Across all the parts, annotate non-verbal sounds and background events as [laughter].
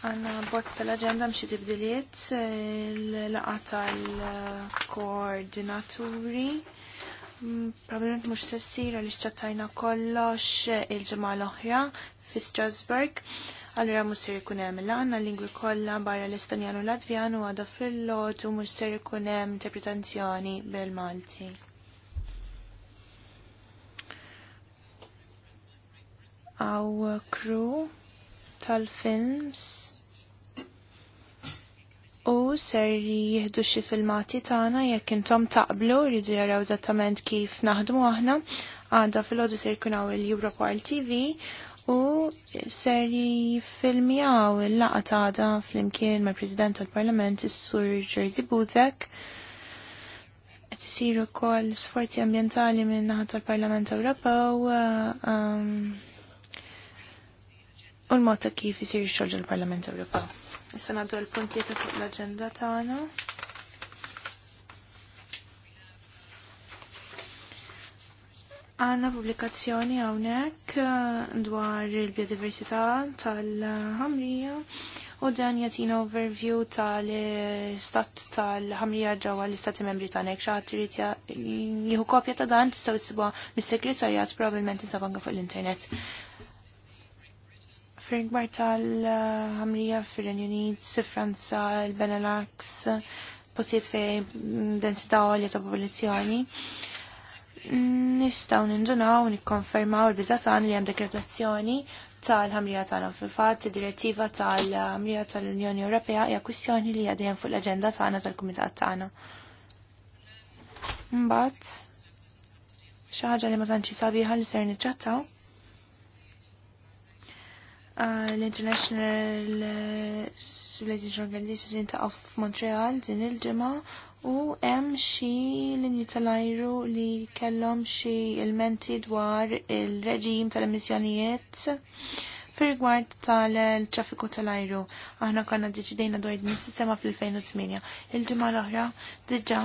Għanna bozz tal-agenda mxie tibdiliet l laqata tal-koordinaturi. Mm, Probabilment mux sessir għal iċċattajna kollox il-ġemma l-oħra fi Strasburg. Allora mux ser ikun hemm l-għanna lingwi kollha barra l-Estonjan u Latvjan u għada fil-lotu mux ser ikun hemm interpretazzjoni bil-Malti. Għaw crew tal-films u ser jihdu xi filmati tagħna jekk intom taqblu rridu jaraw eżattament kif naħdmu aħna għadha fil-ħodu ser jkun hawn il-Europol TV u ser jifilmjaw il laqgħa tagħda flimkien mal-President tal-Parlament is-Sur Jersey Buzek qed isiru wkoll sforzi ambjentali minn naħa tal-Parlament Ewropew uh, um, u l-mod kif isir ix-xogħol parlament Ewropew. Issa naddu l-puntieta fuq l-agenda tagħna. Għanna publikazzjoni hawnhekk eh, dwar il-biodiversità tal-ħamrija u dan jatina overview tal-istat tal-ħamrija ġewwa l-istati membri tagħna hekk xaħat trid jieħu kopja ta' dan tistgħu issibuha mis-segretarjat probabbilment insab fuq l-internet. Fringbar tal-ħamrija fir-Renju Unit, Franza, il-Benelux, posiet fej densità għolja ta' popolazzjoni. Nistaw nindunaw, nikkonfermaw il-bizatan li hemm dekretazzjoni tal-ħamrija tagħna fil-fatt id-direttiva tal-ħamrija tal-Unjoni Ewropea hija kwistjoni li għadejjem fuq l-aġenda tagħna tal-Kumitat tagħna. Mbagħad xi ħaġa li ma tantx sabiħa li ser nittrattaw l-International Civilization Organization ta' Montreal din il-ġimgħa u hemm xi linji tal-ajru li kellhom xi ilmenti dwar il-reġim tal-emissjonijiet fir rigward tal-traffiku tal-ajru. Aħna konna deċidejna dwar din is-sistema fl-2008. Il-ġimgħa l-oħra diġà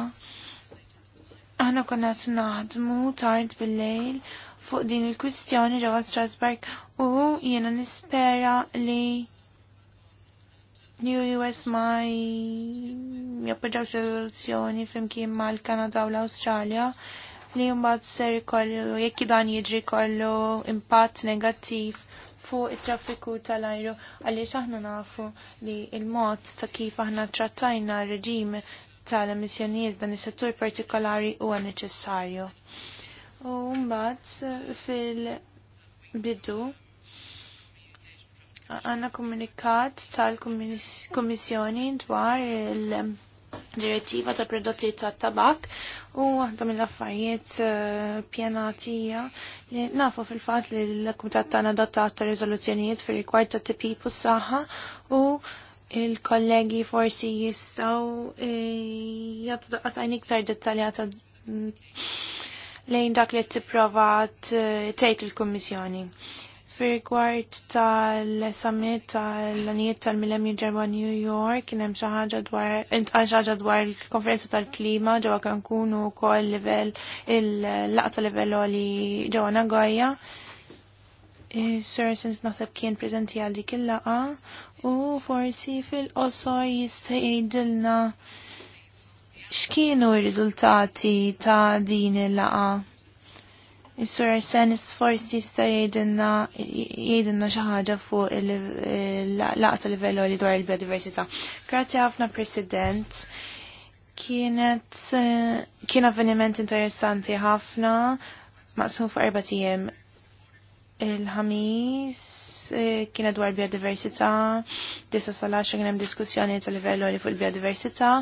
aħna konna naħdmu tard bil-lejl fuq din il-kwistjoni ġewwa Strasbourg u jiena nispera li New US ma jappoġġaw soluzzjoni flimkien mal-Kanada u l-Awstralja li mbagħad ser ikollu jekk dan jiġri kollu impatt negattiv fuq it-traffiku tal-ajru għaliex aħna nafu li il-mod ta' kif aħna trattajna r reġim tal-emissjonijiet dan is-settur partikolari huwa neċessarju. U mbagħad eh, fil-bidu għandna komunikat tal-Kummissjoni dwar il-direttiva ta' prodotti ta' tabak u waħda mill-affarijiet eh, pjanatija li nafu fil-fatt li l-Kumitat tagħna dottat ta' riżoluzzjonijiet fir-rigward ta' tipi u saħħa u il-kollegi forsi jistaw eh, jgħatu iktar dettaljata mm, lejn dak li t-prova eh, tgħid il-Kummissjoni. Fir-rigward tal-summit tal-anijiet tal-Millennium Ġerwa New York kien hemm xi ħaġa dwar xi ħaġa dwar il-konferenza tal-klima ġewwa Cancun u wkoll livell il-laqta livell li ġewwa Nagoya. Sir since naħseb kien preżenti għal dik il-laqa u forsi fil-qosor jista' jgħidilna x'kienu r-riżultati ta' din il-laqa? Is-sur is-sforz jista' jgħidilna xi ħaġa fuq il-laqa ta' livell li dwar il-biodiversità. Grazzi ħafna President. Kienet kien avveniment interessanti ħafna maqsum fuq erba' tim il-ħamis eh, kienet dwar biodiversità, disa sal-10 kien hemm diskussjoni tal livell li fuq il-biodiversità,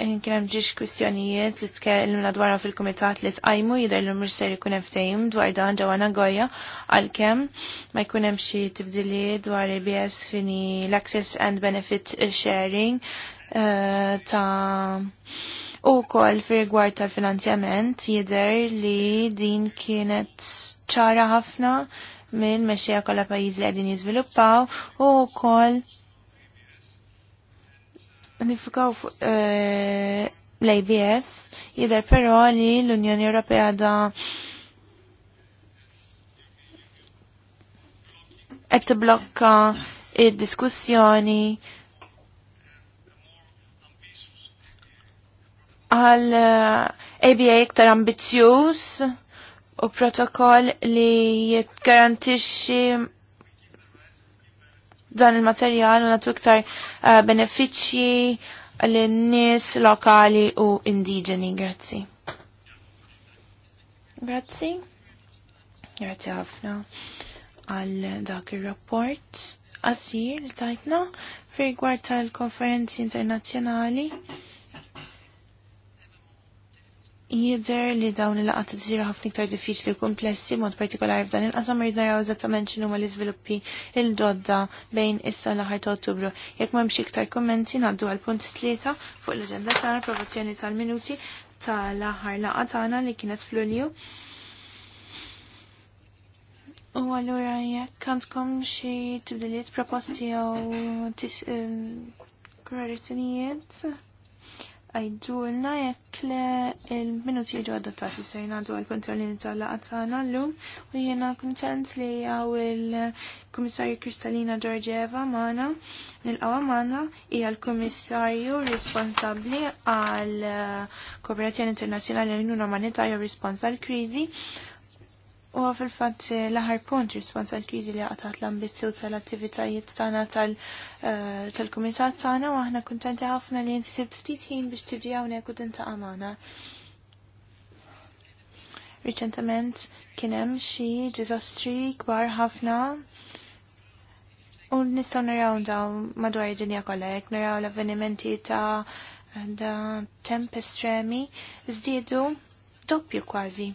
kien hemm ġiex kwistjonijiet li tkellimna dwarha fil-kumitat li tqajmu jidher li mhux ser ikun hemm ftehim dwar dan ġewwa Nagoya għalkemm ma jkun hemm xi tibdiliet dwar il-BS fini l-access and benefit sharing eh, ta' u kol fir-rigward tal-finanzjament jidher li din kienet ċara ħafna minn mexxija kollha pajjiż li qegħdin jiżviluppaw u wkoll nifikaw eh, l-ABS jider però li l-Unjoni Ewropea da qed tiblokka id-diskussjoni għal ABA eh, iktar ambizzjuż u protokoll li jitgarantixxi dan il-materjal u natu iktar uh, benefiċċji l-nies lokali u indiġeni. Grazzi. Grazzi. Grazzi ħafna għal dak il-rapport Għazir, l tajtna fi tal-konferenzi internazjonali. Jidher li dawn il-laqat t ħafna iktar diffiċli u komplessi mod partikolari f'dan il-qasam rrid naraw eżattament x'inhu huma l-iżviluppi il-dodda bejn issa l-aħħar ta' Ottubru. Jekk m'hemmx iktar kummenti ngħaddu għal punt tlieta fuq l-aġenda tagħna approvazzjoni tal-minuti tal-aħħar laqgħa tagħna li kienet f'Lulju. U allura jekk għandkom xi tibdiliet proposti jew eh, korrezzjonijiet għajdulna jekk il-minuti ġo adottati sejna għadu għal-kontrollini tal-laqat tagħna llum u jena kuntent li għaw il komissarju Kristalina Giorgieva nil-għawa maħna hija l-Kummissarju responsabbli għal Kooperazzjoni Internazzjonali l nuna Umanitarja Respons għall-Kriżi U fil-fat eh, l punt rispons għal kriżi li għatat l-ambizzju tal-attivitajiet tagħna eh, tal-kumitat tagħna u aħna kuntenti ħafna li jinti ftit ħin biex tiġi hawnhekk u tintaqa' għamana. Reċentament kien hemm xi kbar ħafna u nistgħu naraw dawn madwar id-dinja kollha jekk naraw l-avvenimenti ta' tempestremi remi żdiedu doppju kważi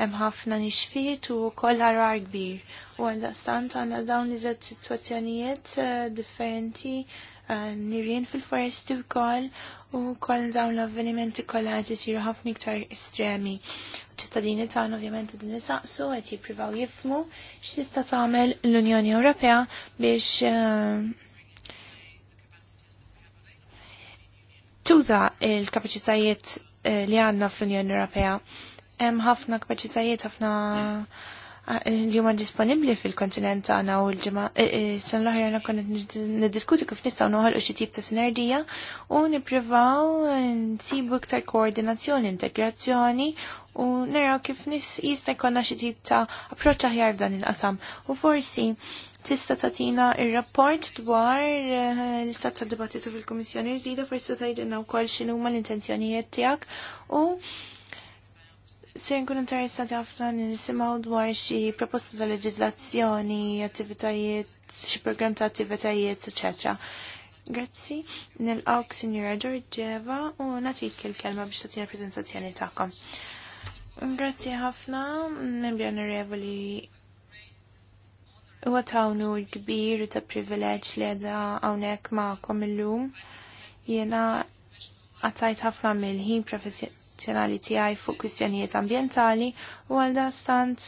hemm ħafna nixfiet u wkoll ħarar kbir. U għal stant għandna dawn iżed sitwazzjonijiet eh, differenti eh, nirien fil-foresti wkoll u koll dawn l-avvenimenti kollha qed isiru ħafna iktar estremi. ċittadini tagħna ovvjament din isaqsu qed jippruvaw jifmu x'tista' tagħmel l-Unjoni Ewropea biex eh, tuża il-kapaċitajiet li għandna fl-Unjoni Ewropea Hemm ħafna kapaċitajiet ħafna li huma disponibbli fil-kontinent tagħna u l-ġimgħa e, e, sen l-oħra na konna niddiskuti kif nistgħu noħolqu xi tip ta' sinerġija u nippruvaw nsibu iktar koordinazzjoni, integrazzjoni u naraw kif jista' jkollna xi tip ta' approċċ aħjar f'dan il-qasam. U forsi tista' tagħtina r rapport dwar e, l-istat tad-dibattitu fil-Kummissjoni ġdida forsi tgħidilna wkoll x'inhuma l-intenzjonijiet tiegħek u Sir, nkun interessati ħafna nisimgħu dwar xi proposta ta' leġislazzjoni, attivitajiet, xi programm ta' attivitajiet, eċetera. Grazzi, nilqawk Sinjura Giorgieva u nagħtik il-kelma biex tagħtina preżentazzjoni tagħkom. Grazzi ħafna, membri onorevoli Huwa tawnu kbir ta' privileġ li għedha hawnhekk magħkom illum. Jiena għattajt ħafna mill-ħin professjonali tiegħi fuq kwistjonijiet ambjentali u għal stant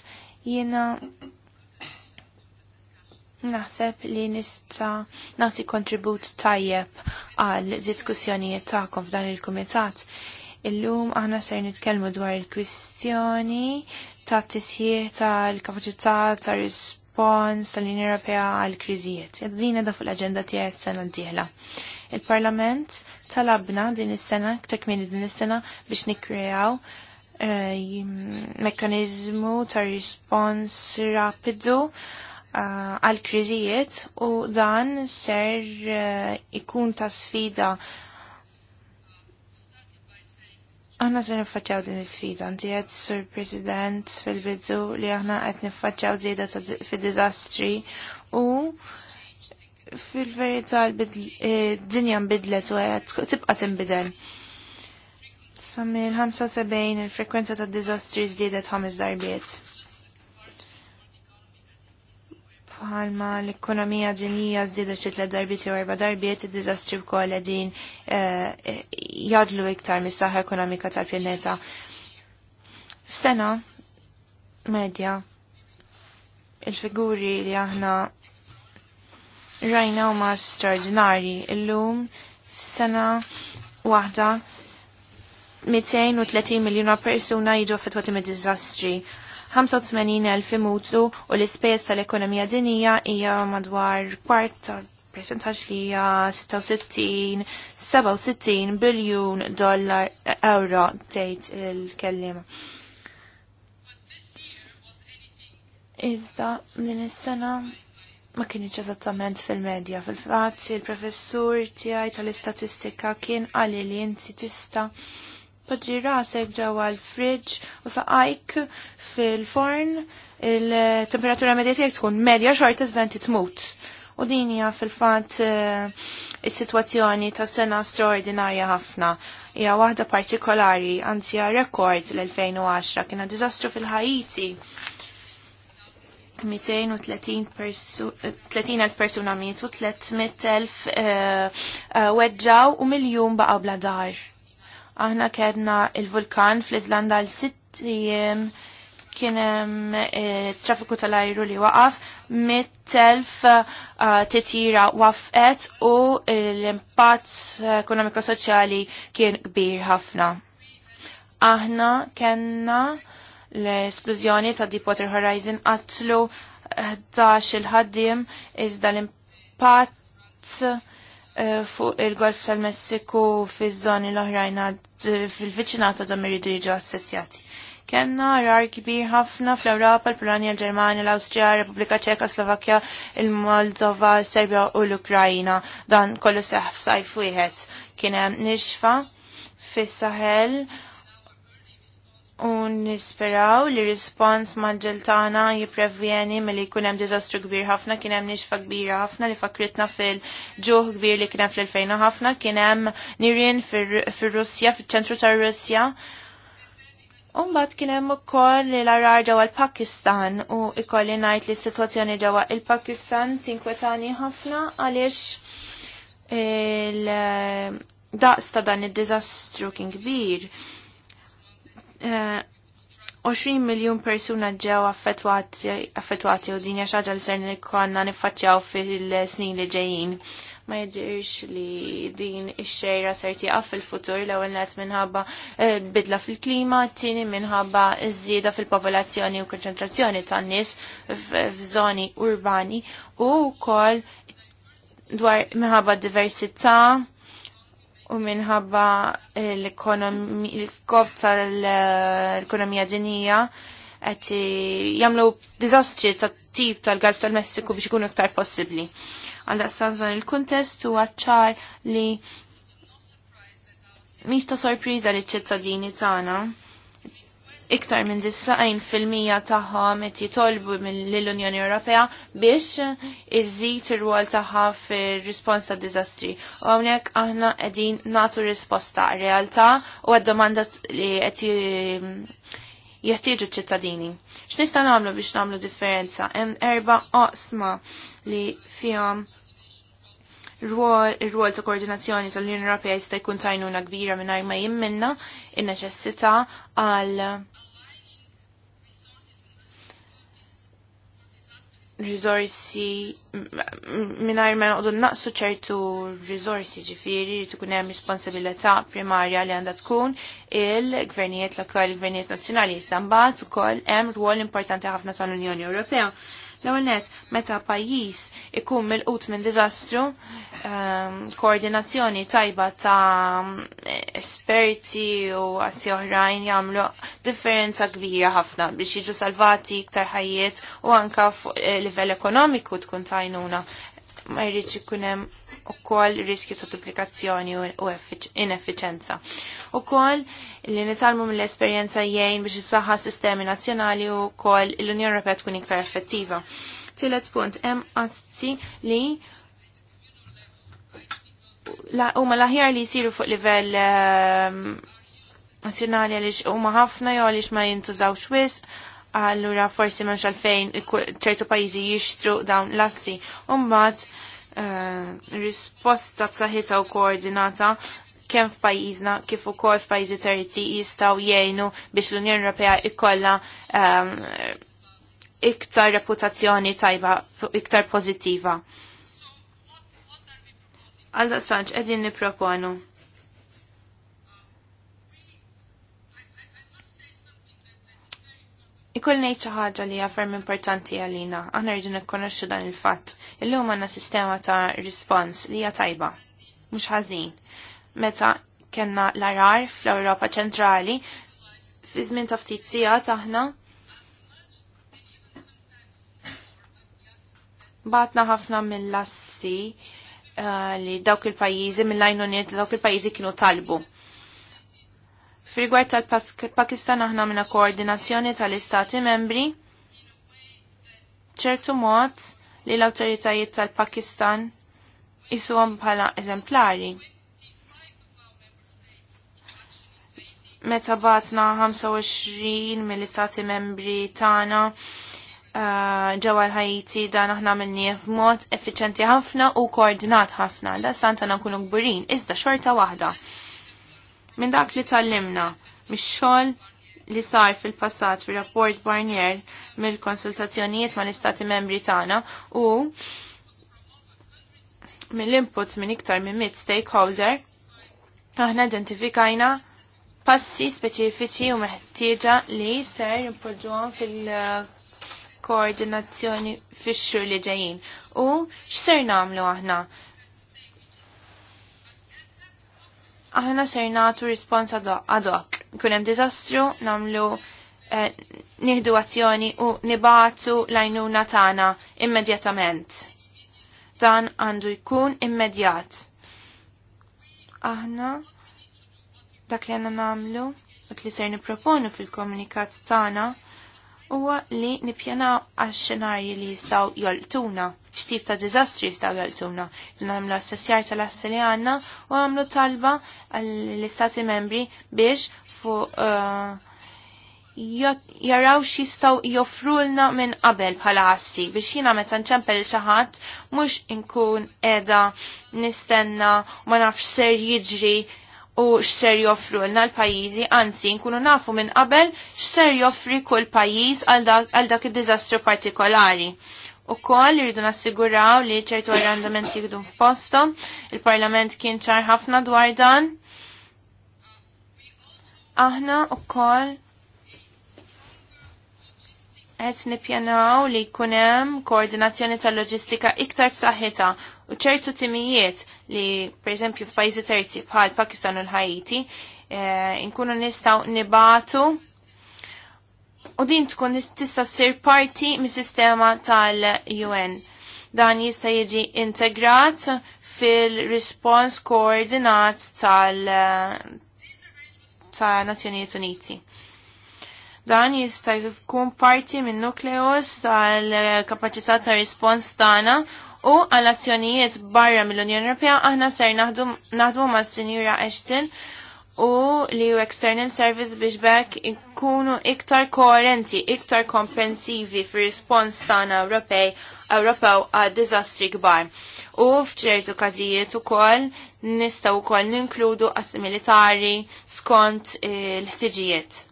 jiena naħseb li nista nagħti kontribut tajjeb għal diskussjonijiet tagħkom f'dan il-kumitat. Illum aħna ser nitkellmu dwar il-kwistjoni ta' tisjiet tal-kapaċità ta' risp respons tal-Unjoni Ewropea għal kriżijiet. Din da fuq l-aġenda tiegħi s-sena d-dieħla. Il-Parlament talabna din is-sena, ktar kmieni din is-sena biex nikkreaw eh, mekkaniżmu ta' respons rapidu eh, għal kriżijiet u dan ser eh, ikun ta' sfida Aħna se niffaċċaw din is-sfida, inti qed sur President fil-bidu li aħna qed niffaċċaw żieda fid-diżastri u fil-verità d-dinja eh, nbidlet u qed tibqa' tinbidel. Sa mill-75 il-frekwenza tad-diżastri żdiedet ħames darbiet. bħalma l-ekonomija dinija zdida xi tliet darbiet jew erba' darbiet id-diżastri wkoll din eh, jadlu iktar mis-saħħa ekonomika tal-pjaneta. F'sena medja il-figuri li aħna rajna huma straordinari illum f'sena waħda 230 miljuna persuna jiġu affettwati mid-diżastri 85,000 imutu u l ispess tal-ekonomija dinija hija madwar kwart tal percentax li hija 66-67 biljun dollar eh, euro tgħid il kellim Iżda din is-sena ma kienx eżattament fil-medja. Fil-fatt il-professur tiegħi tal-istatistika kien qali li inti tista' Poġġi rasek ġewwa l-friġġ u saqajk fil-forn il-temperatura medja tiegħek tkun medja xorta iżda inti tmut. U din hija fil-fatt eh, is-sitwazzjoni ta' sena straordinarja ħafna. Hija waħda partikolari, anzi hija rekord l-2010 Kiena diżastru fil-Ħajiti. 230.000 persuna mietu, 300.000 eh, eh, weġġaw u miljum baqa' bla dar Aħna kedna il-vulkan fl-Izlanda l sitt kien hemm eh, traffiku tal-ajru li waqaf, mit-telf eh, titjira wafqet u l-impatt ekonomiko soċjali kien kbir ħafna. Aħna kenna l-esplużjoni ta' Deepwater Horizon qatlu 11 il-ħaddim iżda l-impatt Eh, fuq il-Golf tal-Messiku fiż-żoni l-oħrajn eh, fil-viċinat da iridu jiġu assessjati. Kenna rar kbir ħafna fl europa l-Polonja, l-Ġermanja, l-Awstrija, Repubblika Ċeka, Slovakkja, il-Moldova, Serbja u l ukrajina Dan kollu seħf sajf wieħed kien hemm nixfa fis-Saħel un nisperaw li rispons maġġeltana jiprevjeni mill-li kunem dizastru kbir ħafna, kienem nixfa kbira ħafna li fakritna fil-ġuħ kbir li kienem fil 2000 ħafna, kienem nirien fil-Russja, fil-ċentru tar russja Umbat kienem u koll li l-arar ġawa l-Pakistan u ikolli najt li situazzjoni ġawa l pakistan tinkwetani ħafna għaliex il-daqs ta' dan il-dizastru kien kbir 20 eh, miljon persuna ġew affettwati u dinja xaġa li ser nikonna niffaċċjaw fil-snin li ġejjin. Ma jidirx li din ix-xejra ser tieqaf fil-futur l-ewwel net minħabba eh, bidla fil-klima, tieni minħabba żieda fil-popolazzjoni u konċentrazzjoni tan-nies f'żoni urbani u wkoll dwar minħabba diversità u minħabba l-skop tal-ekonomija dinija qed jagħmlu diżastri tat-tip tal-Galf tal-Messiku biex ikunu iktar possibbli. Għaldaqstant dan il-kuntest huwa ċar li mhix ta' sorpriża liċ ċittadini tagħna iktar minn 90% tagħhom qed jitolbu mill-Unjoni Ewropea biex iżżid ir-rwol tagħha fir-rispons ta' diżastri. U hawnhekk aħna qegħdin nagħtu risposta realtà u għad-domanda li qed jeħtieġu ċittadini. X'nista' nagħmlu biex nagħmlu differenza? Hemm erba' oqsma li fihom Ir-rwol ta' koordinazzjoni tal-Unjoni Ewropea jista' jkun tajnuna kbira mingħajr ma jimminna in-neċessità għal rizorsi mingħajr ma noqogħdu naqsu ċertu risorsi ġifieri li tkun hemm responsabilità primarja li għandha tkun il-gvernijiet lokali, il-gvernijiet nazzjonali jista' mbagħad ukoll hemm rwol importanti ħafna tal-Unjoni Ewropea L-ewwel net meta pajjiż ikun qut minn diżastru, ehm, koordinazzjoni tajba ta' esperti u għazzi oħrajn jagħmlu differenza kbira ħafna biex jiġu salvati iktar ħajjiet u anka fuq eh, livell ekonomiku tkun tajnuna ma jridx ikun hemm ukoll riskju ta' duplikazzjoni u ineffiċenza. kol li nitalmu mill-esperjenza jgħin biex is-saħħa sistemi nazzjonali u wkoll l-Unjoni Europea tkun iktar effettiva. Tillet punt hemm azzi li huma l laħjar li jsiru fuq livell ehm, nazzjonali għaliex huma ħafna jo għalix ma jintużawx wisq allura forsi memx għalfejn ċertu pajizi jixtru dawn l-assi. Umbat, Eh, risposta b'saħħitha u koordinata kemm f'pajjiżna kif ukoll f'pajjiżi terzi jistgħu jgħinu biex l-Unjoni Ewropea jkollha um, ehm, iktar reputazzjoni tajba, iktar pożittiva. Għal Sanċ, qegħdin nipproponu Ikoll ngħid xi ħaġa li hija ferm importanti għalina, aħna rridu nikkonoxxu dan il-fatt. Illum għandna sistema ta' respons li hija tajba, mhux ħażin. Meta kellna l-arar fl-Ewropa ċentrali, fi żmien ta' ftit aħna batna ħafna mill-lassi eh, li dawk il-pajjiżi mill-għajnuniet dawk il-pajjiżi kienu talbu. Frigwar tal-Pakistan aħna minna koordinazzjoni tal-istati membri ċertu mod li l-autoritajiet tal-Pakistan jisuhom bħala eżemplari. Meta batna 25 mill-istati membri tagħna uh, ġewwa l-Ħajti dan aħna minni f'mod effiċenti ħafna u koordinat ħafna. Da stant għandna nkunu gburin, iżda xorta waħda minn dak li tallimna mix-xogħol li sar fil-passat fir-rapport Barnier mill-konsultazzjonijiet ma' l-istati membri tagħna u mill-inputs minn iktar minn mit stakeholder aħna identifikajna passi speċifiċi u meħtieġa li ser impoġġuhom fil-koordinazzjoni fix-xhur li ġejjin. U x'ser nagħmlu aħna? aħna ser natu rispons ad hoc. Kunem dizastru, namlu eh, nieħdu azzjoni u nibatu lajnuna tagħna immedjatament. Dan għandu jkun immedjat. Aħna dak li għanna namlu, dak li ser niproponu fil-komunikat tagħna huwa li nippjanaw għax xenarji li jistaw joltuna, xtib ta' dizastri jistaw joltuna. Namlu assessjar tal-assi li għanna u għamlu talba għall istati membri biex fu uh, jaraw xistaw joffrulna minn qabel bħala assi biex jina meta nċempel xaħat mux inkun edha nistenna ma nafx ser jiġri u x'ser joffru l-na l-pajjiżi, anzi nkunu nafu minn qabel x'ser joffri kull pajjiż għal dak id-diżastru partikolari. U koll irridu nassiguraw li ċertu għarrandament jikdu f'postom, il-Parlament kien ċar ħafna dwar dan. Aħna u koll Qed nipjanaw li jkun hemm koordinazzjoni tal-loġistika iktar b'saħħitha u ċertu timijiet li pereżempju f'pajjiżi terzi bħal Pakistan u l haiti eh, nkunu nistgħu nibatu u din tkun tista' ssir parti mis-sistema tal-UN. Dan jista' jiġi integrat fil-respons koordinat tal- eh, Nazzjonijiet Uniti. Dan jista' jkun parti minn nukleus tal-kapaċità ta' rispons tagħna u għal azzjonijiet barra mill-Unjoni Ewropea aħna ser naħdmu ma' Sinjura Ashton u li u External Service biex bekk ikunu iktar koerenti, iktar komprensivi fi rispons tagħna Ewropej Ewropew għad diżastri kbar. U fċertu każijiet ukoll nistgħu wkoll ninkludu assimilitari skont l ħtiġijiet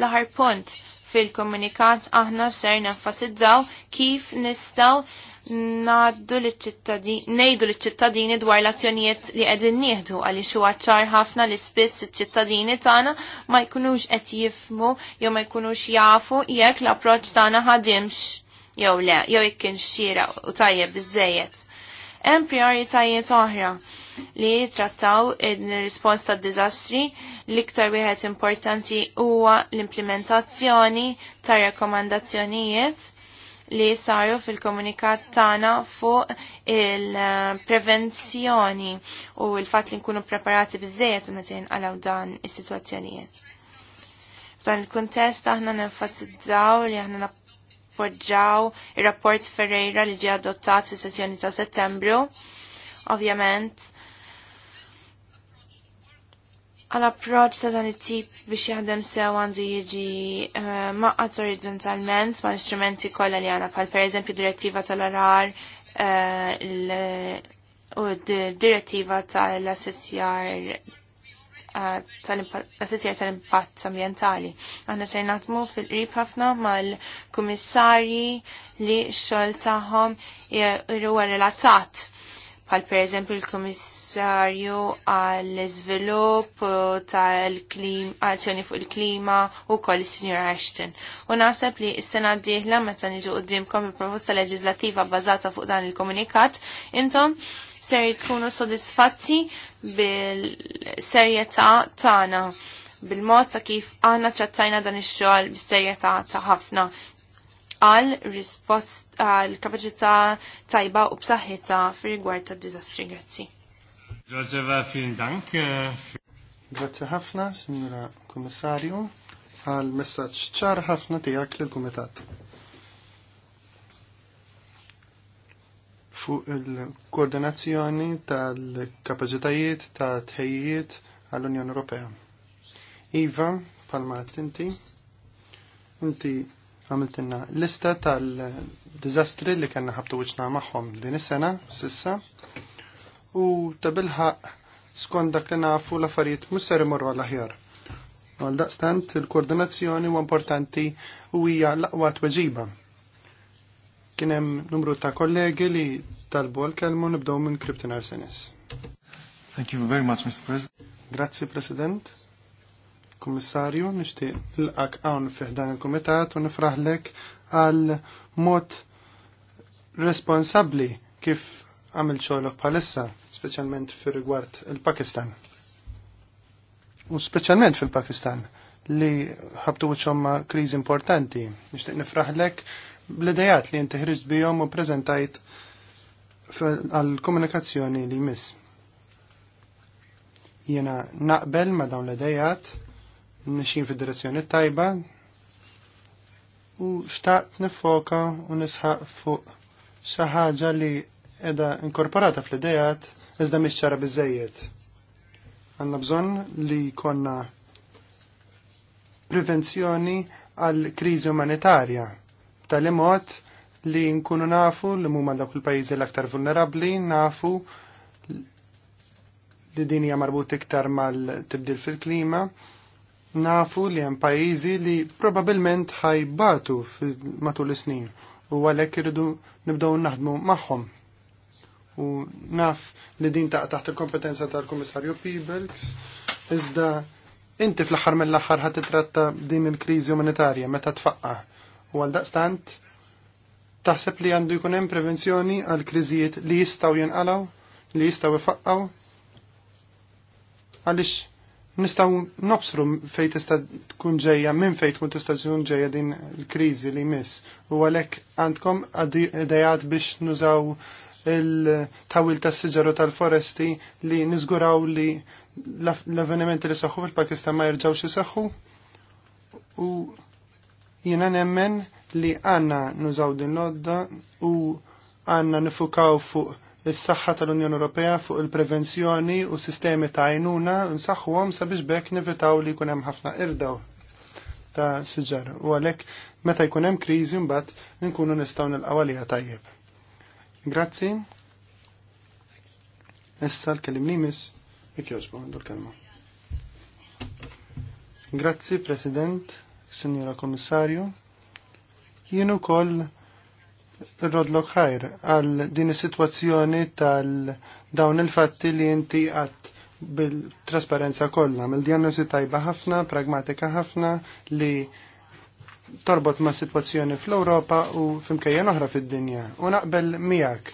L-aħar punt fil-komunikat aħna ser nenfasizzaw kif nistaw naddu nejdu l-ċittadini dwar l-azzjonijiet li qegħdin nieħdu għaliex huwa ċar ħafna li spiss iċ-ċittadini tagħna ma jkunux qed jifmu jew ma jkunux jafu jekk l-approċċ tagħna ħadimx jew le jew jekk kien xira u tajjeb biżejjed. Hemm prioritajiet oħra li trattaw il respons ta' dizastri l-iktar wieħed importanti huwa l-implementazzjoni ta' rekomandazzjonijiet li saru fil-komunikat tagħna fuq il-prevenzjoni u l-fatt li nkunu preparati bizzejet meta għalaw dan is-sitwazzjonijiet. F'dan il-kuntest aħna nenfatizzaw li aħna appoġġaw ir-rapport Ferreira li ġie adottat fis-sessjoni ta' Settembru. Ovvjament, għal-approċ ta' dan it-tip biex jaħdem sew għandu jiġi eh, maqqat orizzontalment ma' l-istrumenti kollha li għana pal pereżempju direttiva tal-arar eh, u direttiva tal-assessjar eh, tal-assessjar tal-impatt ambientali. Għanna se naħdmu fil-qrib ħafna mal-kummissarji li x-xogħol tagħhom relatat pal per eżempju il-Komissarju għall-Iżvilupp tal-Klim, azzjoni fuq il-klima u koll is-Sinjur Ashton. U naħseb li s-sena d-dieħla meta niġu għoddimkom il-proposta leġislativa bbażata fuq dan il-komunikat, intom ser tkunu sodisfatti bil-serjetà tagħna bil-mod ta' kif aħna ċattajna dan ix-xogħol bis-serjetà ta' ħafna għal rispost għal kapacità tajba u b'saħħitha fir-rigward tad-diżastri grazzi. va fin dank. Eh, grazzi ħafna, Signora Kommissarju, għal messaġġ ċar ħafna tiegħek lill-Kumitat. Fuq il-koordinazzjoni tal-kapaċitajiet ta' tħejjiet għall-Unjoni Ewropea. Iva, palma tinti, inti għamiltinna lista tal-dizastri li kanna ħabtu wiċna maħħom din is-sena sissa u tabilħa skont dak li nafu l-affarijiet musser imorru għal aħjar Għal-daqstant il-koordinazzjoni u importanti u hija l-aqwa tweġiba. Kien hemm numru ta' kollegi li talbu għal kelmu nibdew minn kriptinar Arsenis. Thank you very much, Mr. President. Grazzi, President. Kummissarju, nixtieq l hawn fih dan il-kumitat u nifraħlek għal mod responsabbli kif għamil xogħolok bħalissa, speċjalment fir rigward il-Pakistan. U speċjalment fil-Pakistan li ħabtu ma kriżi importanti. Nixtieq nifraħlek bl-idejat li inti ħriġt bihom u prezentajt għal-komunikazzjoni li jmiss. Jena naqbel ma dawn l dajat mixin fid-direzzjoni tajba u xtaqt nifoka u nisħaq fuq xi ħaġa li qiegħda inkorporata fl-idejat iżda mhix ċara Għanna bżon bżonn li konna prevenzjoni għal kriżi umanitarja tal mod li nkunu nafu li mumma dawk il-pajjiżi l-aktar vulnerabbli, nafu li din hija marbut iktar mal-tibdil fil-klima, nafu li hemm pajjiżi li probabbilment ħajbatu matul is-snin u għalhekk iridu nibdew naħdmu magħhom. U naf li din taq taħt il-kompetenza tal-Kummissarju Peebles iżda inti fl-aħħar mill-aħħar ħad titratta din il-kriżi umanitarja meta tfaqqa' u għal daqstant taħseb li għandu jkun hemm prevenzjoni għal kriżijiet li jistgħu jinqalgħu li jistgħu jfaqqgħu. Għaliex nistaw nobsru fejt tista' tkun ġejja minn fejt tkun tista' tkun ġejja din il-kriżi li miss. U għalhekk għandkom għaddejat biex nużaw il-tawil tas siġaru tal-foresti li niżguraw li l-avvenimenti li saħħu fil-Pakistan ma jirġawx isaħħu. U jiena nemmen li għanna nużaw din l-odda u għanna nifukaw fuq is-saħħa tal-Unjoni Ewropea fuq il-prevenzjoni u sistemi ta' għajnuna nsaħħuhom sabiex bekk nevitaw li jkun hemm ħafna irdaw ta' siġar u għalhekk meta jkun hemm kriżi mbagħad nkunu nistgħu nilqgħu għaliha tajjeb. Grazzi. Issa l-kelim li miss. Ikjoġbu, għandu l-kelma. Grazzi, President, Signora Komissarju. Jienu koll rodlok ħajr għal din is-sitwazzjoni tal-dawn il-fatti li inti għat bil-trasparenza kollha, mill-diagnosi tajba ħafna, pragmatika ħafna li torbot ma' situazzjoni fl-Ewropa u fimkejja oħra fid-dinja. U naqbel miegħek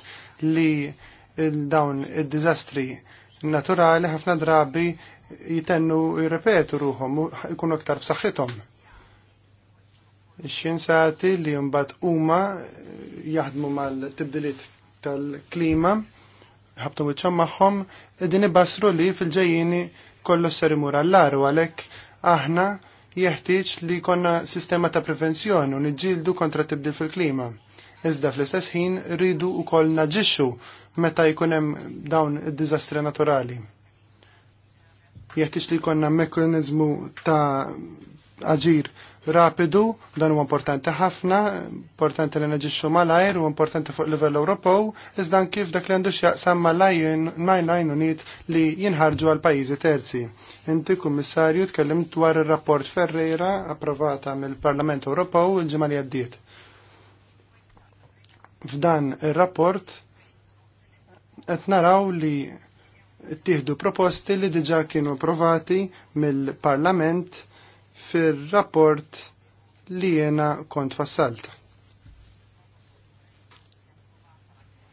li dawn id-diżastri naturali ħafna drabi jitennu jirrepetu ruhom u jkunu aktar f'saħħithom xinsati li mbagħad huma jaħdmu mal-tibdiliet tal-klima ħabtu maħħom, magħhom qegħdin ibassru li fil-ġejjini kollox ser imur l ar għalek għalhekk aħna jeħtieġ li konna sistema ta' prevenzjoni u niġġieldu kontra tibdil fil-klima. Iżda fl-istess ħin rridu wkoll naġixxu meta jkun hemm dawn id-diżastri naturali. Jeħtieġ li jkollna mekanizmu ta' aġir rapidu, dan huwa importanti ħafna, importanti li naġixxu malajr u importanti fuq livell Ewropew, iżda kif dak li għandux jaqsam malajn majnajn unit li jinħarġu għal pajjiżi terzi. Inti kummissarju tkellim dwar ir-rapport Ferreira approvata mill-Parlament Ewropew il-ġimgħa li għaddiet. F'dan ir-rapport qed naraw li ttieħdu proposti li diġà kienu approvati mill-Parlament fir-rapport li jena kont fassalt.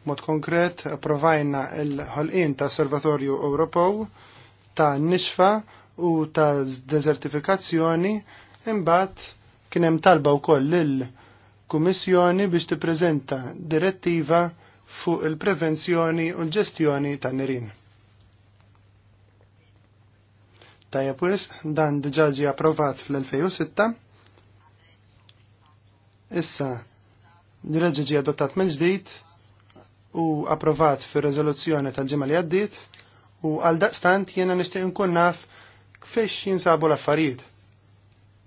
Mod konkret, approvajna il-ħolqin ta' Servatorju Ewropew ta' nixfa u ta' dezertifikazzjoni imbagħad kien hemm talba wkoll lill-Kummissjoni biex tippreżenta direttiva fuq il-prevenzjoni u l-ġestjoni ta' nirin. Tajja wis, dan diġaġi approvat fl-2006. Issa, diġaġi adottat mill-ġdid u approvat fir rezoluzzjoni tal-ġimma li għaddit u għal daqstant jena nishtiq nkun naf kfex jinsabu l-affarijiet.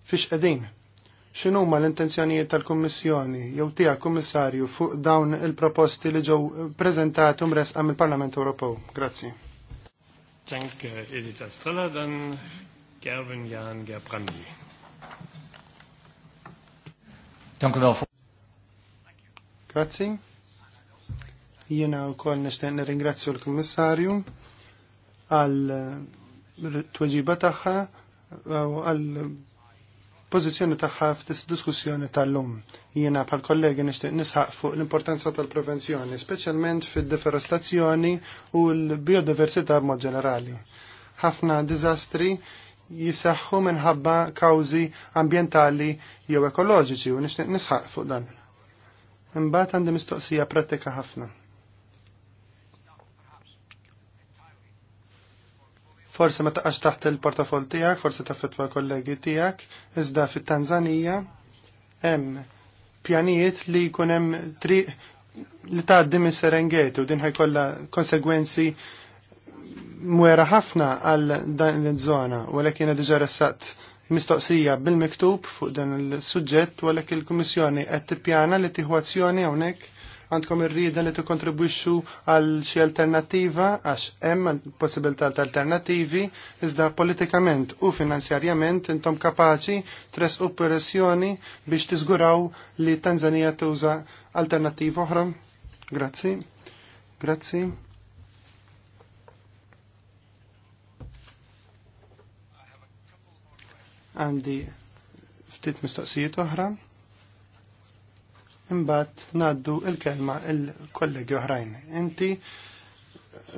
Fix qegħdin. Xinu ma l-intenzjonijiet tal-Kummissjoni jew tija Kummissarju fuq dawn il-proposti li ġew preżentati res għam il parlament Ewropew? Grazzi. Danke, Edith Astrella. Dann Gerwin Jan Gerbrandi. Danke, Wolf. Grazie. Io u koll nishtiq nirringrazzju l-Kummissarju għal tweġiba tagħha u għal pożizzjoni tagħha f'diskussjoni tal-lum. Jiena bħal kollegi nixtieq nisħaq fuq l-importanza tal-prevenzjoni, speċjalment fid-deforestazzjoni u l-biodiversità b'mod ġenerali. Ħafna diżastri jisaxħu minħabba kawżi ambientali jew ekoloġiċi u nixtieq nisħaq fuq dan. Imbagħad għandi mistoqsija pratika ħafna. forse ma taqax taħt il-portafol tijak, forse taffetwa kollegi tijak, iżda fit tanzanija hemm pjanijiet li jkun hemm triq li taħdi mis serengeti u din ħajkolla konsegwenzi mwera ħafna għal dan il-żona, u l diġà ressaqt mistoqsija bil-miktub fuq dan il suġġett u l il-Kummissjoni qed tippjana li tieħu azzjoni hawnhekk għandkom irrida li li kontribuixxu għal xi alternattiva għax hemm possibilità ta' alternattivi iżda politikament u finanzjarjament intom kapaċi tresqu pressjoni biex tiżguraw li Tanzanija tuża alternattiva oħra. Grazzi. Grazzi. Għandi ftit mistoqsijiet oħra imbagħad ngħaddu il-kelma il-kollegi oħrajn. Inti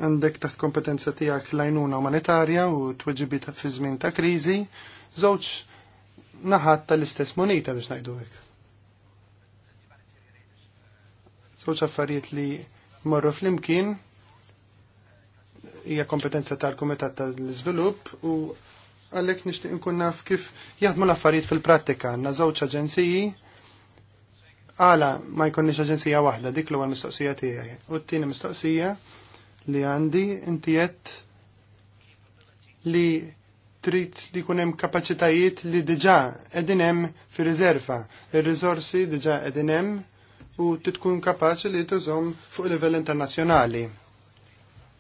għandek taħt kompetenza tiegħek l-għajnuna umanitarja u tweġibi ta' fi żmien ta' kriżi, żewġ naħat tal-istess monita biex ngħidu hekk. Żewġ affarijiet li morru flimkien hija kompetenza tal-Kumitat tal-Iżvilupp u għalhekk nixtieq nkun naf kif jaħdmu l-affarijiet fil-prattika għandna żewġ aġenziji għala ma jkunniex aġenzija waħda dik l-ewwel mistoqsija tiegħi. U t-tieni mistoqsija li għandi inti li trid li jkun hemm kapaċitajiet li diġà qegħdin hemm fir-riserva. Ir-riżorsi diġà qegħdin hemm u titkun kapaċi li tużhom fuq livell internazzjonali.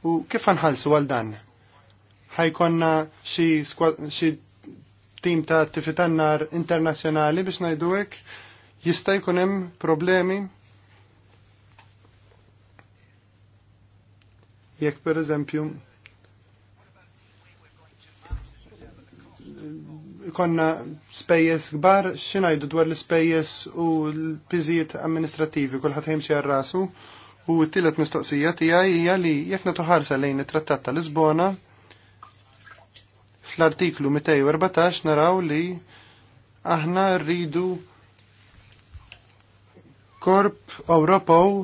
U kif ħanħallsu għal dan? Ħajkonna xi tim ta' tifitannar internazzjonali biex ngħidu hekk Jista' jkun hemm problemi jekk pereżempju konna spejjeż kbar, xinajdu dwar l ispejjeż u l-piżijiet amministrativi kulħadd ħejmxi għar-rasu. U t-tielet mistoqsija tiegħi hija li jekk nagħtu ħarsa lejn it-Trattat ta' Lisbona fl-artiklu 214 naraw li aħna rridu korp Ewropew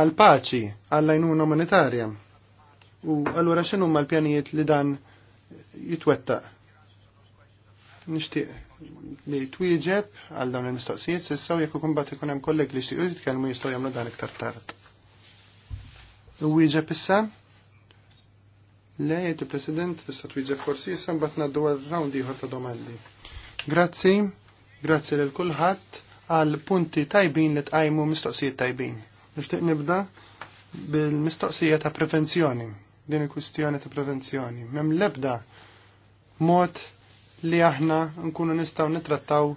għal paċi għall-għajnuna umanitarja. U allura x'inhu l pjanijiet li dan jitwettaq? Nixtieq li twieġeb għal dawn il-mistoqsijiet sissa u jekk ikun bad ikun hemm kolleg li jixtiequ jitkellmu jistgħu jagħmlu dan iktar tard. U wieġeb issa? Le, jgħid il-President tista' twieġeb forsi issa mbagħad ngħaddu għal round ieħor ta' domandi. Grazzi, grazzi lil kulħadd għal punti tajbin li tqajmu mistoqsijiet tajbin. Nixtieq nibda bil-mistoqsija ta' prevenzjoni, din il-kwistjoni ta' prevenzjoni. Mem lebda mod li aħna nkunu nistgħu nitrattaw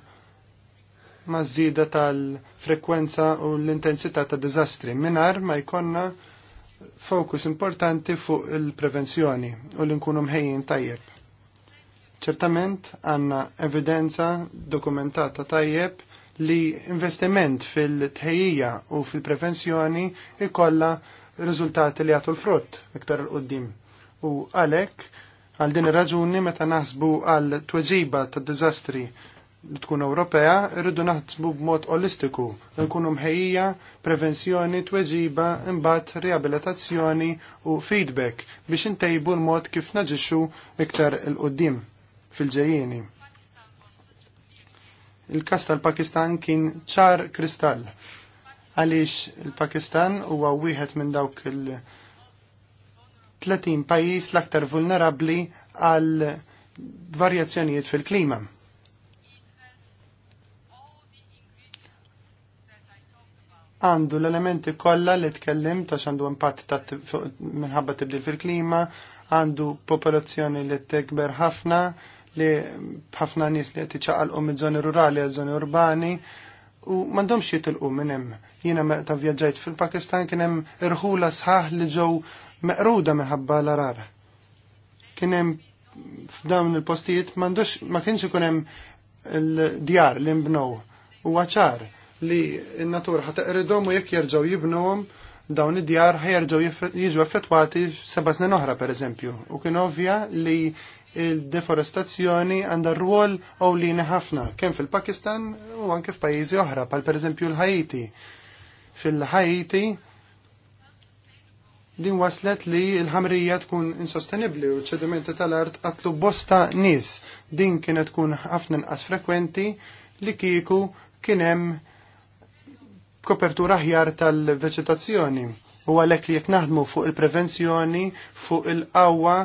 ma' żieda tal-frekwenza u l-intensità ta' diżastri mingħajr ma jkollna fokus importanti fuq il-prevenzjoni u li nkunu mħejjin tajjeb. Ċertament għandna evidenza dokumentata tajjeb li investiment fil tħejija u fil-prevenzjoni ikolla riżultati li għatu l-frott iktar l-qoddim. U għalek, għal din ir-raġuni meta naħsbu għal tweġiba ta' dizastri li tkun Ewropea, rridu naħsbu b'mod olistiku, nkunu mħejja, prevenzjoni, tweġiba, imbagħad riabilitazzjoni u feedback biex intejbu l-mod kif naġixxu iktar il-qoddim fil-ġejjieni. Il-kas tal-Pakistan kien ċar kristall għaliex il-Pakistan huwa wieħed minn dawk il-30 pajjiż l-aktar vulnerabbli għal varjazzjonijiet fil-klima. għandu l-elementi kollha li tkellim ta' għandu impatt minħabba tibdil fil-klima, għandu popolazzjoni li tekber ħafna, li bħafna nies li qed iċaqalqu miż-żoni rurali għal żoni urbani u m'għandhomx jitilqu minn hemm. Jiena meta vjaġġajt fil-Pakistan kien hemm irħula sħaħ li ġew meqruda minħabba l-arar. Kien hemm f'dawn il-postijiet m'għandux ma kienx ikun hemm il-djar li nbnow u għaċar li n-natura natur ħataqridhom u jekk jerġgħu jibnuhom dawn id-djar ħajerġgħu jiġu effettwati seba' snin oħra pereżempju. U kien ovvja li il-deforestazzjoni għandha rwol ewlieni ħafna kemm fil-Pakistan u anke f'pajjiżi oħra pal pereżempju l-Ħajti. Fil-Ħajti din waslet li l-ħamrija tkun insostenibbli u ċedimenti tal-art qatlu bosta nies. Din kienet tkun ħafna nqas frekwenti li kieku kien hemm kopertura ħjar tal-veċetazzjoni u għalek li jek naħdmu fuq il-prevenzjoni, fuq il-qawwa,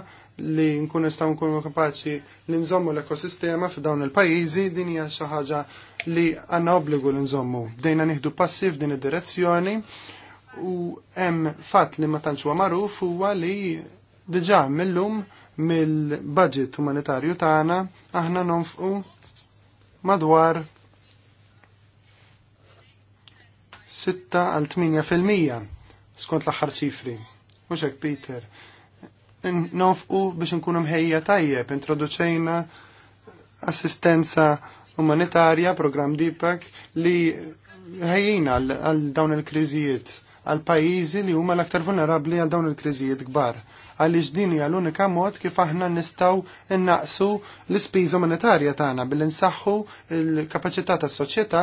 li nkunu nistgħu nkunu kapaċi li nżommu l-ekosistema f'dawn il-pajjiżi din hija xi ħaġa li għandna obbligu li nżommu. Bdejna nieħdu passi f'din id-direzzjoni u hemm fatt li ma tantx huwa magħruf huwa li diġà millum mill-budget umanitarju tagħna aħna nonfqu madwar 6 għal 8 fil-mija skont l-aħħar ċifri. Mhux hekk Peter, nofqu biex nkunu mħejja tajjeb, introduċejna assistenza umanitarja, program DIPAC, e li ħejjina għal dawn il-kriżijiet, għal pajjiżi li huma l-aktar vulnerabbli għal dawn il-kriżijiet kbar għaliex din hija l-unika mod kif aħna nistgħu innaqsu l-ispiża umanitarja tagħna billi nsaħħu l-kapaċità tas-soċjetà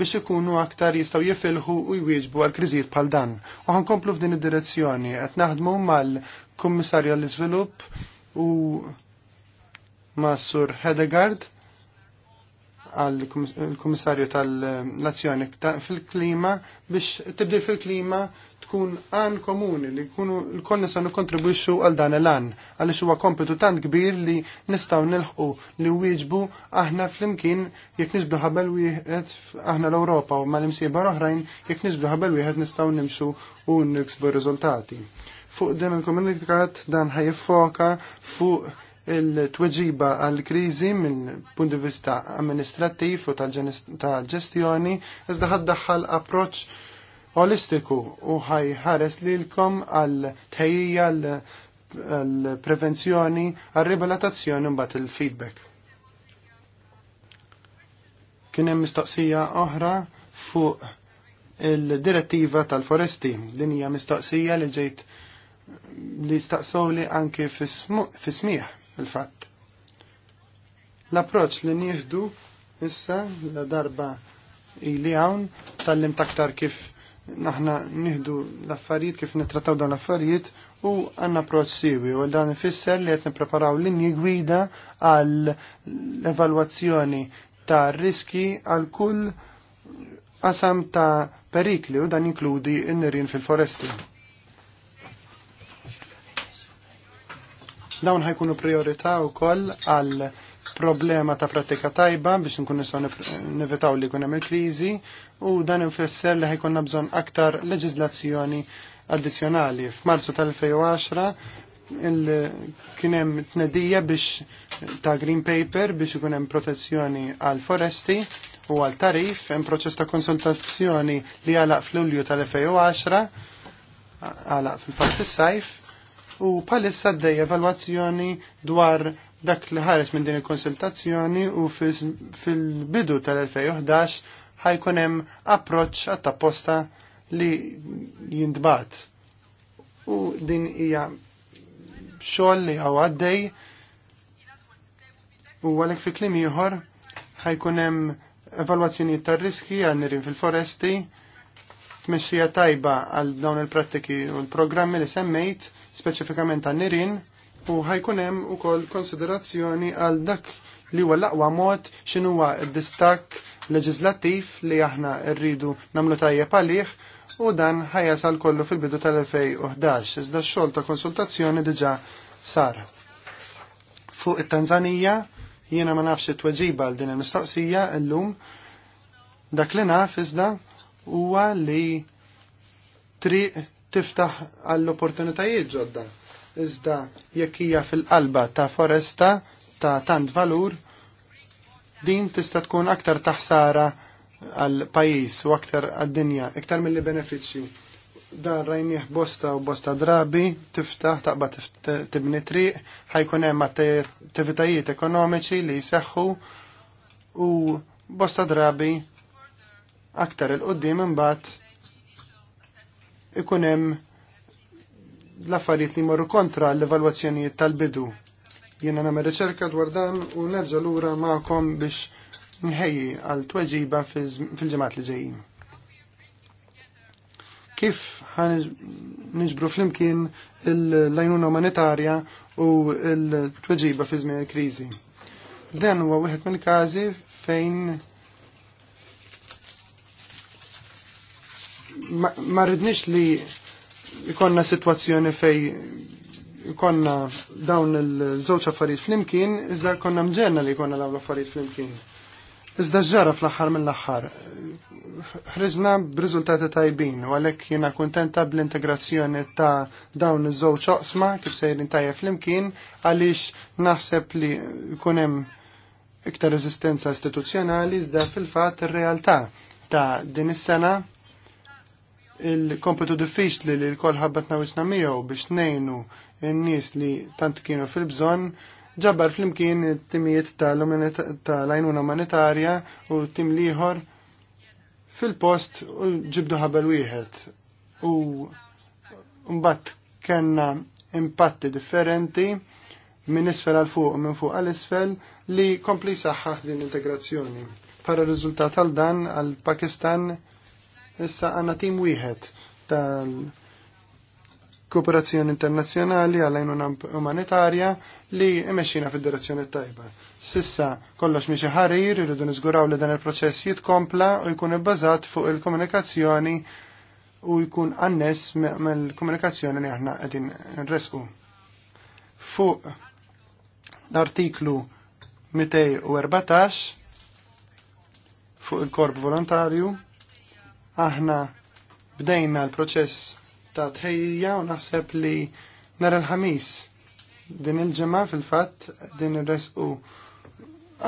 biex ikunu aktar jistgħu jifilħu u jwieġbu għal kriżijiet bħal dan. U ħankomplu f'din id-direzzjoni qed naħdmu mal kummissarju għall-iżvilupp u ma' Sur Hedegard għall-Kummissarju tal nazzjoni fil-Klima biex tibdil fil-klima tkun għan komuni li kunu l-koll nistaw nikontribwixxu għal dan l-għan għaliex huwa kompetu tant kbir li nistaw nilħu li wieġbu aħna flimkien jekk nisbdu ħabel wieħed aħna l-Ewropa u mal-imsieba oħrajn jekk nisbdu ħabel wieħed nistaw nimxu u niksbu riżultati fuq din il-komunikat dan ħajfoka fuq il-tweġiba għal-krizi minn punt di vista amministrattiv u tal-ġestjoni, iżda ħaddaħħal approċ holistiku u ħajħares lilkom għal-tejja l prevenzjoni għal-ribalatazzjoni mbagħad il-feedback. Kien hemm mistoqsija oħra fuq il-direttiva tal-foresti. Din hija mistoqsija li ġejt li staqsowli anki fis il-fatt. L-approċ li nieħdu issa la darba ili hawn tal-lim taktar kif naħna nieħdu l-affarijiet kif nitrataw dawn l-affarijiet u għanna approċ siwi u dan ifisser li qed nippreparaw linji gwida għal evalwazzjoni ta' riski għal kull qasam ta' perikli u dan inkludi n-nirien fil-foresti. Dawn ħajkunu priorità wkoll għal problema ta' pratika tajba biex nkun nistgħu nivitaw li jkun hemm il-kriżi u dan infisser li ħajkunna bżonn aktar leġiżlazzjoni addizzjonali. F'Marzu tal-2010 kien hemm tnedija biex ta' green paper biex ikun hemm protezzjoni għal foresti u għal tarif hemm proċess ta' konsultazzjoni li għalaq fl-Ulju tal-2010 għalaq fil-fatt fis-sajf u bħalissa d evalwazzjoni dwar dak li ħares minn din il-konsultazzjoni u fil-bidu tal-2011 ħajkun hemm approċċ għat-tapposta li jindbat. U din hija xogħol li għaw għaddej u għalhekk fi klim ieħor ħajkun hemm evalwazzjoni tar-riski għan fil-foresti tmexxija tajba għal dawn il-prattiki u l-programmi li semmejt speċifikament tan nirin u ħajkun hemm ukoll konsiderazzjoni għal dak li huwa l-aqwa mod x'inhuwa d-distak leġislattiv li aħna rridu namlu tajjeb għalih u dan ħajasal kollu fil-bidu tal-2011. Iżda x-xogħol ta' konsultazzjoni diġà sar. Fuq it-Tanzanija jiena ma nafx it-tweġiba għal din il-mistoqsija l-lum, dak li naf iżda huwa li triq tiftaħ għall-opportunitajiet ġodda. Iżda jekk hija fil-qalba ta' foresta ta' tant valur, din tista' tkun aktar taħsara għal-pajis u aktar għad-dinja, iktar mill-li benefiċċju dan rajnieh bosta u bosta drabi, tiftaħ taqba tibni triq, ħajkun hemm attivitajiet ekonomiċi li jseħħu u bosta drabi aktar il-qoddim imbagħad ikun hemm l-affarijiet li jmorru kontra l-evalwazzjonijiet tal-bidu. Jiena nagħmel riċerka dwar dan u nerġa' lura magħkom biex nħejji għal tweġiba fil-ġimgħat li ġejjin. Kif ħan niġbru flimkien l-lajnuna umanitarja u l-tweġiba fi żmien il-kriżi? Dan huwa wieħed mill-każi fejn ma rridniex li ikonna situazzjoni fej ikonna dawn il-żewġ affarijiet flimkien, iżda konna mġenna li konna dawn l-affarijiet flimkien. Iżda ġara fl-aħħar mill-aħħar. Ħriġna b'riżultati tajbin u għalhekk jiena kuntenta bl-integrazzjoni ta' dawn iż-żewġ oqsma kif se sejrin tajja flimkien għaliex naħseb li jkun hemm iktar reżistenza istituzzjonali iżda fil-fatt ir-realtà ta' din is-sena il-kompetu diffiċli li l-kol ħabbatna wisna miegħu biex nejnu n-nies li tant kienu fil-bżonn ġabbar flimkien it-timijiet tal-għajnuna humanitarja u tim liħor fil-post u ġibdu ħabel wieħed. U mbagħad kellna impatti differenti minn isfel għal fuq u minn fuq għal isfel li kompli saħħaħ din integrazzjoni. Para riżultat għal dan għal Pakistan Issa għanna tim wieħed tal-Kooperazzjoni Internazzjonali għal-Ajnuna Umanitarja li imexxina fid-direzzjoni tajba. Sissa kollox miexi ħarir irridu niżguraw li dan il-proċess jitkompla u jkun ibbażat fuq il-komunikazzjoni u jkun anness mill-komunikazzjoni li aħna qegħdin nresku. Fuq l-artiklu 214 fuq il-korp volontarju Aħna bdejna l-proċess ta' tħejja u naħseb li nara l-ħamis din il-ġemma fil-fatt din il resqu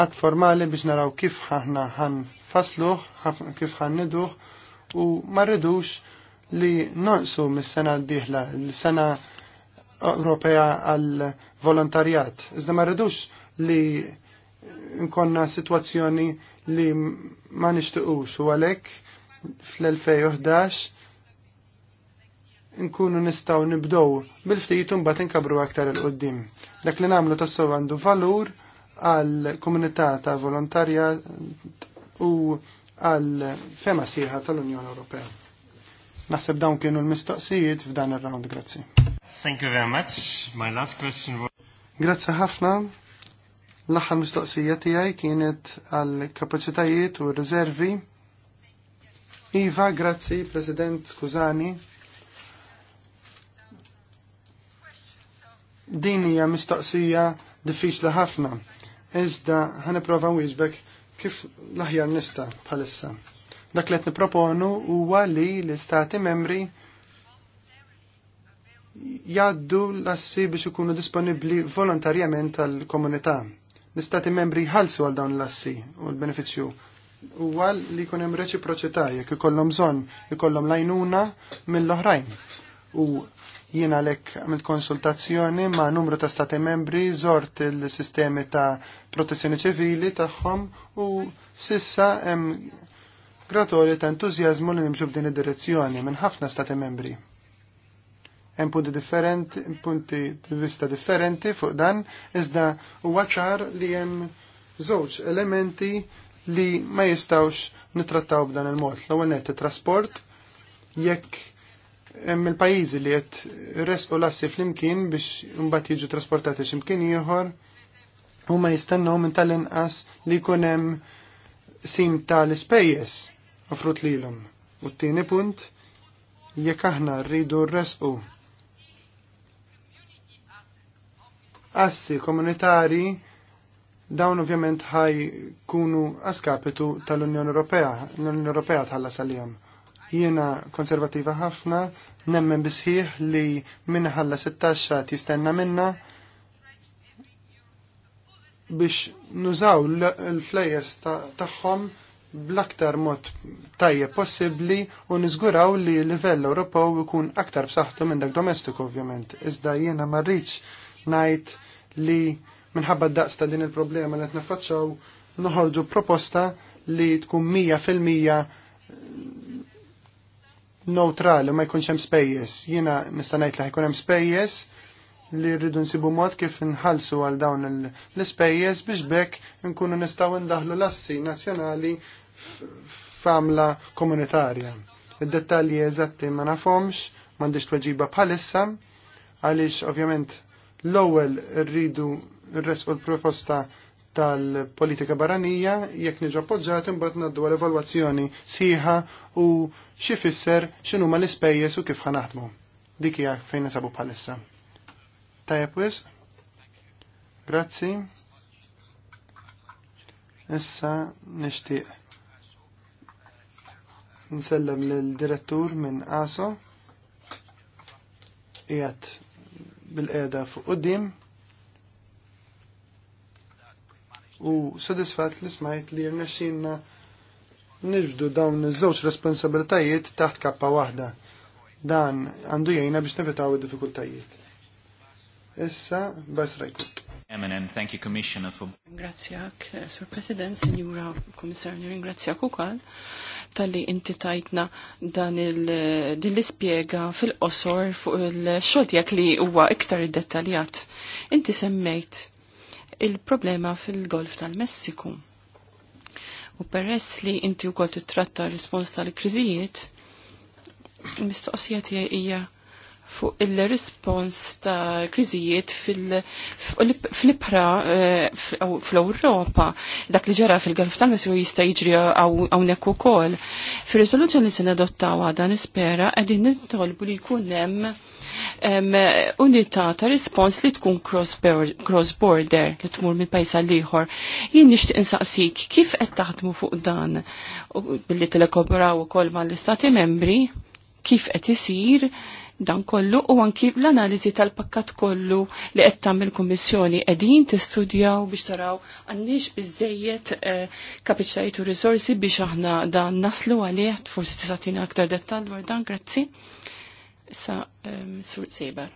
għad formali biex naraw kif ħahna ħan fasluħ, kif ħan niduħ u marridux li nonsu mis-sena d-dieħla, l-sena Ewropea għal volontarjat. Iżda marridux li nkonna situazzjoni li ma nixtiqux u għalek fl-2011 nkunu nistaw nibdow bil-ftit un bat inkabru aktar il-qoddim. Dak li namlu tassu għandu valur għal komunità ta' volontarja u għal fema sieħa tal-Unjoni Ewropea. Naħseb dawn kienu l-mistoqsijiet f'dan ir-round, grazzi. Thank you very much. My last question was... Grazzi ħafna. L-aħħar mistoqsija tiegħi kienet għal kapaċitajiet u r riservi Iva, grazzi, President, skużani. Din hija mistoqsija diffiċli ħafna. Iżda ħaniprofa wieġbek kif l-aħjar nista bħalissa. Dak li qed niproponu huwa li l-istati membri jaddu l-assi biex ikunu disponibbli volontarjament tal-komunità. L-istati membri jħallsu għal dawn l-assi u l-benefiċċju huwa li jkun hemm reċiproċità jekk ikollhom bżonn ikollhom lajnuna mill-oħrajn. U jiena għalhekk għamilt konsultazzjoni ma' numru ta' stati membri żort il-sistemi ta' protezzjoni ċivili tagħhom u sissa hemm gratorju ta' entużjażmu li nimxu b'din id-direzzjoni minn ħafna stati membri. Hemm punti differenti, punti vista differenti fuq dan, iżda huwa ċar li hemm żewġ elementi li ma jistawx nitrattaw b'dan il-mod. L-ewwel net trasport jekk hemm il-pajjiżi li qed resqu lassi flimkien biex imbagħad jiġu trasportati x'imkien ieħor huma jistennew minn tal-inqas li jkun hemm sim tal-ispejjeż offrut lilhom. U t-tieni punt jekk aħna rridu rresqu' assi komunitari Dawn ovvjament ħaj kunu askapitu tal-Unjoni Ewropea, l-Unjoni Ewropea tħalla għalihom. Jiena konservativa ħafna, nemmen bisħiħ li minna ħalla 16 tistenna minna biex nużaw l-flejes tagħhom bl-aktar mod tajje possibbli u niżguraw li l-livell Ewropew ikun aktar b'saħħtu minn dak domestiku ovvjament. Iżda jiena ma najt ngħid li minħabba daqs ta' din il-problema li qed naffaċċaw noħorġu proposta li tkun mija fil-mija eh, neutrali ma jkunx hemm spejjeż. Jiena nista' ngħid li ħajkun hemm spejjeż li rridu nsibu mod kif nħallsu għal dawn l-ispejjeż biex bekk nkunu nistgħu ndaħlu l-assi nazzjonali f'għamla komunitarja. Id-dettalji eżatti ma nafhomx, m'għandix tweġiba bħalissa, għaliex ovvjament l-ewwel rridu u l-proposta tal-politika barranija jekk niġu appoġġat imbagħad ngħaddu l-evalwazzjoni sħiħa u xi fisser x'inhu ma l-ispejjeż u kif ħanaħdmu. Dik hija fejn nasabu bħalissa. Tajjeb wis. Grazzi. Issa nixtieq nsellem l-direttur minn ASO ijat bil qiegħda fuq qoddim u sodisfat li smajt li rnexxinna nirfdu dawn iż-żewġ responsabilitajiet taħt kappa waħda. Dan għandu jgħina biex nevitaw id-diffikultajiet. Issa, bas rajku. Eminent, thank you, Commissioner, for... Ringrazzjak, eh, Sur President, Signora Commissar, ringrazzjak u kol tal-li inti tajtna dan il-dispiega fil-qosor fuq il-xoltijak li huwa iktar id-detaljat. Inti semmejt il-problema fil-Golf tal-Messiku. U peress li inti u kol titratta rispons tal krizijiet mistoqsija tiegħi hija fuq il-rispons tal-krizijiet fil ipra eh, fl-Ewropa. Dak li ġara fil-Golf tal-Messiku jista' jiġri hawnhekk ukoll. Fir-riżoluzzjoni li se nadottaw għadha nispera qegħdin nitolbu li jkun hemm unità ta' rispons li tkun cross-border li tmur minn pajsa liħor. Jien nixtieq insaqsik kif qed taħdmu fuq dan billi telekobraw ukoll mal-istati membri kif qed isir dan kollu u anki l-analizi tal-pakkat kollu li qed tagħmel kummissjoni qegħdin tistudjaw biex taraw għandix biżejjed eh, kapiċtajt u risorsi biex aħna dan naslu għalih forsi tisatina aktar dettall dwar dan grazzi. Issa um, Sur Seber.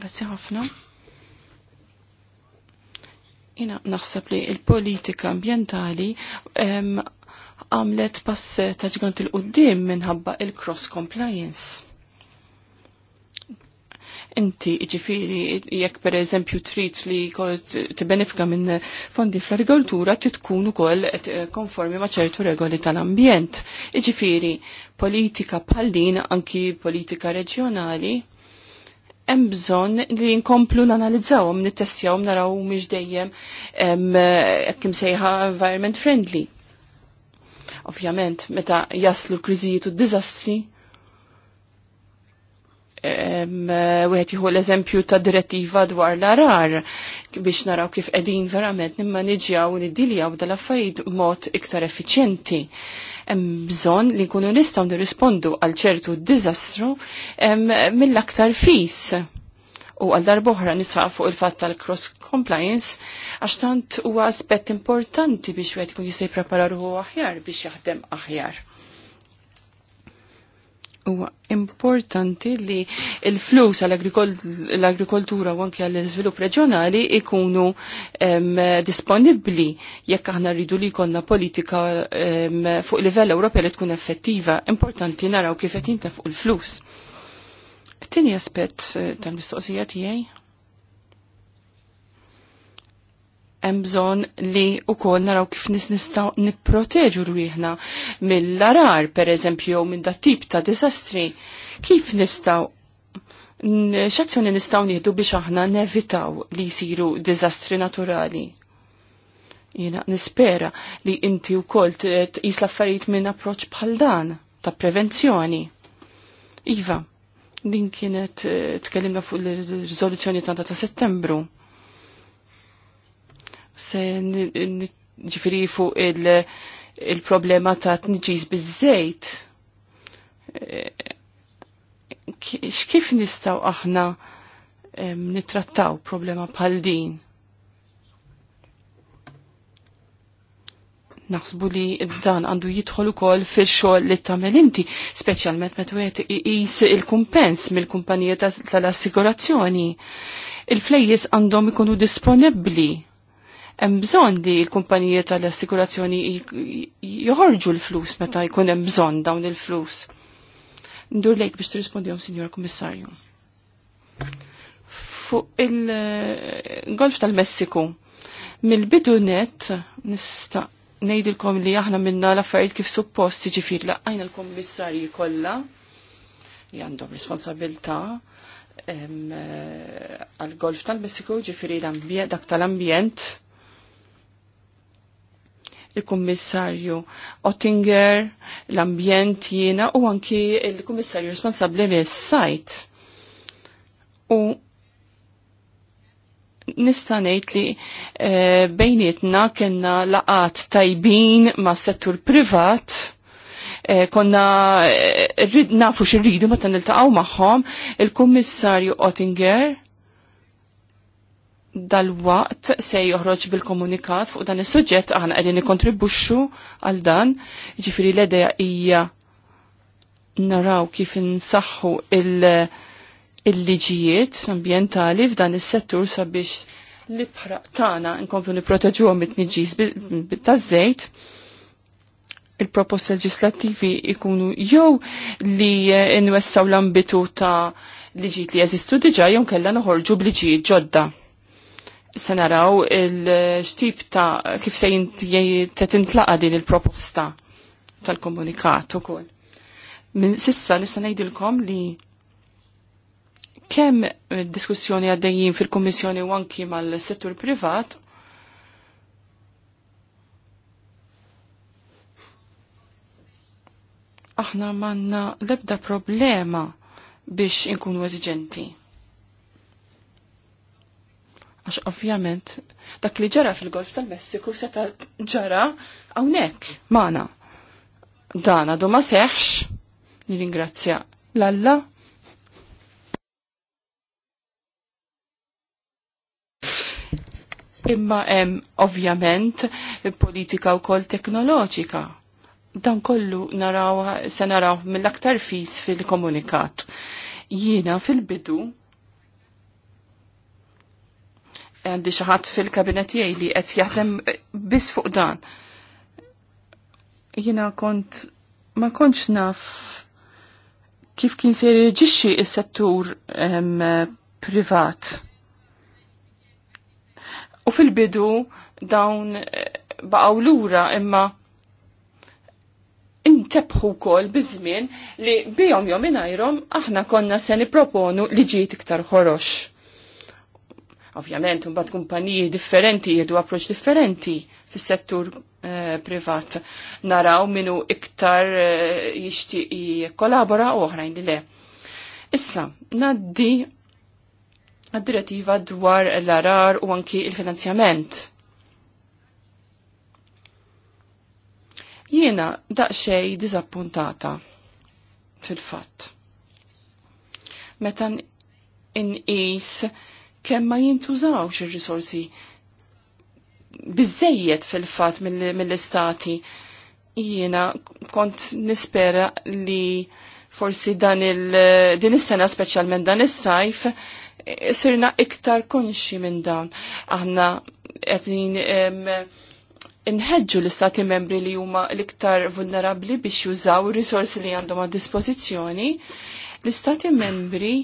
Grazzi ħafna. Jina naħseb li il-politika ambientali ehm, għamlet pass ta' ġgant il-qoddim minħabba il-cross compliance Inti ġifiri, jekk per eżempju trit li t-benefika minn fondi fl-agrikoltura, titkun u koll eh, konformi ma ċertu regoli tal-ambjent. Ġifiri, politika bħal din, anki politika reġjonali, hemm bżonn li nkomplu nanalizzawhom, nittestjawhom naraw mhix dejjem hekk imsejħa environment friendly. Ovvjament, meta jaslu l-kriżijiet u d-diżastri, Eh, wieħed jieħu l-eżempju ta' direttiva dwar l-arar biex naraw kif qegħdin verament nimma niġjaw niddiljaw dal-affarijiet mod iktar effiċjenti. Hemm bżonn li nkunu nistgħu nirrispondu għal ċertu diżastru mill-aktar fis. U għal darboħra nisħaq fuq il-fatt tal-cross compliance għax tant huwa aspett importanti biex wieħed jkun jista' jipprepara ruħu aħjar biex jaħdem aħjar huwa importanti li il-flus għall-agrikoltura u anki għall-iżvilupp reġjonali ikunu disponibbli jekk aħna rridu li jkollna politika em, fuq livell Ewropea li tkun effettiva. Importanti naraw kif qed jintefqu l-flus. Tini aspett eh, tal-mistoqsija tiegħi hemm bżonn li wkoll naraw kif nis nistgħu nipproteġu rwieħna mill-arar pereżempju minn da tip ta' diżastri. Kif nistgħu x'azzjoni nistgħu nieħdu biex aħna nevitaw li jsiru diżastri naturali? Jiena nispera li inti wkoll tqis l-affarijiet minn approċċ bħal dan ta' prevenzjoni. Iva, din kienet eh, tkellimna fuq l-riżoluzzjoni ta' ta' settembru se ġifiri fuq il-problema ta' tniġis bizzejt. X'kif nistaw aħna nitrattaw problema bħal din? naħsbu li dan għandu jidħol ukoll fil-xogħol li tagħmel inti, speċjalment meta wieħed iqis il-kumpens mill-kumpanija tal-assigurazzjoni. Il-flejjes għandhom ikunu disponibbli hemm bżonn li l-kumpaniji tal-assikurazzjoni joħorġu l-flus meta jkun hemm bżonn dawn il-flus. Ndur lejk biex tirrispondihom, Sinjor Kummissarju. Fuq il-Golf tal-Messiku, mill-bidu net nista' ngħidilkom li aħna minna l-affarijiet kif suppost jiġifier laqajna l-kummissarji kollha li għandhom responsabilta eh, għal-golf tal-Messiku ġifiri l dak tal-ambjent, il-Kummissarju Ottinger, l-Ambjent jiena u anki il-Kummissarju responsabbli s sajt U nista' ngħid li eh, bejnietna kellna laqat tajbin mas settur privat e, konna e, nafu xirridu meta niltaqgħu magħhom il-Kummissarju Ottinger dal-waqt se joħroġ bil-komunikat fuq dan is-suġġett aħna qegħdin nikkontribwixxu għal dan, jiġifieri l-idea hija naraw kif insaħħu il-liġijiet ambjentali f'dan is-settur sabiex l-ibħra tagħna nkomplu nipproteġuhom it tniġis taż-żejt il-propost leġislattivi ikunu jew li nwessaw l-ambitu ta' liġijiet li jeżistu diġà jew kellha noħorġu b'liġijiet ġodda se naraw il-xtip ta' kif se tintlaqa din il-proposta tal-komunikat ukoll. Min sissa nista' ngħidilkom li kemm diskussjoni għaddejjin fil-Kummissjoni u anki mal-settur privat aħna manna lebda problema biex inkunu eżiġenti Għax ovvjament dak li ġara fil-Golf tal-Messiku seta ġara hawnhekk magħna. Dan għadu ma seħx nirringrazzja l-Alla imma hemm ovvjament politika wkoll teknoloġika. Dan kollu naraw se naraw mill-aktar fis fil-komunikat. Jiena fil-bidu għandi xaħat fil-kabinet jgħi li għet jaħdem bis fuq dan. Jina kont, ma kontx naf kif kien se ġiċi is-settur privat. U fil-bidu dawn eh, baqaw lura imma intebħu kol bizmin li bijom jom inajrom aħna konna se niproponu li ġiet iktar ħorox Ovvjament, mbagħad kumpaniji differenti jiedu approċ differenti fis-settur eh, privat. Naraw minu iktar eh, kollabora uħrajn u oħrajn li le. Issa, naddi għad-direttiva dwar l-arar u anki il-finanzjament. Jiena daqxej dizappuntata fil-fatt. Metan inqis kemm ma jintużawx ir-risorsi biżejjed fil-fatt mill-istati. Jiena kont nispera li forsi dan il din is-sena speċjalment dan is-sajf sirna iktar konxi minn dawn. Aħna qed inħedġu l-istati membri li huma l-iktar vulnerabli biex jużaw ir-risorsi li għandhom għad dispożizzjoni. L-istati membri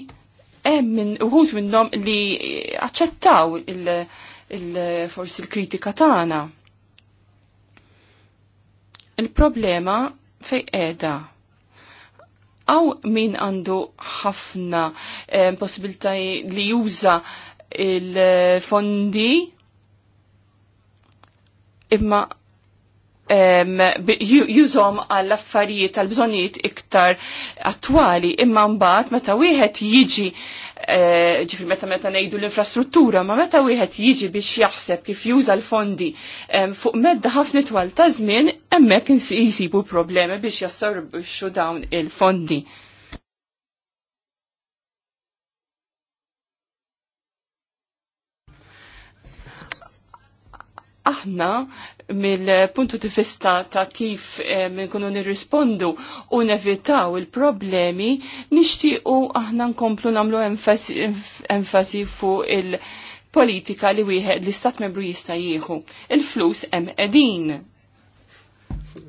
hemm min uħud minnhom li aċċettaw il-forsi l-kritika tagħna. Il-problema fej qiegħda Aw min għandu ħafna eh, possibilità li juża il-fondi imma jużom għall affarijiet tal bżonijiet iktar attwali imma mbagħad meta wieħed jiġi eh, ġifri meta meta ngħidu l-infrastruttura, ma meta wieħed jiġi biex jaħseb kif juża l-fondi fuq medda ħafna twal ta' żmien hemmhekk jsibu problemi biex jassorbixxu dawn il-fondi. aħna mill-puntu di vista ta' kif eh, nkunu nirrispondu u nevitaw il-problemi, nixtiequ aħna nkomplu nagħmlu enfasi fuq il-politika li wieħed li stat membru jista' jieħu. Il-flus hemm qegħdin.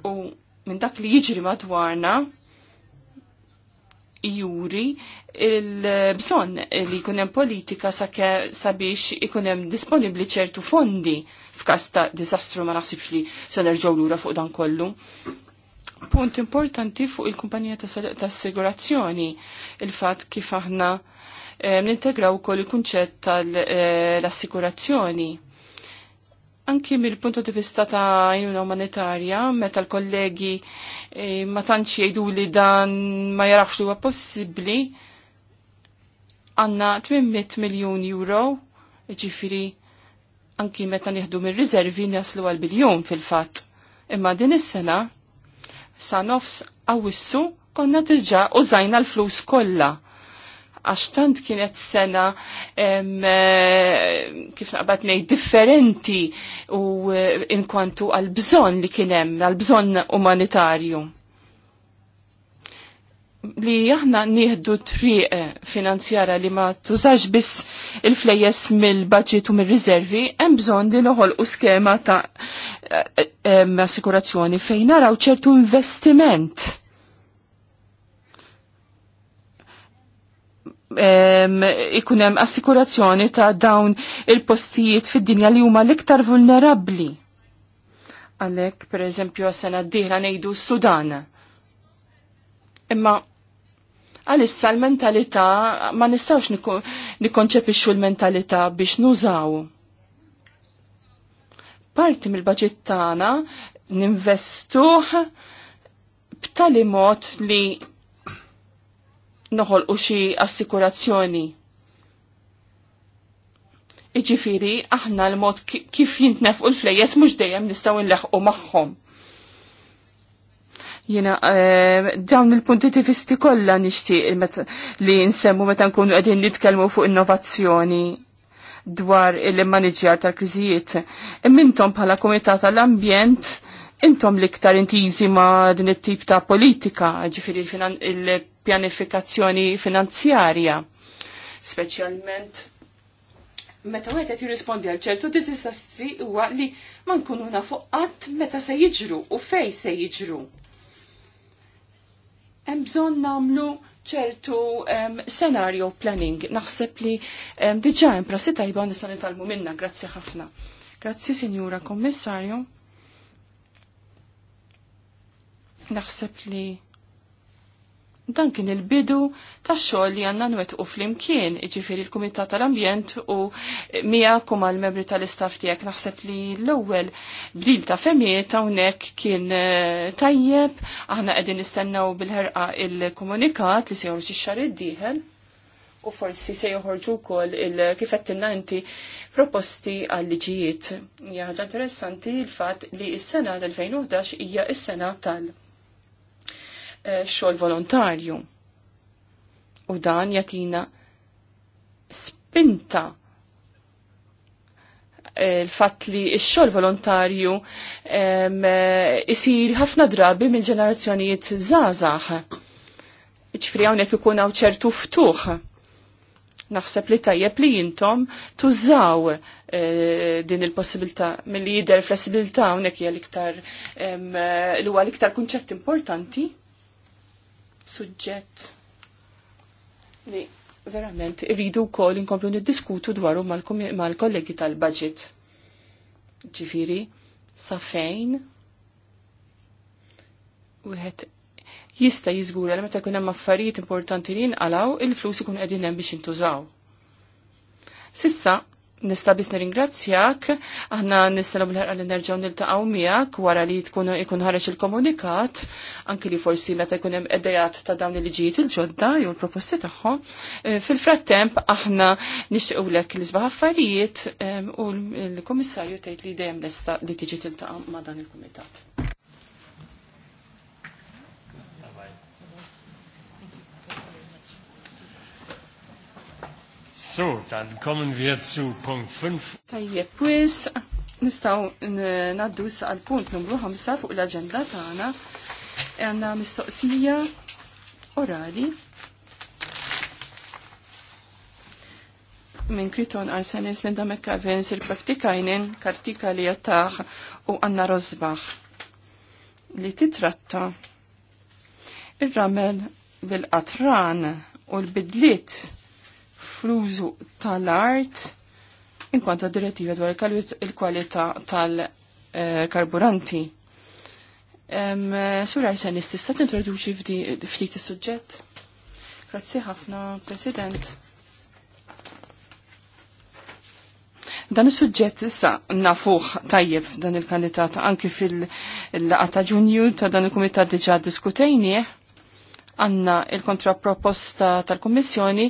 U minn dak li jiġri madwarna, juri il-bżon li kunem politika sakke sabiex ikunem disponibli ċertu fondi f'kas ta' disastru ma naħsibx li se nerġgħu lura fuq dan kollu. Punt importanti fuq il-kumpanija ta' assigurazzjoni il-fatt kif aħna eh, nintegraw kol il-kunċett tal-assigurazzjoni. Eh, Anki mill-punto di vista ta' jnuna umanitarja, meta l-kollegi eh, ma tantx jgħidu li dan ma jarafx li huwa possibbli, għanna 800 miljon euro, ġifiri anki meta nieħdu mir-riservi naslu għal biljun fil-fatt. Imma din is-sena sa nofs għawissu konna diġà użajna l-flus kollha għax tant kienet sena em, eh, kif naqbad nej differenti u eh, inkwantu għal bżonn li kien hemm għal bżonn umanitarju li aħna nieħdu triq eh, finanzjara li ma tużax biss il flejes mill-budget u mill-riservi, hemm bżonn li noħolqu skema ta' assikurazzjoni fejn naraw ċertu investiment ikunem assikurazzjoni ta' dawn il-postijiet fid-dinja li huma l-iktar vulnerabli. Għalek, per eżempju, għasena d-dihra nejdu Sudan. Imma għalissa l-mentalità ma nistawx nikonċepixxu l-mentalità biex nużaw. Parti mill-baġit tagħna ninvestuh b'tali mod li noħol u xi assikurazzjoni. Iġifiri, aħna l-mod kif jintnef u l-flejes mux dejjem nistaw u maħħom. Jina, eh, dawn il-punti tifisti kolla nishti li nsemmu meta nkunu għedin nitkelmu fuq innovazzjoni dwar il-manager tal-kriżijiet. Mintom bħala komitat tal-ambjent, intom liktar intizi ma din it-tip ta' politika, ġifiri pjanifikazzjoni finanzjarja. Speċjalment meta wieħed qed jirrispondi għal ċertu disastri huwa li ma nkunu nafu qatt meta se jiġru u fej se jiġru. Hemm bżonn nagħmlu ċertu um, scenario planning. Naħseb li um, diġà hemm prassi tajba nista' nitalmu minna, grazzi ħafna. Grazzi Sinjura Kommissarju. Naħseb li dan kien il-bidu ta' xogħol li għandna fl flimkien, iġifieri l-Kumitat tal-Ambjent u Mija u mal-membri tal istaf tiegħek naħseb li l-ewwel bdil ta' femiet hawnhekk kien eh, tajjeb, aħna qegħdin nistennew bil-ħerqa il-komunikat li se joħorġ ix id-dieħel u forsi se joħorġu wkoll il-kif qed inti proposti għal liġijiet. Hija ħaġa interessanti l-fatt li s-sena l-2011 hija s-sena tal- Eh, xogħol volontarju. U dan jatina spinta eh, il-fatt li x-xogħol volontarju eh, isir ħafna drabi mill-ġenerazzjonijiet żgħażagħ. Ġifri hawnhekk ikun hawn ċertu ftuħ naħseb li tajjeb li jintom tużaw din il-possibilità mill-li jider flessibilità hawnhekk hija l-iktar l huwa l-iktar kunċett importanti suġġett li verament irridu wkoll inkomplu niddiskutu dwaru mal-kollegi mal kollegi tal budget Ġifiri, sa fejn wieħed jista' jiżgura li meta jkun hemm affarijiet importanti li jinqalaw, il-flus ikun qegħdin hemm biex intużaw. Sissa nista bisni ringrazzjak, aħna nistana bil-ħarqa li nerġaw niltaqaw miegħek wara li tkun ikun ħareġ il-komunikat, anki li forsi meta jkun hemm edejat ta' dawn il-ġijiet il-ġodda jew l-proposti tagħhom. Eh, fil-frattemp aħna nixtiequ lek l-isbaħ affarijiet eh, u l-Kummissarju tgħid li dejjem lesta li tiġi tiltaqa' ma' dan il-kumitat. So, dann kommen wir zu Punkt 5. Tajjeb, wis, nistaw naddus għal punt numru 5 fuq l-agenda tagħna. Għandna mistoqsija orali minn Kriton Arsenis Linda McAvens il-praktikajnin kartika li jattaħ u Anna Rozbaħ li titratta il ramel bil-qatran u l-bidliet fl-użu tal-art in inkwanta direttiva dwar il-kwalità tal-karburanti. Sur Arsen, tista' introduċi ftit is-suġġett? Grazzi ħafna, President. Dan is-suġġett issa nafuħ tajjeb dan il-kandidat anki fil-laqata ġunju ta' dan il komitat diġà diskutejnie. għanna il-kontraproposta tal-Kommissjoni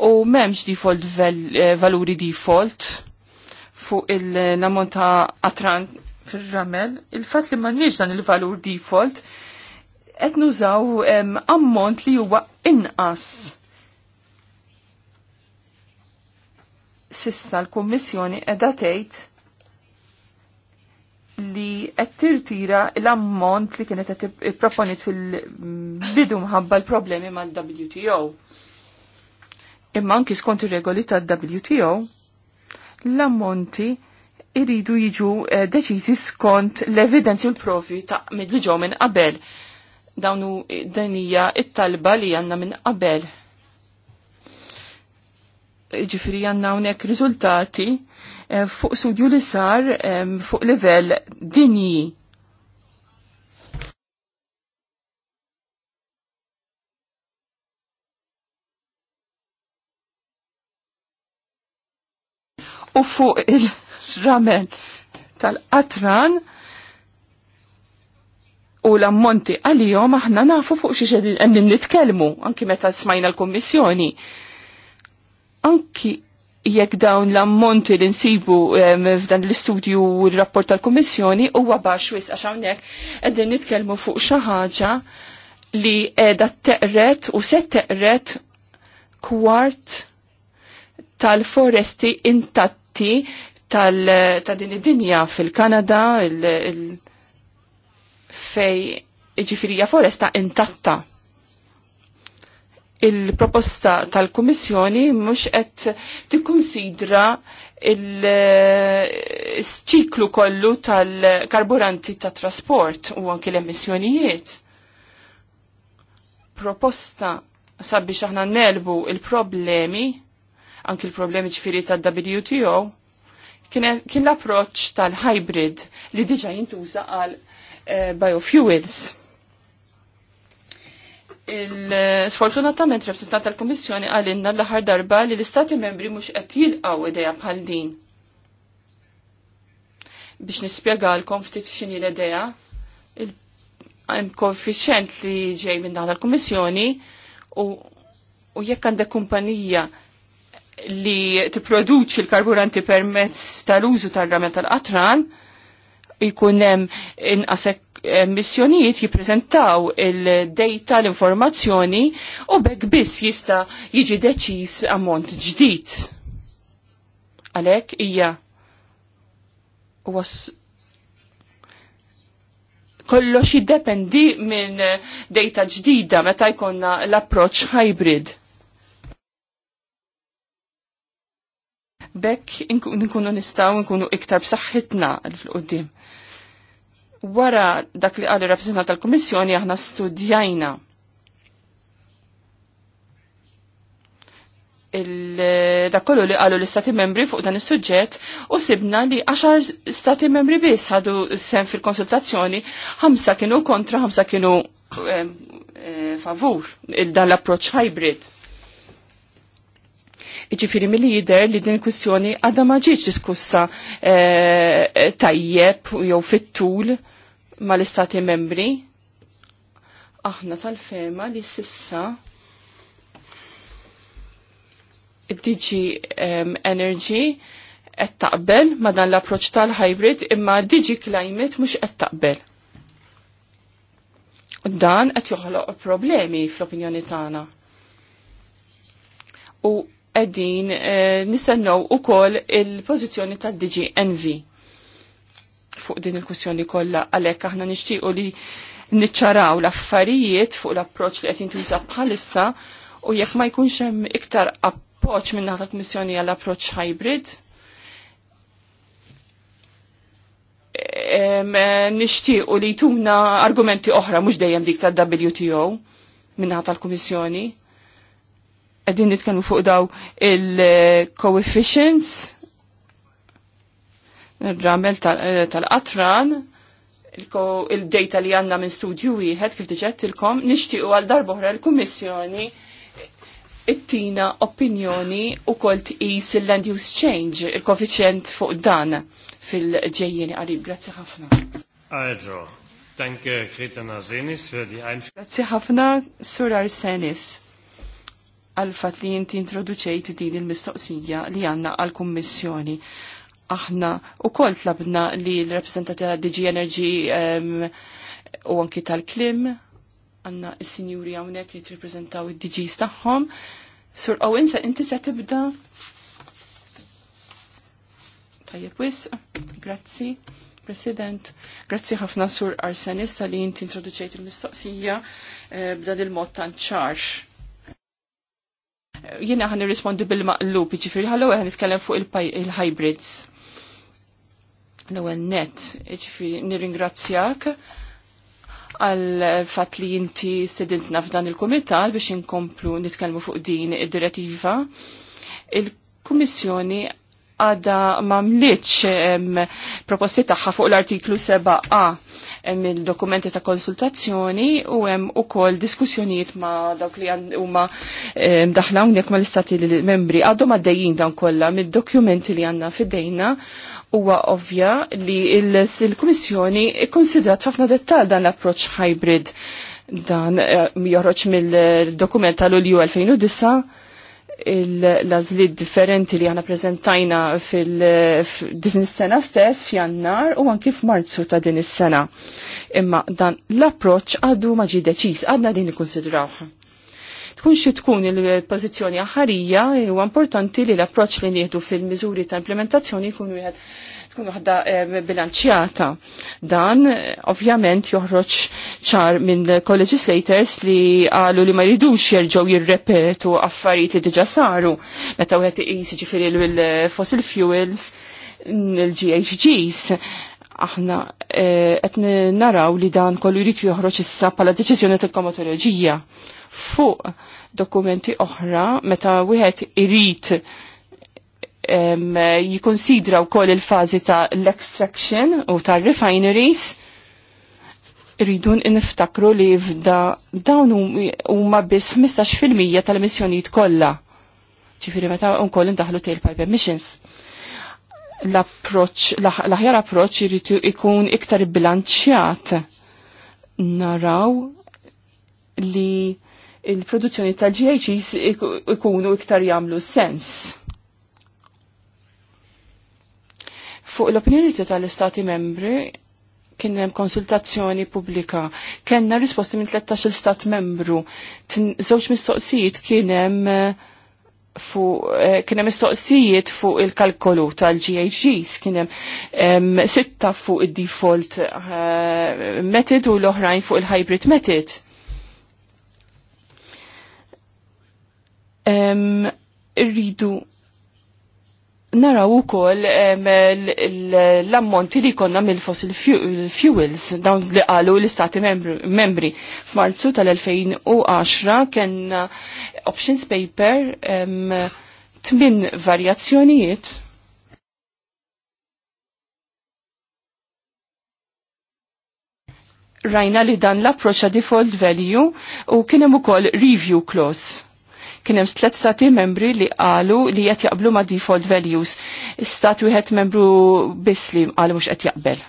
u memx default eh, valuri default fuq il-namont ta' atran fil-ramel, il-fat li ma dan il-valur default, et nużaw ammont li huwa inqas. Sissa l-Kommissjoni edha tgħid li qed tirtira l-ammont li kienet qed ipproponit fil-bidu mm, mħabba l-problemi mal-WTO imma anki skont ir-regoli tad-WTO l-ammonti iridu jiġu eh, deċiżi skont l-evidenzi u l-provi ta' li minn qabel. Dawnu eh, hija it-talba li għandna minn qabel. Ġifiri għandna hawnhekk riżultati eh, fuq studju li sar fuq livell dinji u fuq il-ramen tal-qatran u l-ammonti għalijom aħna nafu fuq xie xedin nitkelmu, anki meta smajna l-kommissjoni. Anki jekk dawn l-ammonti li nsibu f'dan l-istudju u l-rapport tal-kommissjoni u għabax wis għax hawnhekk qegħdin nitkellmu fuq xi ħaġa li t teqret u se teqret kwart tal-foresti intatti tal ta' din id-dinja fil-Kanada fej iġifirija foresta intatta. Il-proposta tal-Kummissjoni mhux qed tikkunsidra il-ċiklu eh, kollu tal-karburanti ta' trasport u anki l-emissjonijiet. Proposta sabiex aħna nelbu il-problemi anki l-problemi ċfiri ta' WTO, kien l-approċ tal-hybrid li diġa jintuża għal eh, biofuels. sfortunatament rappresentant tal-Komissjoni għalinna l-aħħar darba li l-Istati membri mhux qed jilqgħu idea bħal din. Biex nispjegalkom ftit x'inhi l-idea, koeffiċent li ġej minn daħla l-Komissjoni u, u jekk għandek kumpanija li tipproduċi l-karburanti permezz tal-użu tal-ramel tal-qatran jkun hemm inqasek missjonijiet jippreżentaw il-data l-informazzjoni u bekk biss jista' jiġi deċiż ammont ġdid. Għalhekk hija kollox jiddependi minn data ġdida meta jkollna l-approċċ hybrid. Bekk nkunu nistaw nkunu iktar b'saħħitna l-qoddim. Wara dak li għalli rappresentant tal-Komissjoni aħna studjajna dak kollu li qalu l-istati membri fuq dan is-suġġett u sibna li 10 stati membri biss għadu sem fil-konsultazzjoni, ħamsa kienu kontra, ħamsa kienu eh, eh, favur il-dan l-approċ hybrid Iġifiri mill-lider li din kwistjoni għadha ma diskussa eh, tajjeb jew fit-tul mal-istati membri. Aħna tal-fema li sissa DG um, Energy qed taqbel ma dan l-approċ tal-hybrid imma DG Climate mhux qed taqbel. U dan qed joħloq problemi fl-opinjoni tagħna. U edin eh, nistennow u koll il-pozizjoni tal-DG NV fuq din il-kussjoni kollha għalhekk aħna nixtiequ li niċċaraw l-affarijiet fuq l-approċċ li qed jintuża bħalissa u jekk ma jkunx hemm iktar appoġġ minn naħa tal-Kummissjoni għall approċċ hybrid. Nixtiequ li tumna argumenti oħra mhux dejjem dik tal-WTO minn naħa tal-Kummissjoni Għedin nitkellmu fuq daw il-coefficients, il-ramel eh, tal-qatran, tal qatran il data li għanna minn studju wieħed kif diġet tilkom, nixtiequ għal darbohra l-Kummissjoni it-tina opinjoni u kolt tqis il-land use change, il koeficient fuq dan fil-ġejjeni qarib. Grazzi ħafna. Also, danke Kreta Nazenis für die Einführung. Grazzi ħafna, Sur Arsenis għal-fat li jinti introduċejt din il-mistoqsija li għanna għal-Kommissjoni. Aħna u kol tlabna li l-reprezentativa DG Energy um, u anki tal-klim għanna il-sinjuri għawnek li t-reprezentaw il-DGs staħħom. Sur Owen, inti se tibda? Tajjeb wis, grazzi. President, grazzi ħafna sur Arsenis tal li jinti introduċejt il-mistoqsija eh, b'dan il-mod tan ċarx Jiena għan nirrispondi bil-maqlub, ġifiri ħallu għan nitkellem fuq il-hybrids. L-ewwel net, ġifiri nirringrazzjak għal fatt li inti sedintna f'dan il-kumital biex inkomplu nitkellmu fuq din id-direttiva. Il-Kummissjoni għada mamliċ proposti taħħa fuq l-artiklu 7a hemm il-dokumenti ta' konsultazzjoni u hemm ukoll diskussjonijiet ma' dawk li huma eh, mdaħla hawnhekk mal-istati membri għadhom għaddejjin dawn kollha mid-dokumenti li għandna fidejna huwa ovvja li il-Kummissjoni ikkonsidrat ħafna dettal dan l-approċċ hybrid dan eh, joħroġ mill-dokument tal-Ulju 2009 l-azlid differenti li għana prezentajna fil-din is-sena stess f'jannar u anki f'Marzu ta' din is-sena. Imma dan l-approċ għadu ma deċis, deċiż, għadna din ikkonsidrawha. Tkun xi tkun il-pożizzjoni aħħarija huwa importanti li l-approċ li nieħdu fil-miżuri ta' implementazzjoni jkun wieħed tkun waħda eh, bilanċjata. Dan eh, ovvjament joħroġ ċar minn co-legislators li għalu li ma jridux jerġgħu jirrepetu affarijiet li diġà saru meta wieħed iqis ġifieri l-fossil fuels l-GHGs aħna eh, qed naraw li dan kollu jrid joħroġ issa bħala deċiżjoni tal-komatoloġija fuq dokumenti oħra meta wieħed irid jikonsidraw wkoll il-fażi ta' l-extraction u ta' refineries ridun niftakru li f'da dawn huma biss 15% tal-emissjonijiet kollha. Ġifieri meta wkoll indaħlu tailpipe emissions. l approċ l-aħjar approċċ jiritu ikun iktar bilanċjat naraw li il-produzzjoni tal-GHGs ikunu iktar jagħmlu sens Fuq l-opinjoni tal-Istati membri kien hemm konsultazzjoni pubblika. Kenna risposti minn 13 stat membru. Żewġ mistoqsijiet kien hemm eh, fuq eh, mistoqsijiet fuq il-kalkolu tal-GHGs kien hemm sitta fuq id-default eh, method u l-oħrajn fuq il-hybrid method. Irridu Naraw ukoll l-ammonti li konna mill-fossil fuels dawn li qalu l-istati membri. F'Marzu tal-2010 kenna options paper tmin varjazzjonijiet rajna li dan l-approċċa default value u kien hemm ukoll review clause kien hemm tliet stati membri li qalu li qed jaqblu ma' default values. Stati wieħed membru biss li qalu mhux qed jaqbel.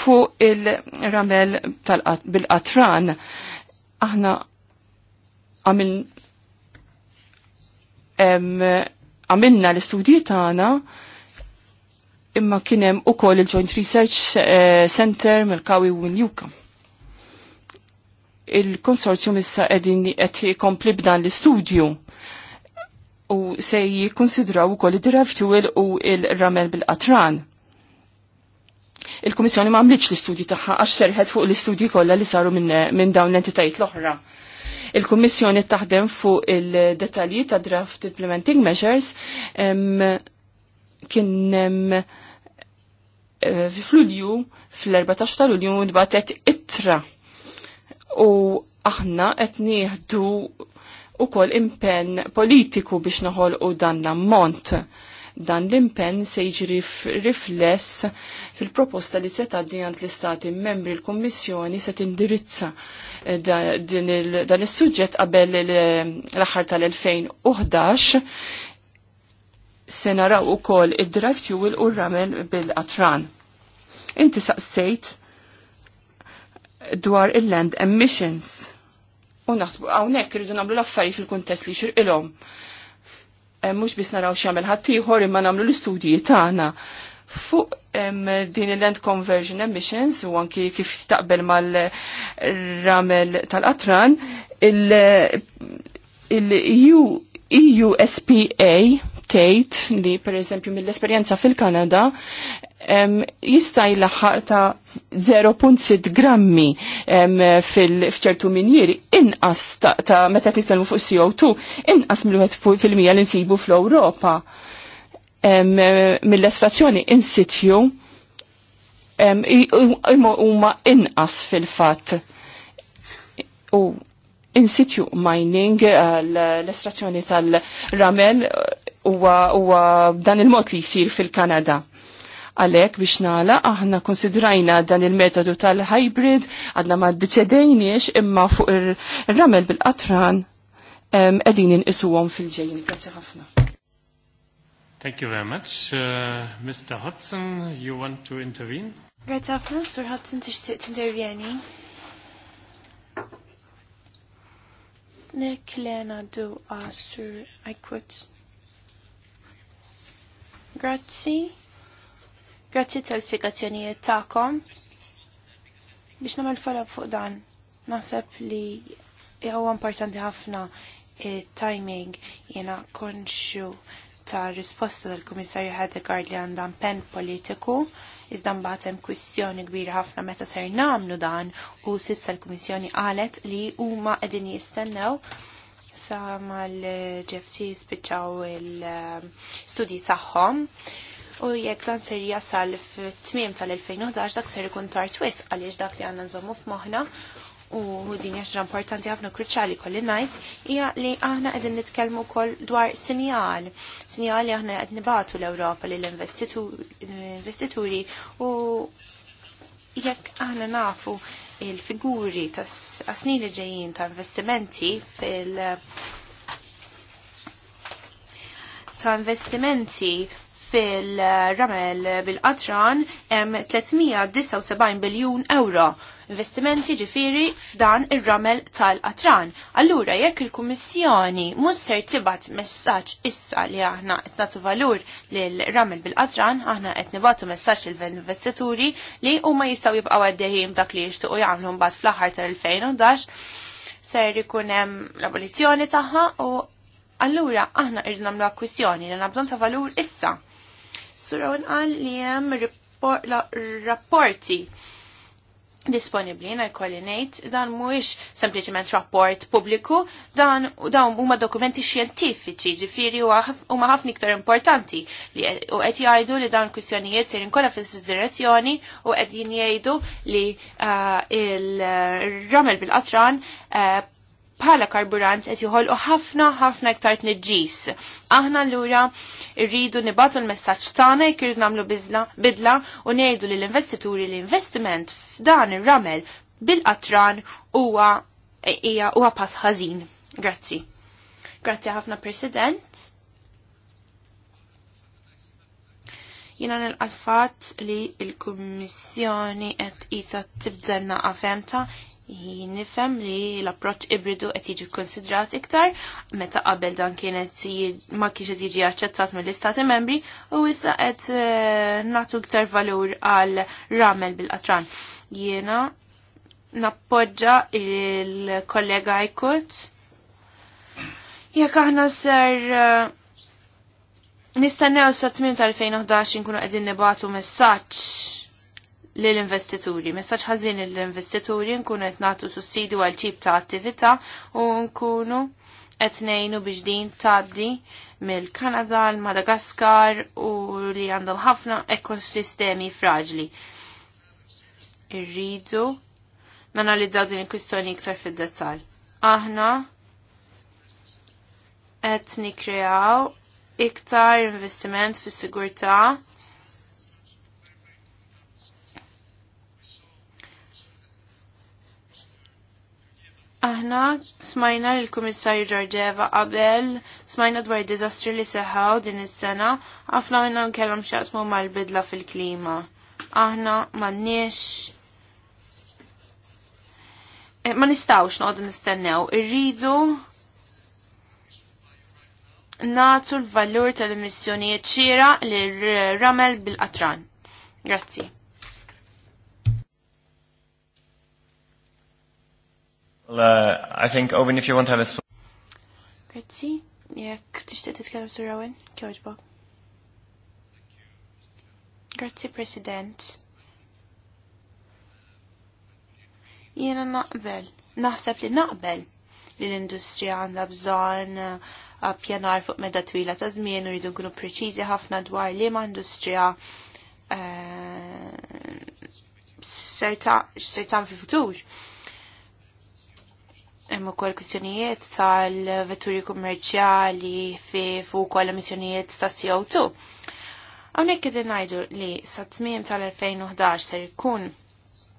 Fu il-ramel bil-qatran aħna għamil għamilna l-istudji tagħna imma kien hemm ukoll il-Joint Research eh, Center mill-Kawi u l il-konsorzjum issa qegħdin qed jkompli b'dan l-istudju u se jikkonsidraw ukoll id-draft fuel u il-ramel bil-qatran. Il-Kummissjoni ma l-istudji tagħha għax serħet fuq l-istudji kollha li saru minn min dawn l-entitajiet l-oħra. Il-Kummissjoni taħdem fuq il-detalji ta' draft implementing measures kien fi eh, fl fl-14 ta' Lulju nbatet ittra u aħna qed nieħdu ukoll impenn politiku biex noħolqu dan l-ammont. Dan l-impenn se jiġri rifless fil-proposta li se tgħaddi għand l-istati membri l-Kummissjoni se tindirizza eh, dan is-suġġett qabel l-aħħar tal-2011 se naraw ukoll id-drive fuel u r-ramel bil-qatran. Inti saqsejt dwar il-land emissions. U naħsbu hawnhekk irridu nagħmlu l affari fil-kuntest li xirqilhom. Eh, mhux biss naraw x'jagħmel ħaddieħor imma nagħmlu l-istudji tagħna fuq din il-land conversion emissions u anki kif taqbel mal-ramel tal-qatran il-EU EUSPA tgħid li pereżempju mill-esperjenza fil-Kanada jista' jilaħħaq ta' 0.6 grammi fil-fċertu minjiri inqas ta' meta titkellmu fuq CO2 inqas mill-1% li nsibu fl-Ewropa mill-estrazzjoni in situ huma inqas fil-fatt. U in situ mining eh, l-estrazzjoni tal-ramel eh, huwa dan il-mod li jsir fil-Kanada Għalek biex nala, aħna konsidrajna dan il-metodu tal-hybrid, għadna ma d-deċedejniex imma fuq il-ramel bil-qatran edin inqisuhom fil-ġejjin. Grazie ħafna. Thank you very much. Uh, Mr. Hudson, you want to intervene? Grazie ħafna, Sir Hudson, t-intervjeni. Nek li du għasur għajkut. Grazzi. Grazzi tal-spiegazzjonijiet ta'kom. Biex nagħmel follow fuq dan, naħseb li huwa importanti ħafna timing jena konxu ta' risposta tal-Komissarju Hedegard li għandan pen politiku, iżda mbagħad hemm kwistjoni kbira ħafna meta ser namlu dan u sissa l-Kummissjoni qalet li huma qegħdin jistennew sa mal-GFC spiċċaw il-studji eh, tagħhom u jekk dan ser jasal f tmiem tal-2011 dak ser ikun tar twist għaliex dak li għandna nżommu f'moħħna u din jaxra importanti ħafna kruċali kolli najt, hija li aħna qegħdin nitkellmu wkoll dwar sinjal. Sinjal li aħna qed nibatu l-Ewropa l investituri u jekk aħna nafu il-figuri tas snin li ġejjin ta' investimenti fil- ta' investimenti fil-ramel bil-qatran hemm 379 biljun euro investimenti ġifiri f'dan ir-ramel tal-qatran. Allura jekk il-Kummissjoni mhux ser tibgħat messaġġ issa li aħna qed nagħtu valur lil ramel bil-qatran, aħna qed nibatu messaġġ lill-investituri li huma jistgħu jibqgħu għaddejjim dak li jixtiequ jagħmlu mbagħad fl-aħħar tal-2011 ser ikun hemm l-abolizzjoni tagħha u Allura, aħna irrid nagħmlu akkwissjoni li nabżon ta' valur issa. Sur Owen li hemm rapporti disponibli na jkolli ngħid dan mhuwiex sempliċement rapport pubbliku, dan dawn huma dokumenti xjentifiċi, ġifieri huma ħafna iktar importanti li e- u qed jgħidu li dawn kwistjonijiet ser inkolla fis-siderazzjoni u qegħdin jgħidu li uh, il-ramel bil-qatran uh, bħala karburant qed joħolqu ħafna ħafna iktar tniġġis. Aħna lura rridu nibatu l-messaġġ tagħna jekk irid nagħmlu bidla u ngħidu l investituri li investiment f'dan ir-ramel bil-qatran huwa hija huwa pass ħażin. Grazzi. Grazzi ħafna President. jina nil-qalfat li il-Kummissjoni qed isa tibdelna għafemta nifhem li l-approċċ ibridu qed jiġi konsidrat iktar meta qabel dan kienet ma kienx qed jiġi aċċettat mill-Istati Membri u issa qed eh, nagħtu iktar valur għal ramel bil-qatran. Jiena nappoġġa il-kollega Ajkut jekk aħna ser eh, nistennew sa tmiem tal-2011 nkunu qegħdin nibatu messaġġ l-investituri. Messaċ ħazin l-investituri nkunu qed nagħtu sussidju għal ċib ta' attività u nkunu qed ngħinu biex din tgħaddi mill-Kanada, l-Madagaskar u li għandhom ħafna ekosistemi fraġli. Irridu nanalizzaw din il-kwistjoni iktar fid-dettall. Aħna qed nikkreaw iktar investiment fis-sigurtà Aħna smajna l kummissarju Ġorġeva qabel, smajna dwar diżastri li seħaw din is-sena, ħafna minnhom kellhom x'jaqsmu mal-bidla fil-klima. Aħna m'għandniex eh, ma nistawx noqogħdu nistennew, irridu nagħtu l-valur tal-emissjonijiet xira li ramel bil-qatran. Grazzi. Uh, I think, Owen, if you want to have a... thought. Grazzi, jekk tixtieq titkellem sur Owen, kjoġbok. Grazzi, President. Jiena naqbel, naħseb li naqbel li l-industrija għandha bżonn uh, pjanar fuq medda twila ta' żmien u rridu nkunu preċiżi ħafna dwar li ma' industrija uh, ser tagħmel fil-futur Hemm ukoll kwistjonijiet tal-vetturi kummerċjali fi fuq kol emissjonijiet ta' CO2. Hawnhekk qegħdin ngħidu li sa tmiem tal-2011 ser ikun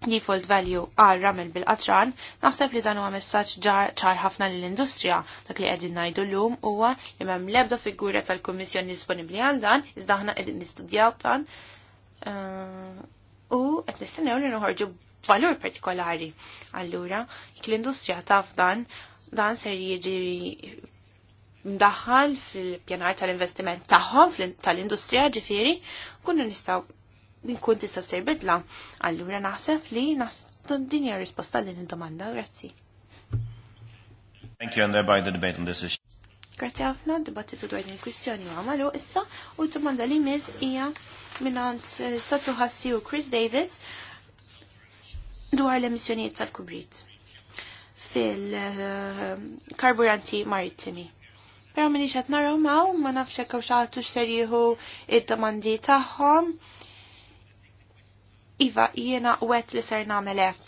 default value għal ramel bil-qatran, naħseb li dan huwa messaġġ ċar ħafna lill-industrija. Dak li qegħdin ngħidu llum huwa li m'hemm l-ebda figura tal-Kummissjoni disponibbli għal dan, iżda aħna qegħdin nistudjaw dan eh, u qed nistennew li noħorġu valur partikolari. Allura, jekk l-industrija taf dan, dan ser jiġi mdaħħal fil-pjanar tal-investiment tagħhom tal-industrija ġifieri, kunnu nistgħu nkun tista' ser bidla. Allura naħseb li din hija risposta din id-domanda. Grazzi. Thank you and thereby the debate on this issue. Grazzi ħafna dibattitu dwar din il-kwistjoni u għamalu issa u d-domanda li miss hija minant eh, Satu Hassi u Chris Davis dwar l-emissjonijiet tal-kubrit fil-karburanti marittimi. Pero minni xat naraw maw, ma nafxek jekk għaw xaħtu xserjiħu id-domandi taħħom. Iva, jiena wet li ser namelek.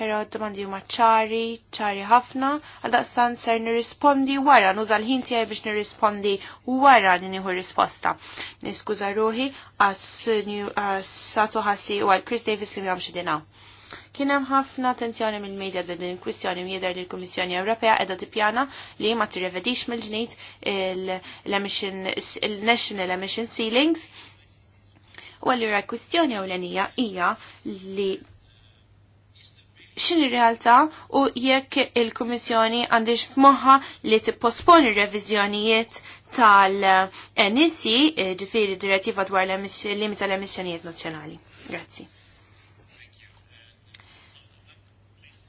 Pero d-domandi huma ċari, ċari ħafna, għal-daqsan ser nirrispondi wara, nużal ħin għaj biex nirrispondi wara li nieħu risposta. Niskuża ruħi għas Satu Ħassi u għal Chris Davis li mi għamxidinaw. Kien hemm ħafna attenzjoni mill-medja din il-kwistjoni jidher li l-Kummissjoni Ewropea qiegħda tippjana li ma tirrevedix mill-ġnid il-National Emission Ceilings. U allura l-kwistjoni ewlenija hija li xin realtà u jekk il-Kummissjoni għandix f'moħħa li tippospon ir reviżjonijiet tal-NISI, e eh, ġifiri direttiva dwar l-limit tal-emissjonijiet nazzjonali. Grazzi.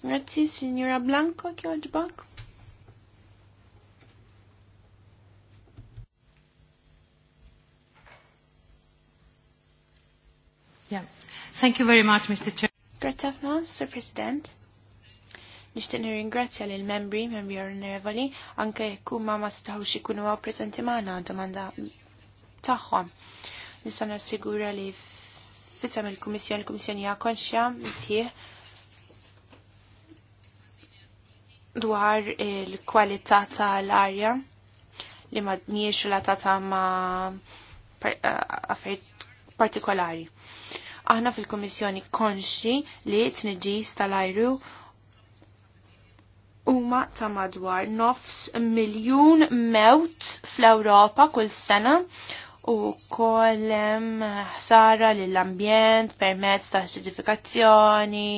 Grazie, Signora Blanco, che kjoġbak. Yeah. Thank you very much, Mr. Chair. Grazie a ħafna, Sir President. Nishtiq nirringrazzja lil membri, membri onorevoli, anke kum ma staħux ikunu għaw prezenti maħna domanda taħħom. Nista' nassigura li fissam il-Kummissjoni, il-Kummissjoni hija konxja misjieħ dwar il-kwalità tal-arja li ma nijiex ta' ma affarijiet partikolari. Aħna fil-Komissjoni konxi li t-nġis tal-ajru huma ta' madwar nofs miljun mewt fl-Ewropa kull sena u kollem ħsara lill-ambjent permezz ta' ċertifikazzjoni,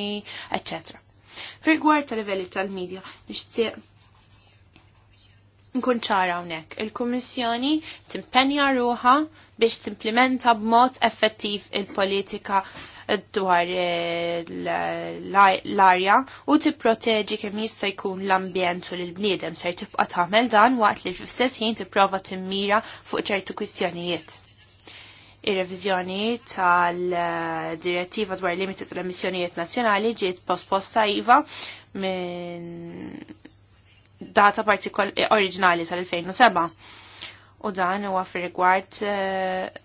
eccetera. Fil-gwar tal-livelli tal-medja, nixtieq nkun ċara hawnhekk. Il-Kummissjoni timpenja ruħa biex timplementa b'mod effettiv il-politika dwar eh, l-arja u tipproteġi kemm jista' jkun l-ambjent u l-bniedem ser tibqa' tagħmel dan waqt li fl-istess jien tipprova timmira fuq ċertu kwistjonijiet. Ir-reviżjoni tal-direttiva dwar limiti tal-emissjonijiet nazzjonali ġiet posposta iva minn data eh, oriġinali tal-2007. U dan huwa fir-rigward eh,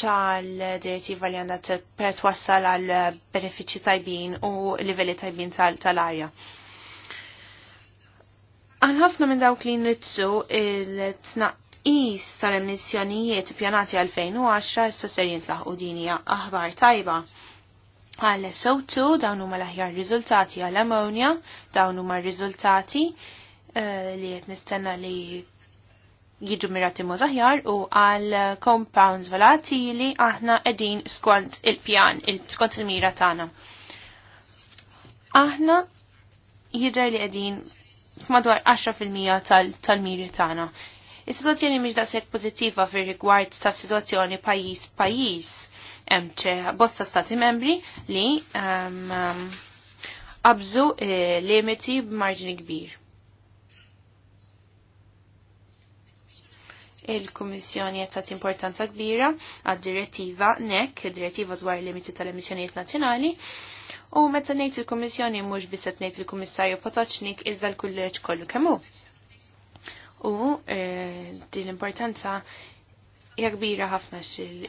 tal-direttiva li għandha twassal għal benefiċċji tajbin u livelli tajbin tal-arja. Għal ħafna minn dawk li nitsu il-tnaq tnaqqis tal-emissjonijiet pjanati għal 2010 issa ser jintlaħqu din hija aħbar tajba. Għal SO2 dawn huma l-aħjar riżultati għal ammonja, dawn huma r-riżultati eh, li qed nistenna li jiġu mirati mod aħjar u għal compounds volatili aħna qegħdin skont il-pjan, skont il-mira tagħna. Aħna jidher li qegħdin f'madwar 10% tal-miri tagħna. Is-situazzjoni mhix daqshekk pożittiva fir-rigward ta' situazzjoni pajjiż pajjiż hemm bosta stati membri li ehm, ehm, qabżu eh, limiti b'marġini kbir. il-Kummissjoni qed tagħti importanza kbira għad-direttiva NEC, direttiva dwar limiti tal-emissjonijiet nazzjonali, u meta ngħid il-Kummissjoni mhux biss qed ngħid il-Kummissarju Potoċnik iżda l-kulleġġ kollu kemm hu u eh, din l-importanza hija kbira ħafna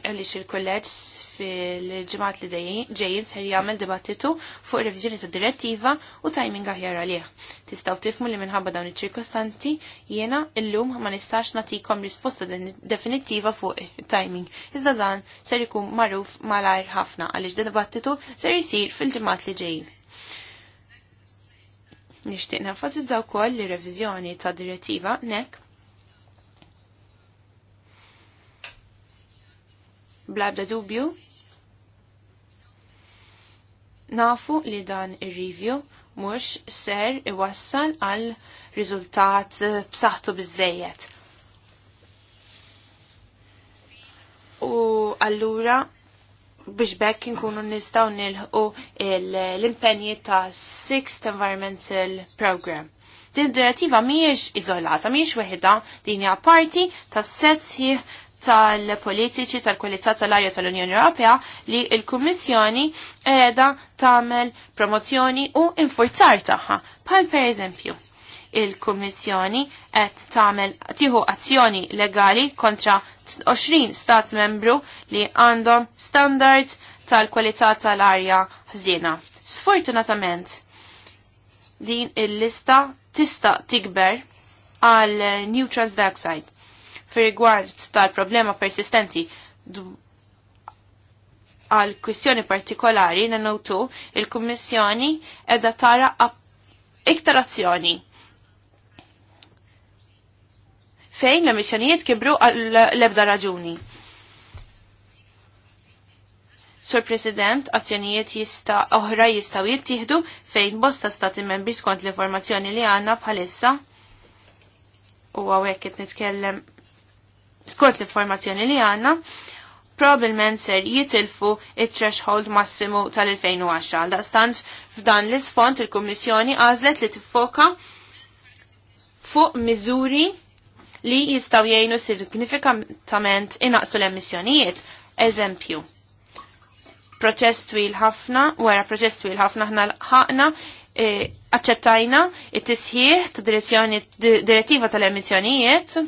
għaliex il-kolleġġ fil-ġimgħat li ġejjin ser jagħmel dibattitu fuq reviżjoni ta' direttiva u timing aħjar għalih. Tistgħu tifmu li minħabba dawn iċ-ċirkostanti jiena llum ma nistax nagħtikom risposta definittiva fuq timing. Iżda dan ser ikun magħruf malajr ħafna għaliex dibattitu ser isir fil-ġimgħat li ġejjin. Nixtieq u wkoll li reviżjoni ta' direttiva nek blabda dubju nafu li dan ir-review mhux ser iwassal għal riżultat eh, b'saħħtu bizzejet. U allura biex bekk nkunu nistaw nilħu l-impenji ta' Sixth Environmental Program. Din direttiva miex izolata, miex weħda din hija parti ta' setzi tal-politiċi tal-kwalità tal-arja tal-Unjoni Ewropea li l-Kummissjoni qiegħda tagħmel promozzjoni u infurzar tagħha. Bħal pereżempju, il-Kummissjoni qed tagħmel tieħu azzjoni legali kontra 20 stat membru li għandhom standards tal-kwalità tal-arja ħżiena. Sfortunatament, din il-lista tista' tikber għal neutrals dioxide fir rigward tal-problema persistenti għal kwistjoni partikolari na notu il-Kummissjoni edha tara iktar azzjoni fejn l-emissjonijiet kibru l-ebda raġuni. Sur President, azzjonijiet jista oħra jistaw jittieħdu fejn bosta stati membri skont l-informazzjoni li għanna bħalissa. U għawek qed nitkellem skont l-informazzjoni li għanna, probablement ser jitilfu il-threshold massimu tal-2010. Daqstant f'dan l-isfont il-Kummissjoni għażlet li tiffoka fuq miżuri li jistaw jgħinu signifikantament inaqsu l-emissjonijiet. Eżempju, proċess twil ħafna, wara proċess twil ħafna ħna ħaqna e, aċċettajna it-tisħiħ ta' direttiva tal-emissjonijiet.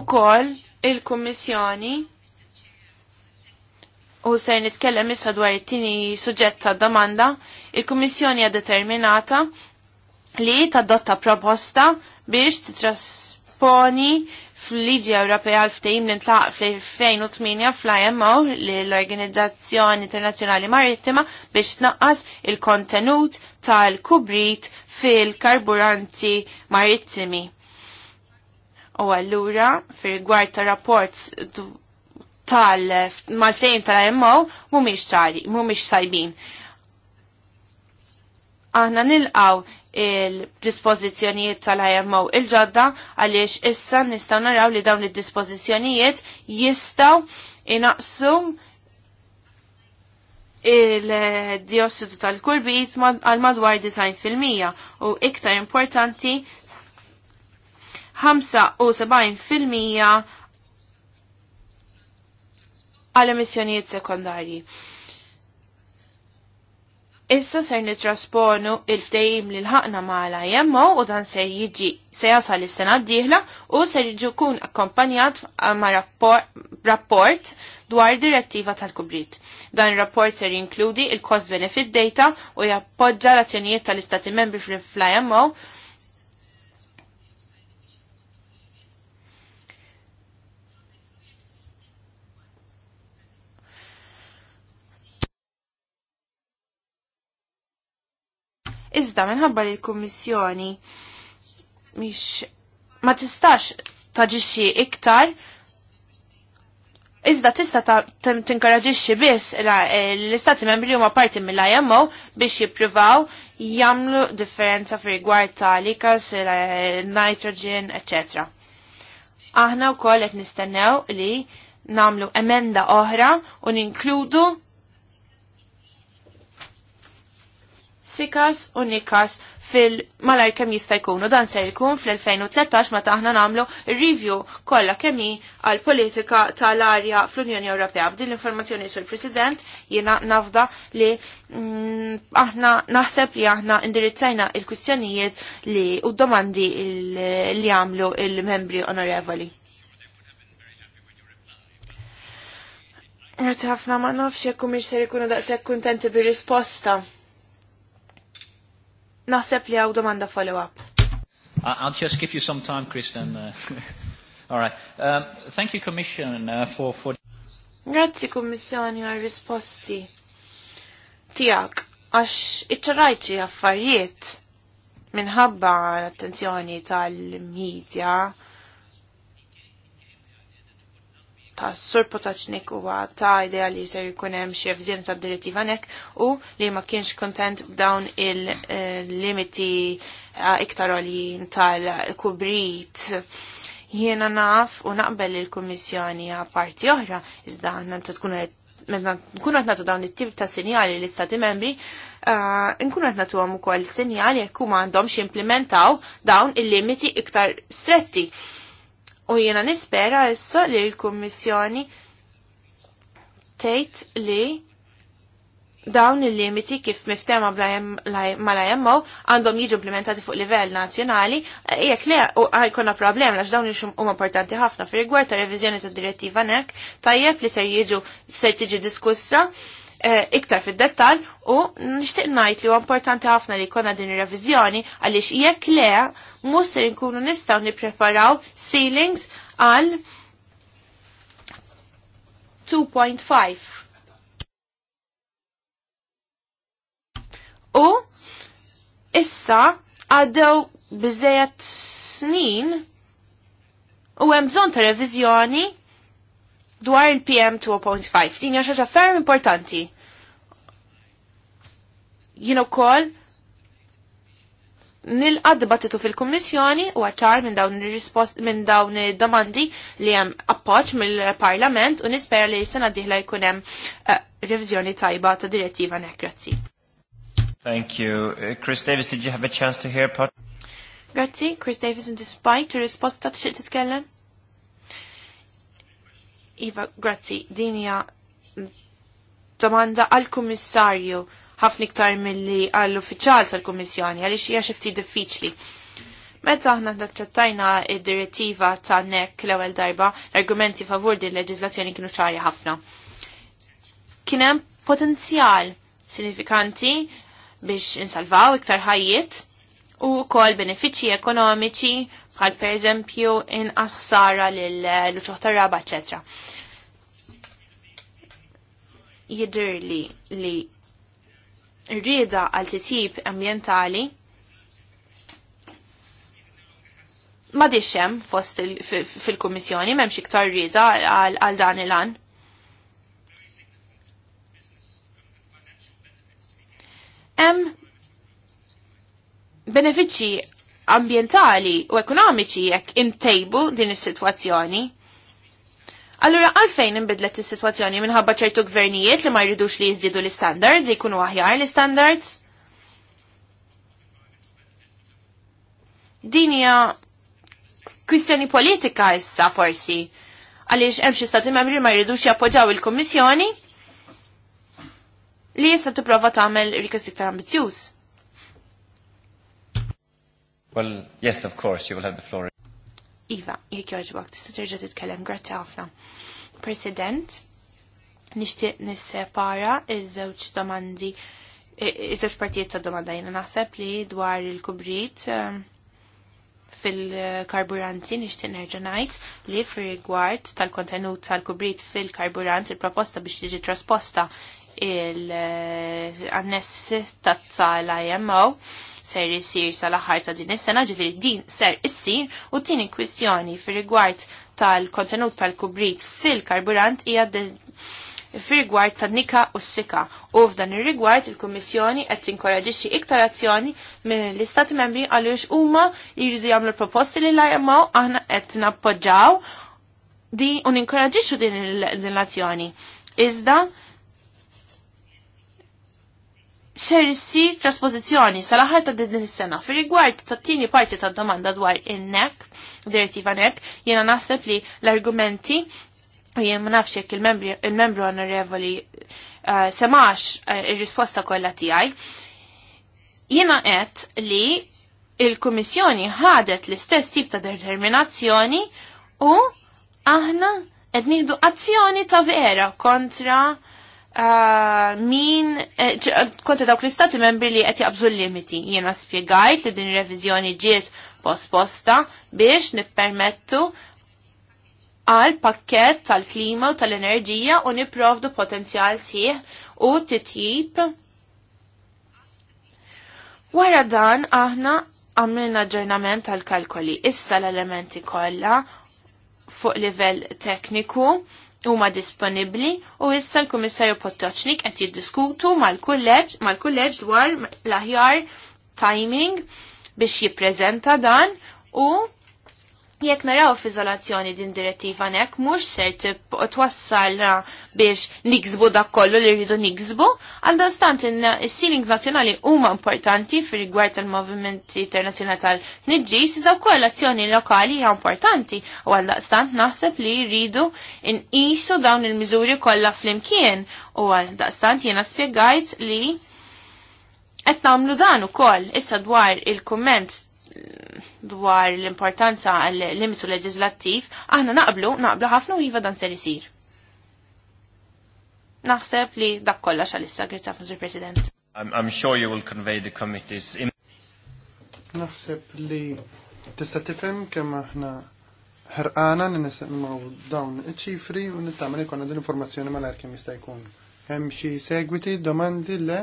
U kol il-Kommissjoni u ser nitkellem issa dwar it-tini suġġett ta' domanda, il-Kummissjoni ha determinata li tadotta proposta biex titrasponi fl-Liġi Ewropea l ftejim li ntlaq fl-2008 fl-IMO li l-Organizzazzjoni Internazzjonali Marittima biex tnaqqas il-kontenut tal-kubrit fil-karburanti marittimi. U għallura, fil-gwart ta' rapport tal-maltejn tal-IMO, mumiex tajbin. Aħna nilqaw il-dispozizjonijiet tal-IMO il-ġodda għaliex issa nistaw naraw li dawn il-dispozizjonijiet jistaw inaqsu il-diossidu tal-kurbit għal madwar 90% u iktar importanti 75% għal emissjonijiet sekundarji. Issa ser nitrasponu il-ftejim li l-ħakna maħla jemmo u dan ser jiġi se jasal is-sena d-dieħla u ser jiġu kun akkompanjat ma' rapport, dwar direttiva tal-kubrit. Dan rapport ser jinkludi il-cost benefit data u jappoġġa l-azzjonijiet tal-istati membri fl-IMO Iżda minħabba li l-Kummissjoni mhix ma tistax taġixxi iktar, Iżda tista tinkoraġixxi biss eh, l-istati membri li huma parti mill-IMO biex jippruvaw jagħmlu differenza fir-rigward ta' likas, eh, eh, nitrogen, etc. Aħna wkoll qed nistennew li nagħmlu emenda oħra u ninkludu sikas u nikas fil malar kemm jista' jkunu. Dan se jkun fl-2013 ma aħna nagħmlu review kollha kemm għal politika tal-arja fl-Unjoni Ewropea. B'din l-informazzjoni sur President jiena nafda li mm, aħna naħseb li aħna indirizzajna il-kwistjonijiet li u domandi li għamlu il-membri onorevoli. Għati ħafna ma nafx jekk mhix ser ikunu daqshekk kuntenti bir-risposta. Naħseb li għaw domanda follow-up. I'll just give you some time, Kristen. Uh, [laughs] all right. Um, thank you, Commission, uh, for, for... Grazie, Kommissjoni, għal risposti. Tijak, għax iċċarajċi affarijiet minħabba l-attenzjoni tal-medja ta' Sur Potaċnik huwa ta' idea li ser jkun hemm xi ta' direttiva vanek u li ma kienx kontent b'dawn il-limiti eh, iktar għalin tal-kubrit. Jiena naf u naqbel il-Kummissjoni għal parti oħra, iżda għanna ta' tkun nkunu qed nagħtu dawn it-tip ta' sinjali li Stati membri, eh, nkunu qed nagħtuhom ukoll sinjali jekk huma għandhom ximplementaw dawn il-limiti iktar stretti. U jiena nispera issa li l-Kummissjoni tgħid li dawn il-limiti kif miftema ma la għandhom jiġu implementati fuq livell nazzjonali, jekk le għajkonna problem għax dawn ixum huma importanti ħafna fi rigward ta' reviżjoni ta' direttiva nek, tajjeb li ser jiġu ser tiġi diskussa Eh, iktar fid-dettal u nixtieq ngħid li huwa importanti ħafna li konna din ir-reviżjoni għaliex jekk le mhux se nkunu nistgħu nippreparaw ceilings għal 2.5. U issa għaddew biżejjed snin u hemm bżonn ta' reviżjoni dwar il-PM 2.5. Din hija xaġa ferm importanti. Jien ukoll nilqa' dibattitu fil-Kummissjoni u għaċar minn dawn minn dawn domandi li hemm appoġġ mill-Parlament u nispera li sena diħla jkun hemm eh, revizjoni tajba ta' direttiva nekrazzi. Thank you. Uh, Chris Davis, did you have a chance to hear part? Grazzi, Chris Davis in despite to risposta ta' xiet tkellem Iva, grazzi, dinja mm, domanda għal-Kummissarju ħafna iktar milli għall-uffiċjal tal-Kummissjoni għaliex hija xi ftit diffiċli. Meta aħna naċċettajna id-direttiva ta' nek l-ewwel darba, l-argumenti favur din leġiżlazzjoni kienu ċari ħafna. Kien hemm potenzjal sinifikanti biex insalvaw iktar ħajjiet u wkoll benefiċċji ekonomiċi bħal pereżempju inqas ħsara lil tar raba, eċetra. Jidher li li rieda għal titjib ambientali ma diċem fost fil kommissjoni memx iktar rrida għal dan il-an. Em benefiċi ambientali u ekonomiċi jekk intejbu din is-sitwazzjoni. Allura għalfejn imbidlet is-sitwazzjoni minħabba ċertu gvernijiet li ma jridux li jiżdiedu l standard, li jkunu aħjar l standard? Din hija kwistjoni politika issa forsi għaliex hemm xi stati membri ma jridux jappoġġaw il-Kummissjoni li issa tipprova tagħmel rikas iktar ambizzjuż. Well, yes, of course, you will have the floor. Iva, jek joġbok, tista terġa titkellem, grazzi ħafna. President, nixtieq nissepara iż-żewġ domandi, iż-żewġ partijiet ta' domanda jina naħseb li dwar il-kubrit um, fil-karburanti nixtieq nerġa' ngħid li fir-rigward tal-kontenut tal-kubrit fil-karburant il-proposta biex tiġi trasposta il-annessi eh, ta' IMO ser isir sal-aħħar ta' din is-sena, ġifieri din ser issir u tieni kwistjoni fir-rigward tal-kontenut tal-kubrit fil-karburant hija fir-rigward tan-nika u s-sika. U f'dan ir-rigward il-Kummissjoni qed tinkoraġixxi iktar azzjoni minn l-Istati Membri għaliex huma jridu jagħmlu proposti li lajmaw aħna qed nappoġġaw di u ninkoraġixxu din l-azzjoni. Iżda ser jissir trasposizjoni sal-aħħar ta' din is-sena fir rigward tat tieni parti tad domanda dwar in-nek, direttiva nek, jiena naħseb li l-argumenti u jien ma nafx jekk il-membru onorevoli eh, semax eh, ir-risposta kollha tiegħi. Jiena qed li il-Kummissjoni ħadet l-istess tip ta' determinazzjoni u aħna qed nieħdu azzjoni ta' vera kontra Ah, min eh, eh, konta dawk l-istati membri li qed jabżu l-limiti. Jiena spjegajt li din ir-reviżjoni ġiet posposta biex nippermettu għal pakket tal-klima u tal-enerġija u niprovdu potenzjal sieħ u titjib. Wara dan aħna għamilna ġernament tal-kalkoli. Issa l-elementi kollha fuq livell tekniku huma disponibbli u issa l-Kummissarju Pottoċnik qed jiddiskutu mal-kulleġġ mal-kulleġġ dwar l-aħjar timing biex jippreżenta dan u jekk naraw f'izolazzjoni din direttiva nek mhux ser twassalna biex niksbu dak kollu li rridu niksbu, għal stant is siling nazzjonali huma importanti fir rigward tal-movimenti internazzjonali tal-nġis, iżda wkoll azzjoni lokali hija importanti u għal stant naħseb li rridu nqisu dawn il-miżuri kollha flimkien u għal stant jiena spjegajt li qed namlu dan ukoll issa dwar il-kumment dwar l-importanza għall-limitu leġislattiv, aħna naqblu, naqblu ħafna u jiva dan ser isir. Naħseb li dak kollha għalissa, grazie Mr. President. I'm, I'm sure you will convey the committee's in... Naħseb li tista' tifhem kemm aħna ħerqana li nisimgħu dawn iċ-ċifri u nittama' konna din informazzjoni malajr kemm jista' jkun. Hemm xi segwiti, domandi le,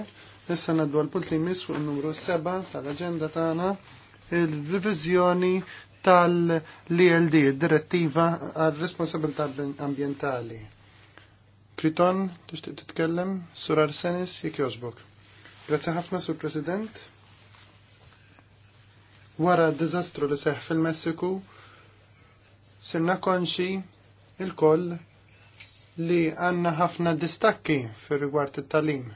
issa nadwar għal-punt fuq il numru 7 tal-aġenda tagħna il-revizjoni tal-LLD, direttiva għal responsabilità ambientali. Kriton, tixtieq titkellem, Sur Arsenis, jek jożbok. Grazzi ħafna, Sur President. Wara d-dizastru li seħ fil-Messiku, sirna konxi il-koll li għanna ħafna distakki fir rigward it-talim.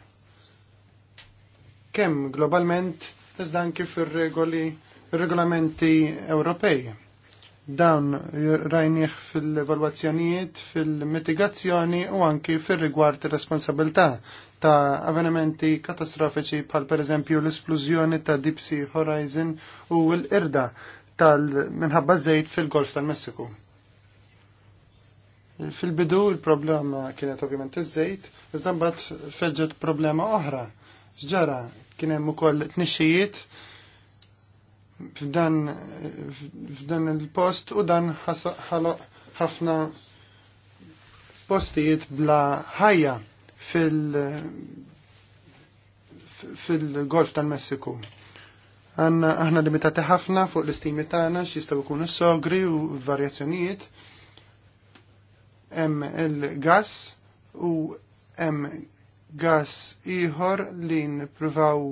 Kemm globalment, iżda anki fir regoli regolamenti Ewropej. Dawn rajnieħ fil-evalwazzjonijiet, fil-mitigazzjoni u anki fil-rigward responsabilità ta' avvenimenti katastrofiċi pal per eżempju l-esplużjoni ta' Deep Sea Horizon u l-irda tal-minħabba żejt fil-Golf tal-Messiku. Fil-bidu il-problema kienet ovvjament iż-żejt, iżda mbagħad feġġet problema oħra. X'ġara kien hemm ukoll tnixxijiet f'dan il-post u dan ħaloq ħafna postijiet bla ħajja fil- fil-golf tal-Messiku. Għanna aħna limitati ħafna fuq l-istimi tagħna x'jistgħu jkunu sogri u varjazzjonijiet Hemm il-gas u hemm gas ieħor li nippruvaw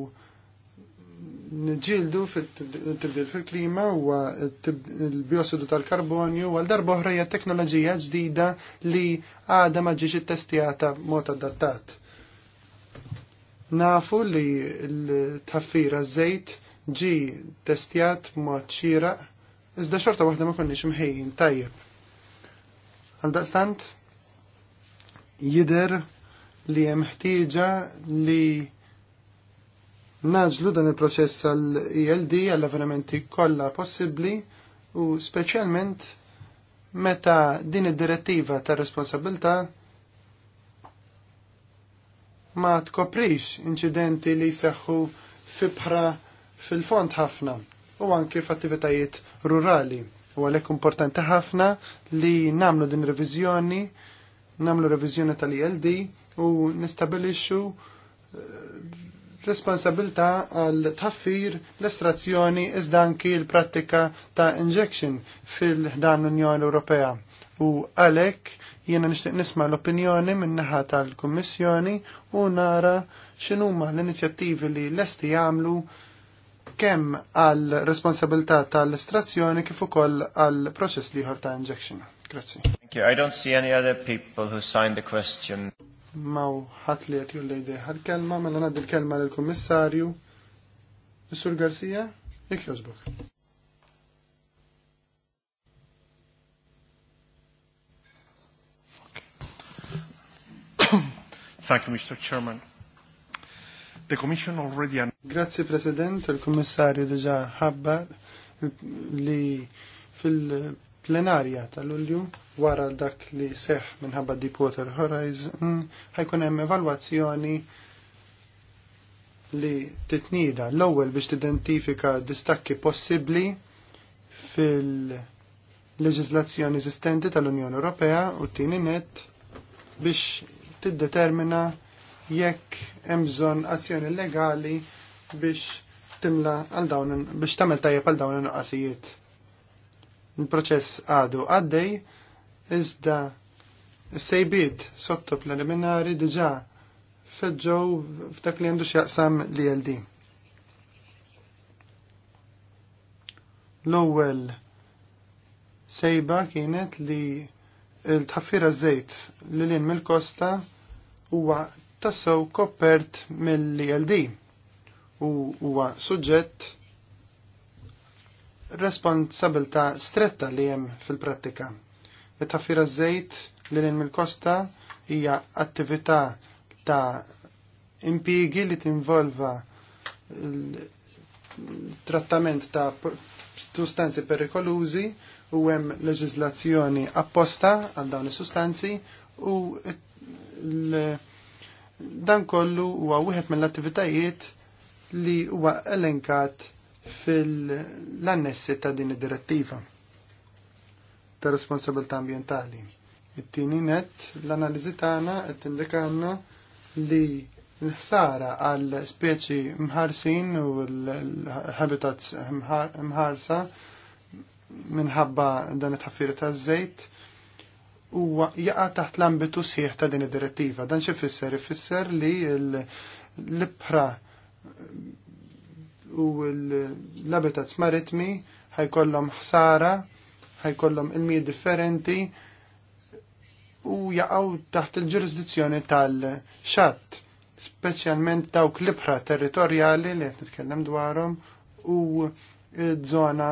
nġildu fit-tibdil fil-klima huwa l-biossidu tal-karbonju għal darba oħra hija teknoloġija ġdida li għadha ma testijata ittestjata mod adattat. Nafu li l-taffira żejt ġi testijat mod xieraq, iżda xorta waħda ma konniex mħejjin tajjeb. Għal daqstant jider li hemm ħtieġa li naġlu dan il-proċess għal-ELD għall-avvenimenti kollha possibbli u speċjalment meta din id-direttiva ta' responsabilità ma tkoprix incidenti li seħħu fibħra fil-fond ħafna u anke f'attivitajiet rurali. U għalhekk importanti ħafna li namlu din reviżjoni, namlu reviżjoni tal-ELD u nistabilixxu eh, responsabilta għal taffir l-estrazzjoni iżda anki l-prattika ta' injection fil-ħdan l-Unjoni Ewropea. U għalek jiena nixtieq nisma' l-opinjoni min-naħa tal-Kummissjoni u nara x'inhuma l-inizjattivi li lesti jagħmlu kemm għal responsabilità tal-estrazzjoni kif ukoll għal proċess liħor ta' injection. Grazzi. Thank you. I don't see any other people who signed the question maw ħat li għatju l-lejde kelma mela naddi l-kelma l-Kommissarju, Mr. Garcia, jek jozbok. [coughs] Thank you, Mr. Chairman. The Commission already... Grazie, President. Il-Kommissarju diġa ħabbar li fil- plenarja tal-Ulju wara dak li seħ minħabba Deepwater Horizon ħajkun hemm evalwazzjoni li titnida l-ewwel biex tidentifika distakki possibbli fil-leġiżlazzjoni eżistenti tal-Unjoni Ewropea u t-tieni net biex tiddetermina jekk hemm bżonn azzjoni legali biex timla għal dawn biex tagħmel tajjeb għal dawn in-nuqqasijiet Il-proċess għadu għaddej, iżda sejbit sotto preliminari diġa feġġow f'dak li għandu xjaqsam li LD. L-ewwel sejba kienet li l-tħaffira żejt li lin mill-kosta huwa tassew koppert mill-LD u huwa suġġett responsabilta stretta li jem fil-prattika. il taffira żejt li l mill-kosta hija attività ta' impiegi li tinvolva trattament ta' sustanzi perikolużi u hemm leġiżlazzjoni apposta għal dawn is-sustanzi u dan kollu huwa wieħed mill-attivitajiet li huwa elenkat fil-annessi ta' din id-direttiva ta' responsabilità ambientali. It-tieni net l-analiżi tagħna qed tindikanna li l-ħsara għal speċi mħarsin u l-habitats mħarsa minħabba dan it-ħaffir ta' żejt huwa jaqa' taħt l-ambitu sħiħ ta' din id-direttiva. Dan xi fisser? Ifisser li l-ibħra u l-habitats maritmi ħajkollhom ħsara, ħajkollhom ilmi differenti u jaqgħu taħt il-ġurisdizzjoni tal-xatt, speċjalment dawk l-ibħra territorjali li qed nitkellem dwarhom u żona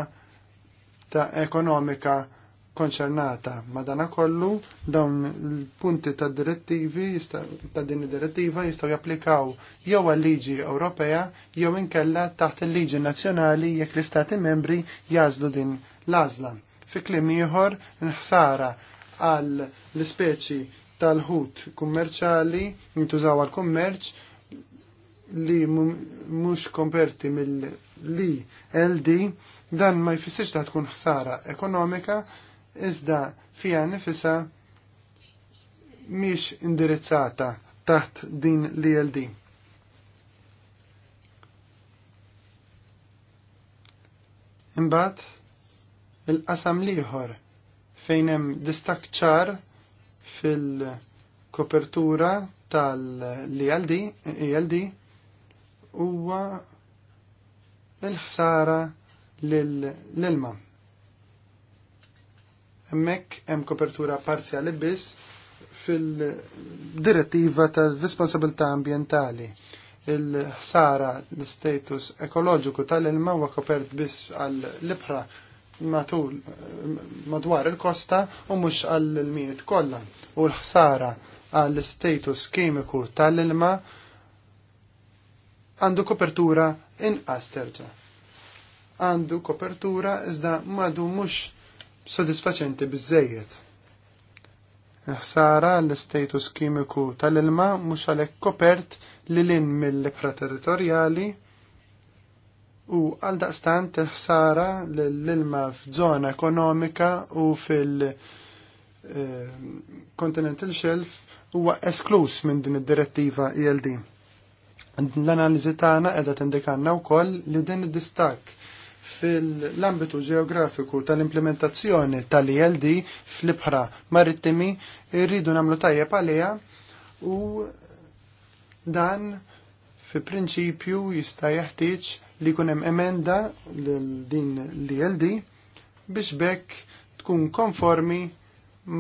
ta' ekonomika konċernata. Madana kollu dawn il-punti ta' direttivi ta' din direttiva jistgħu japplikaw jew għal-liġi Ewropea jew inkella taħt il-liġi nazzjonali jekk l-istati membri jażlu din l-għażla. Fi klim ieħor nħsara għal l-ispeċi tal-ħut kummerċali jintużaw għal-kummerċ li mhux komperti mill-li LD dan ma jfissirx ta' tkun ħsara ekonomika iżda fija nifisa miex indirizzata taħt din l-ILD. Imbagħad, il-qasam liħor fejn hemm distak ċar fil-kopertura tal-ELD e huwa l ħsara l-ilma. Hemmhekk hemm kopertura parzjali biss fil-direttiva tal-responsabilità ambientali. Il-ħsara l-status ekoloġiku tal-ilma huwa kopert biss għall libra madwar il-kosta u mhux għall-miet kollha. U l-ħsara għall-status kimiku tal-ilma għandu kopertura inqas terġa. Għandu kopertura iżda madu mhux sodisfaċenti bizzejiet. Ħsara l-istatus kimiku tal-ilma mhux għalhekk kopert li lin mill-libra territorjali u għal daqstant ħsara l-ilma f'żona ekonomika u fil-continental eh, shelf huwa esklus minn din id-direttiva ILD. E L-analiżi tagħna qiegħda tindikanna wkoll li din id-distak fil-ambitu ġeografiku tal-implementazzjoni tal-ILD fl-ibħra marittimi irridu namlu tajjeb għalija u dan fi prinċipju jista' jeħtieġ li jkun hemm emenda lil din l-ILD biex bekk tkun konformi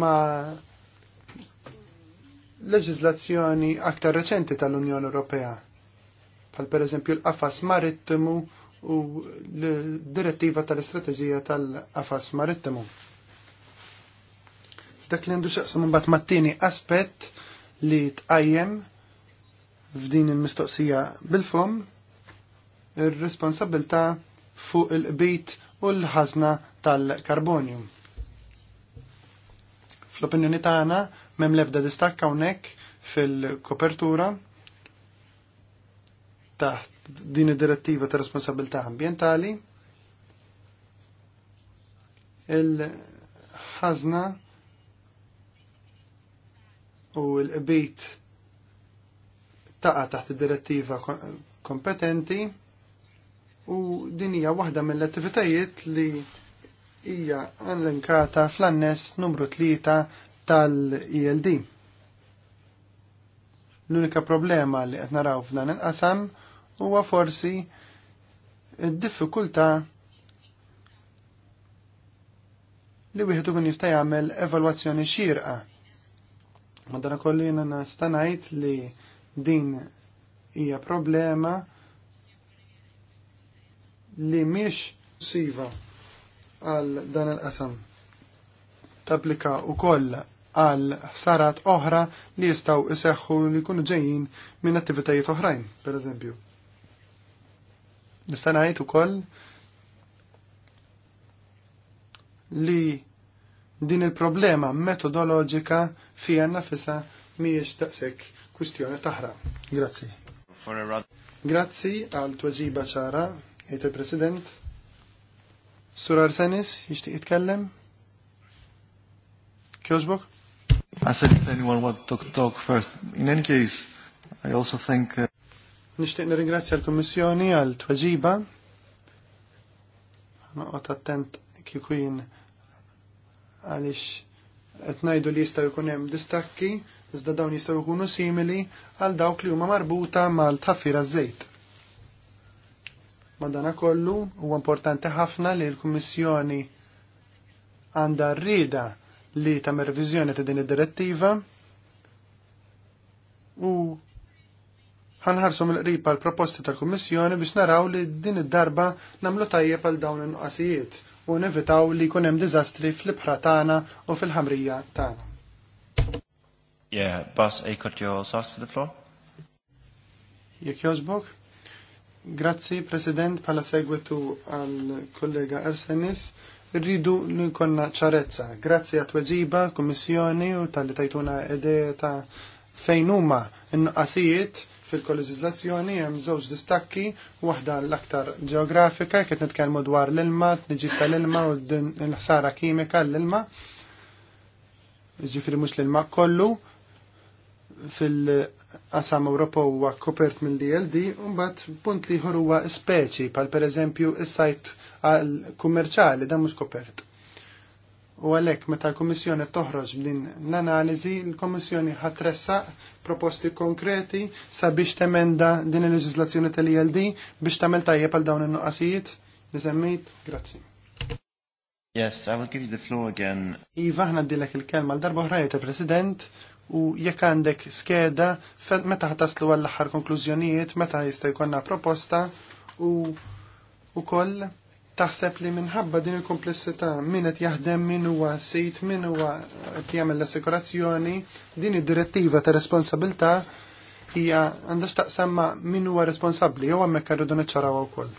ma' leġiżlazzjoni aktar reċenti tal-Unjoni Ewropea per pereżempju l-qafas marittimu u l-direttiva tal-istrateġija tal-qafas marittimu. F'dak li għandu xaqsam mbagħad mat-tieni aspett li tqajjem f'din il-mistoqsija bil-fom ir responsabilta fuq il-qbit u l-ħażna tal-karbonju. Fl-opinjoni tagħna m'hemm l-ebda distakka hawnhekk fil-kopertura taħt din id-direttiva ta' responsabilità ambientali il-ħazna u l-qbit taqa taħt id-direttiva kompetenti u din hija waħda mill-attivitajiet li hija anlenkata fl-annes numru 3 tal-ELD. L-unika problema li qed naraw f'dan il-qasam huwa forsi id-diffikultà li wieħed ikun jista' jagħmel evalwazzjoni xierqa. Madankollu jiena nista' ngħid li din hija problema li mhix siva għal dan il-qasam. Tapplika wkoll għal ħsarat oħra li jistgħu iseħħu li jkunu ġejjin minn attivitajiet oħrajn, pereżempju. Nista' ngħid ukoll li din il-problema metodoloġika fija nafisa miex taqsek kwistjoni taħra. Grazzi. Grazzi għal tweġiba ċara, jgħid il-President. Sur Arsenis, jixtieq jitkellem? Kjoġbok? I said if anyone want to talk, talk first. In any case, I also think... Uh... Nixtieq nirringrazzja l-Kummissjoni għal tweġiba. Noqgħod attent kif kien għaliex qed ngħidu li jistgħu jkun hemm distakki, iżda dawn jistgħu jkunu simili għal dawk li huma marbuta mal-taffira żejt. Madana kollu huwa importanti ħafna li l-Kummissjoni għandha rrieda li tagħmel reviżjoni ta' din id-direttiva u ħanħarsom il-qrib għal proposti tal-Kummissjoni biex naraw li din id-darba namlu tajjeb għal dawn il nuqqasijiet u nevitaw li jkun hemm diżastri fl-ibħra tagħna u fil-ħamrija tagħna. Yeah, Bas, I cut sauce for the floor. Jek jożbok? Grazzi, President, pala segwetu għal kollega Ersenis. Rridu li konna ċarezza. Grazzi għat weġiba, kommissjoni u tal-li tajtuna edeta fejn huma n-nuqqasijiet fil-koleżislazzjoni hemm żewġ distakki, waħda l-aktar ġeografika, qed nitkellmu dwar l-ilma, tniġis tal-ilma u l-ħsara kimika l-ilma. Ġifieri mhux l-ilma kollu fil-qasam Ewropa huwa kopert minn DLD, u mbagħad punt li huwa speċi, pal pereżempju is-sajt kummerċali dan mhux kopert U għalhekk meta l-Kummissjoni toħroġ din l-analiżi, l-Kummissjoni ħatressaq proposti konkreti sabiex temenda din il leġizlazzjoni tal-ILD biex tagħmel tajjeb għal dawn in-nuqqasijiet Nizemmit, Grazzi. Yes, I will give you the floor again. Iva, ħna dilek il-kelma l-darba ħrajta, President, u jekk għandek skeda, meta ħataslu għall-aħħar konklużjonijiet, meta jista' jkollna proposta u u koll taħseb li minħabba din il-komplessità min qed jaħdem min huwa sit min huwa qed jagħmel l-assikurazzjoni din id-direttiva ta' responsabilità hija għandha taqsam ma' min huwa responsabbli jew hemmhekk irridu niċċaraw wkoll.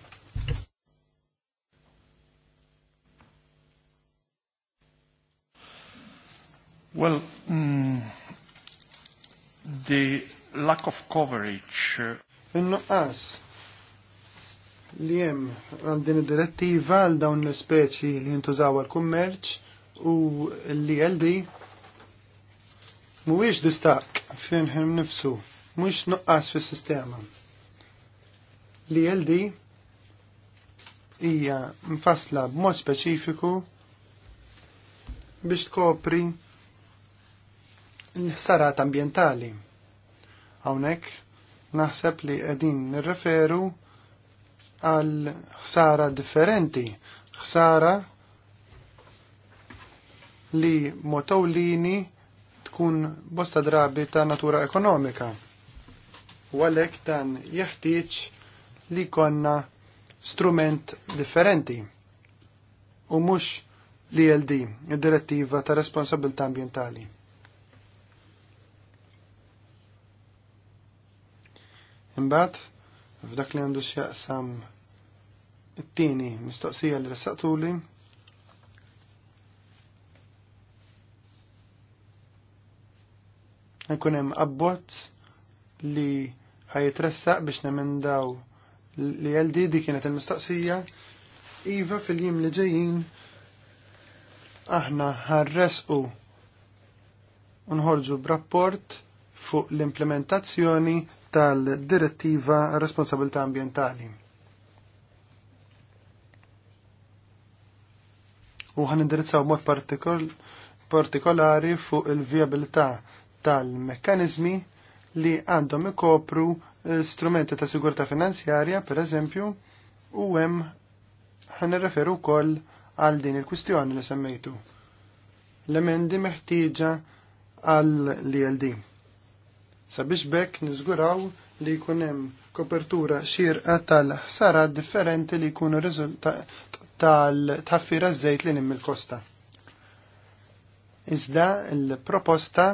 Well, mm, the lack of coverage. Uh, In-nuqqas li jem għal din id-direttiva għal dawn l-speċi li jintużaw għal kummerċ u l-LD mhuwiex distak fejn ħem nifsu, mhuwiex nuqqas fis-sistema. L-LD e hija mfassla b'mod speċifiku biex tkopri l-ħsarat ambientali. Hawnhekk naħseb li qegħdin nirreferu għal ħsara differenti, ħsara li motowlini tkun bosta drabi ta' natura ekonomika. U għalek dan jeħtieġ li konna strument differenti u mux li LD, il-direttiva ta' responsabilta ambientali. Imbagħad F'dak li għandu x'jaqsam it-tieni mistoqsija li ressaqtuli nkun hemm abbozz li ħajtressaq biex nemendaw li għaldi di kienet il-mistoqsija Iva fil-jim li ġejjin aħna ħarresqu unħorġu b'rapport fuq l-implementazzjoni tal-direttiva responsabilità ambientali. U għan indirizzaw mod partikolari fuq il-viabilità tal-mekkanizmi li għandhom ikopru strumenti ta' sigurta finanzjarja, per eżempju, u hemm ħan referu wkoll għal din il-kwistjoni li semmejtu. L-emendi meħtieġa għal l-LD sabiex bekk niżguraw li jkun hemm kopertura xirqa tal-ħsara differenti li jkunu tal-taffira zzejt li nimm il-kosta. Iżda il-proposta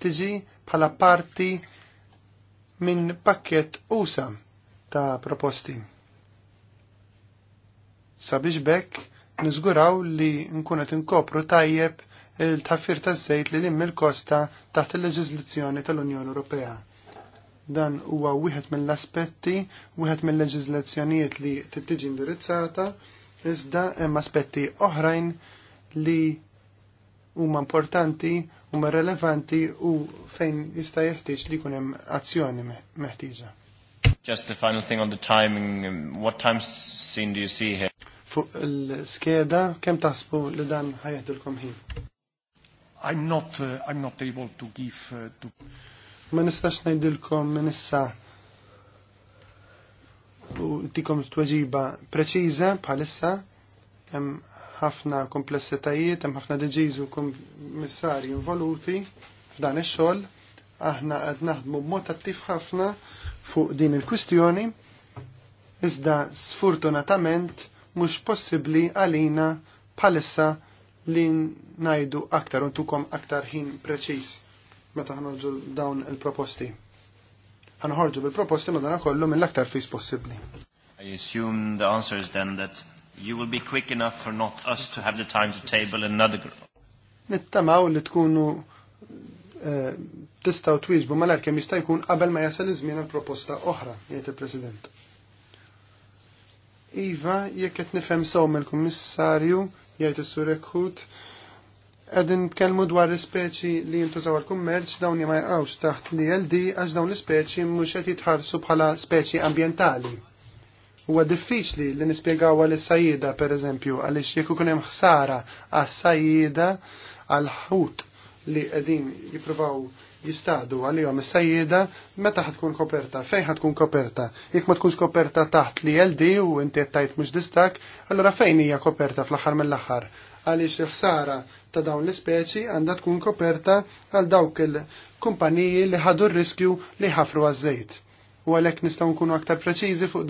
tiġi bħala parti minn pakket usa ta' proposti. Sabiex bekk niżguraw li nkunet inkopru tajjeb il-taffir ta' żejt li lim il-kosta taħt il-leġiżlazzjoni tal-Unjoni Ewropea. Dan huwa wieħed mill-aspetti, wieħed mill-leġiżlazzjonijiet li tittiġi indirizzata, iżda hemm aspetti oħrajn li huma importanti, huma relevanti u fejn jista' jeħtieġ li jkun hemm azzjoni meħtieġa. Just the final thing on the timing, um, what time scene do you see here? Fuq il-skeda, kem taħsbu li dan ħajahdilkom ħin? I'm not, uh, I'm not able to give... Uh, to... Ma nistax najdilkom minissa u tikom tweġiba preċiża bħalissa hemm ħafna komplessitajiet, hemm ħafna deġiż u kommissari involuti f'dan ix-xogħol. Aħna qed naħdmu b'mod attiv ħafna fuq din il-kwistjoni, iżda sfortunatament mhux possibbli għalina bħalissa li najdu aktar u ntukom aktar ħin preċis meta ħanħorġu dawn il-proposti. Ħanħorġu bil-proposti dana kollu mill-aktar fis possibli. I assume the answer is then that you will be quick enough for not us to have the time to table another group. Nittamaw li tkunu eh, tistaw twieġbu malar kemm jista' jkun qabel ma jasal iż l proposta oħra, jgħid il-President. Iva, jekk qed nifhem sew mill-Kummissarju, jgħid is-sur Ekhut. Qegħdin kelmu dwar l-ispeċi li jintużaw għall-kummerċ dawn ma jqgħux taħt li LD għax dawn l speċi mhux qed jitħarsu bħala speċi ambjentali. Huwa diffiċli li nispjegaw għal per pereżempju għaliex jekk ikun hemm ħsara għas sajida għal ħut li qegħdin jippruvaw jistaqdu għalihom is-sajjieda meta ħatkun koperta, fejn ħatkun koperta. Jekk ma tkunx koperta taħt li LD u inti qed tajt mhux distak, allura fejn hija koperta fl-aħħar mill-aħħar. Għaliex il-ħsara ta' dawn l-ispeċi għandha tkun koperta għal dawk il-kumpaniji li ħadu r-riskju li ħafru għaż-żejt. U għalhekk nistgħu nkunu aktar preċiżi fuq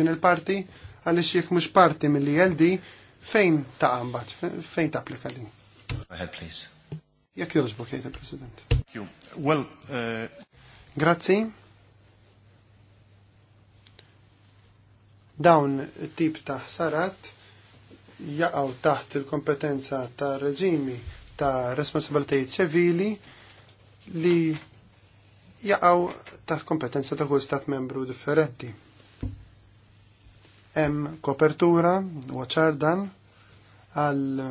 din il-parti għaliex jekk mhux parti mill-LD fejn ta' għambat, fejn ta' applika din. Go ahead, please. Jekk jogħġbok jgħid il-President. Well, uh, Grazzi. Dawn it-tip ta' ħsarat jaqgħu taħt il-kompetenza ta' reġimi ta' responsabiltajiet ċivili li jaqgħu taħt kompetenza ta' kull stat membru differenti. Hemm kopertura u ċardan għal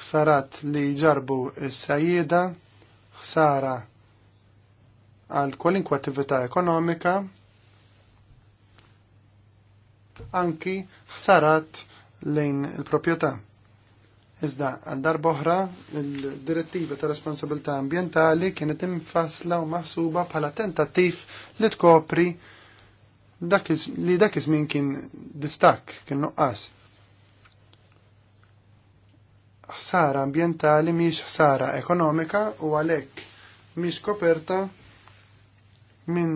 ħsarat li ġarbu s-sajjida, ħsara għal kwalinkwa attività ekonomika, anki ħsarat lejn il-proprjetà. Iżda għal darboħra il-direttiva ta' responsabilità ambientali kienet infasla u maħsuba bħala tentattiv li tkopri dak li dak iż-żmien kien distak, kien nuqqas ħsara ambientali miex ħsara ekonomika u għalhekk miex koperta minn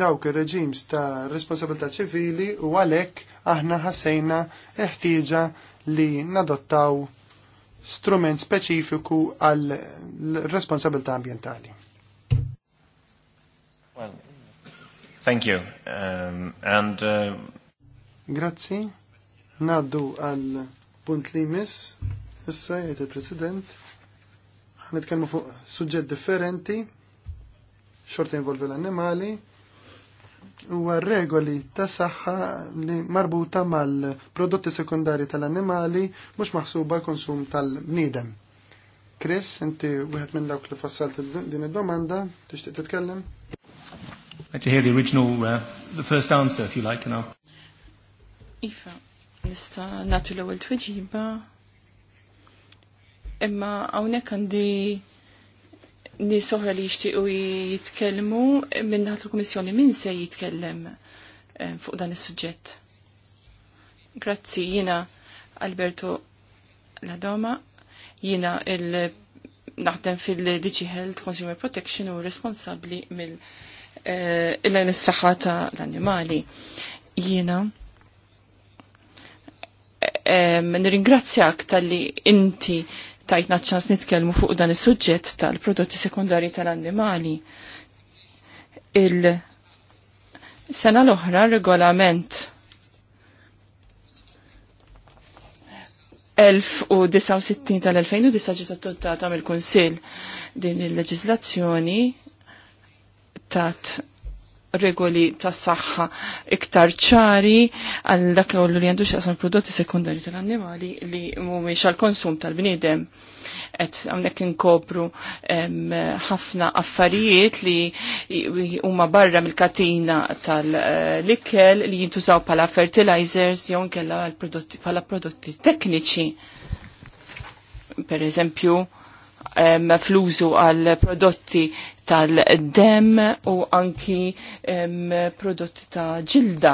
dawk ir-reġims ta' responsabilità ċivili u għalhekk aħna ħassejna eħtieġa li nadottaw strument speċifiku għal responsabilità ambientali. Well, thank you. Um, and, uh... Grazzi. Naddu għal punt li mis Issa jgħid il-President ħanitkellmu fuq suġġett differenti, xorta involvi l-annimali, huwa regoli ta' saħħa li marbuta mal-prodotti sekundari tal-annimali mhux maħsuba l-konsum tal-bniedem. Chris, inti wieħed minn dawk li fassalt din id-domanda, tixtieq titkellem? like to hear the original, uh, the first answer, if you like, and I'll... Ifa, nista natu l-ewel tweġiba Imma hawnhekk għandi nies li jixtiequ jitkellmu minn naħat l-Komissjoni, min se jitkellem eh, fuq dan is-suġġett. Grazzi jiena Alberto Ladoma, jiena il naħdem fil-Digi Health Consumer Protection u responsabli mill- eh, il-saxħa ta' l-animali. Jiena, eh, nirringrazzjak tal-li inti tajtna ċans nitkellmu fuq dan is-suġġett tal-prodotti sekundari tal-annimali. Il-sena l-oħra regolament 1069 tal-2009 ġiet adottata mill-Kunsill din il-leġiżlazzjoni tat regoli tas saħħa iktar ċari għal dak li għandu xaqsan prodotti sekundari tal-annimali li mhumiex għal konsum tal-bniedem. Et għamnek nkopru ħafna affarijiet li huma barra mill-katina tal-ikel li jintużaw pala fertilizers jew nkella pala prodotti tekniċi. Per eżempju, flużu għal prodotti tal-dem u anki prodotti ta' ġilda.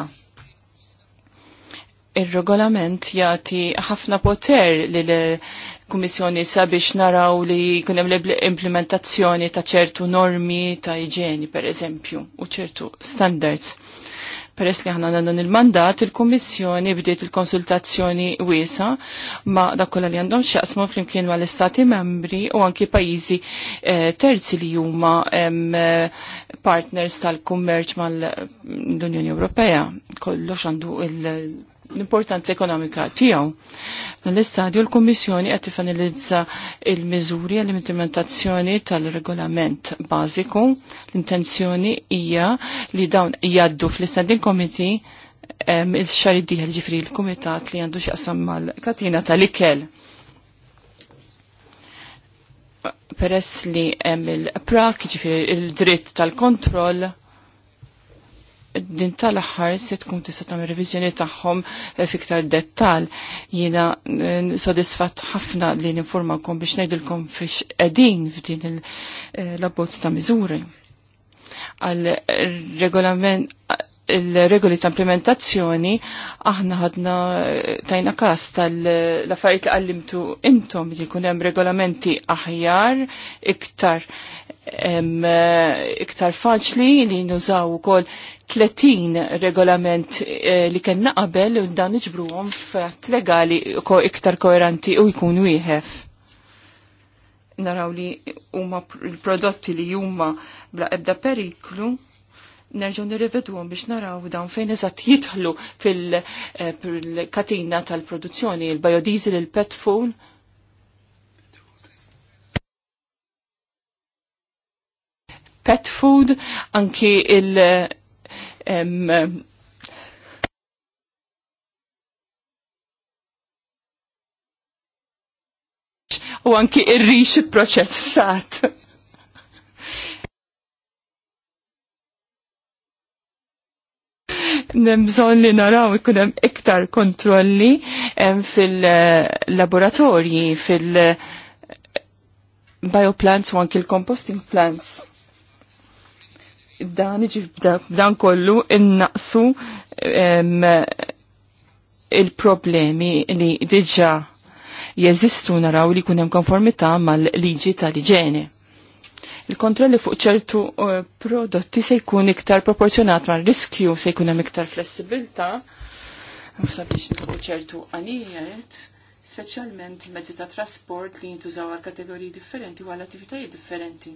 Il-regolament jati ħafna poter li l-Kummissjoni sabiex naraw li kunem l-implementazzjoni ta' ċertu normi ta' iġeni, per eżempju, u ċertu standards Peress li ħana dan il-mandat, il-Kummissjoni bdiet il-konsultazzjoni wiesa ma dakolla li għandhom xaqsmu flimkien ma l-Istati membri u anki pajizi eh, terzi li huma eh, partners tal-kummerċ mal-Unjoni Ewropea. Kollox għandu il- l-importanza ekonomika tiegħu. L-istadju l-Kummissjoni qed tifanilizza il-miżuri għall-implementazzjoni tal-regolament bażiku. L-intenzjoni hija li dawn jgħaddu fl-Standing Committee il-xar id ġifri l-Kumitat li għandu xaqsam mal-katina tal-ikel. Peress li hemm il-prak ġifri il-dritt tal-kontroll din tal-aħħar se tkun tista' tagħmel reviżjoni tagħhom eh, fiktar dettal. Jiena sodisfatt ħafna li ninformakom biex ngħidilkom fiex qegħdin f'din il eh, abbozz ta' miżuri. Għal regolament il-regoli ta' implementazzjoni, aħna ħadna tajna kas tal-affarijiet li għallimtu intom li jkun hemm regolamenti aħjar iktar em, iktar faċli li nużaw ukoll 30 regolament eh, li kellna qabel u dan iġbruhom f'att legali ko iktar koeranti u jkun wieħed naraw li huma l-prodotti li huma bla ebda periklu nerġu nirrivedwom biex naraw dawn fejn eżatt jitħlu eh, fil-katina tal-produzzjoni, il-biodiesel, il-pet phone. Pet food, anki il- um, u anki il rix proċessat. bżon li naraw ikun hemm iktar kontrolli fil-laboratorji, fil-bioplants u anki l-composting plants. Dan iġi dan kollu innaqsu il-problemi li diġa jeżistu naraw li kunem konformità mal-liġi tal-iġene il-kontrolli fuq ċertu uh, prodotti se jkun iktar proporzjonat ma' riskju se jkun hemm iktar flessibilità sabiex nilqu ċertu għanijiet, speċjalment mezzi ta' trasport li jintużaw għal kategoriji differenti u għal attivitajiet differenti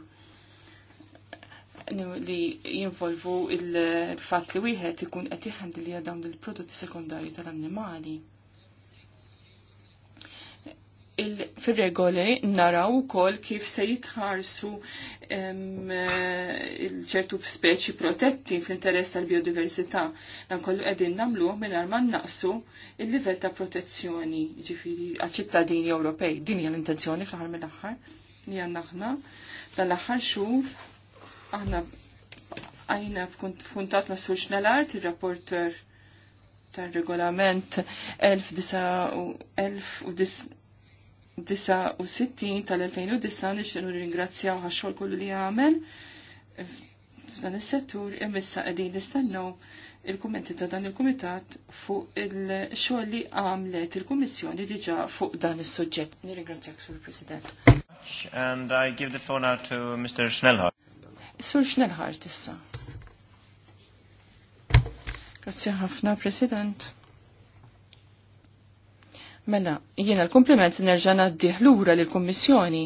li jinvolvu il-fat li wieħed ikun qed jħandilja dawn il-prodotti sekondarji tal-annimali fil-regoli naraw ukoll kif se jitħarsu eh, ċertu speċi protetti fl-interess tal-biodiversità. Dan kollu qegħdin nagħmluh mingħajr ma naqsu il-livell ta' protezzjoni ġifiri għal ċittadini Ewropej. Din hija l-intenzjoni fl-aħħar mill-aħħar li għandna aħna. aħħar xhur aħna għajna f'kuntat ma' Sur art il-rapporter tar regolament 1900 69 tal-2009 nixtienu ringrazzjaw għax-xogħol kollu li għamel f'dan is-settur imissa qegħdin nistennew il-kummenti ta' dan il-kumitat fuq il-xogħol li għamlet il-Kummissjoni diġà fuq dan is-suġġett. Nirringrazzjak sur President. And I give the phone out to Mr. Schnellhardt. Sur Schnellhardt issa. Grazzi ħafna, President. Mela, jiena l-kompliment nerġa' ngħaddih lura lill-Kummissjoni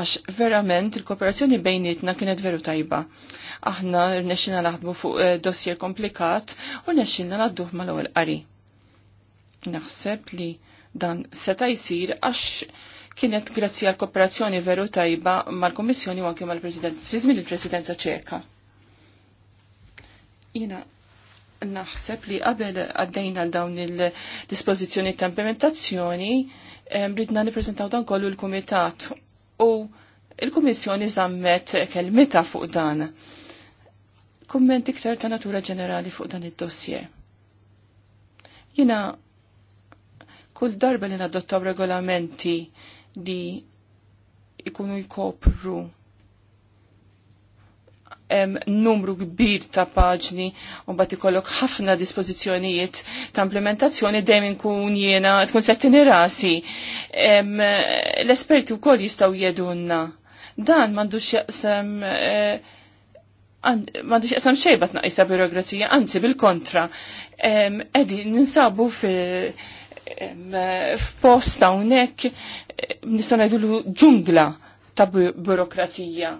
għax verament il-kooperazzjoni bejnietna kienet veru tajba. Aħna rnexxina naħdmu fuq eh, dossier komplikat u rnexxina nadduh mal-ewwel qari. Naħseb li dan seta' jsir għax kienet grazzi għal kooperazzjoni veru tajba mal-Kummissjoni u anke mal-President, fi żmien il-Presidenza ċeka. Jiena naħseb li qabel għaddejna għal dawn il-dispozizjoni ta' implementazzjoni, ridna niprezentaw dan kollu l-Kumitat u il-Kummissjoni zammet kelmita fuq dan. Kommenti iktar ta' natura ġenerali fuq dan id-dossier. Jina kull darba li nadottaw regolamenti li ikunu jkopru em, numru kbir ta' paġni u bat ikollok ħafna dispożizzjonijiet ta' implementazzjoni dejjem inkun jiena tkun tini rasi. L-esperti wkoll jistgħu jedunna. Dan m'għandux jaqsam eh, m'għandux jaqsam xejn bat naqisa birokrazija, anzi bil-kontra. Edi ninsabu fi f'posta hawnhekk nistgħu ngħidu ġungla ta' burokrazija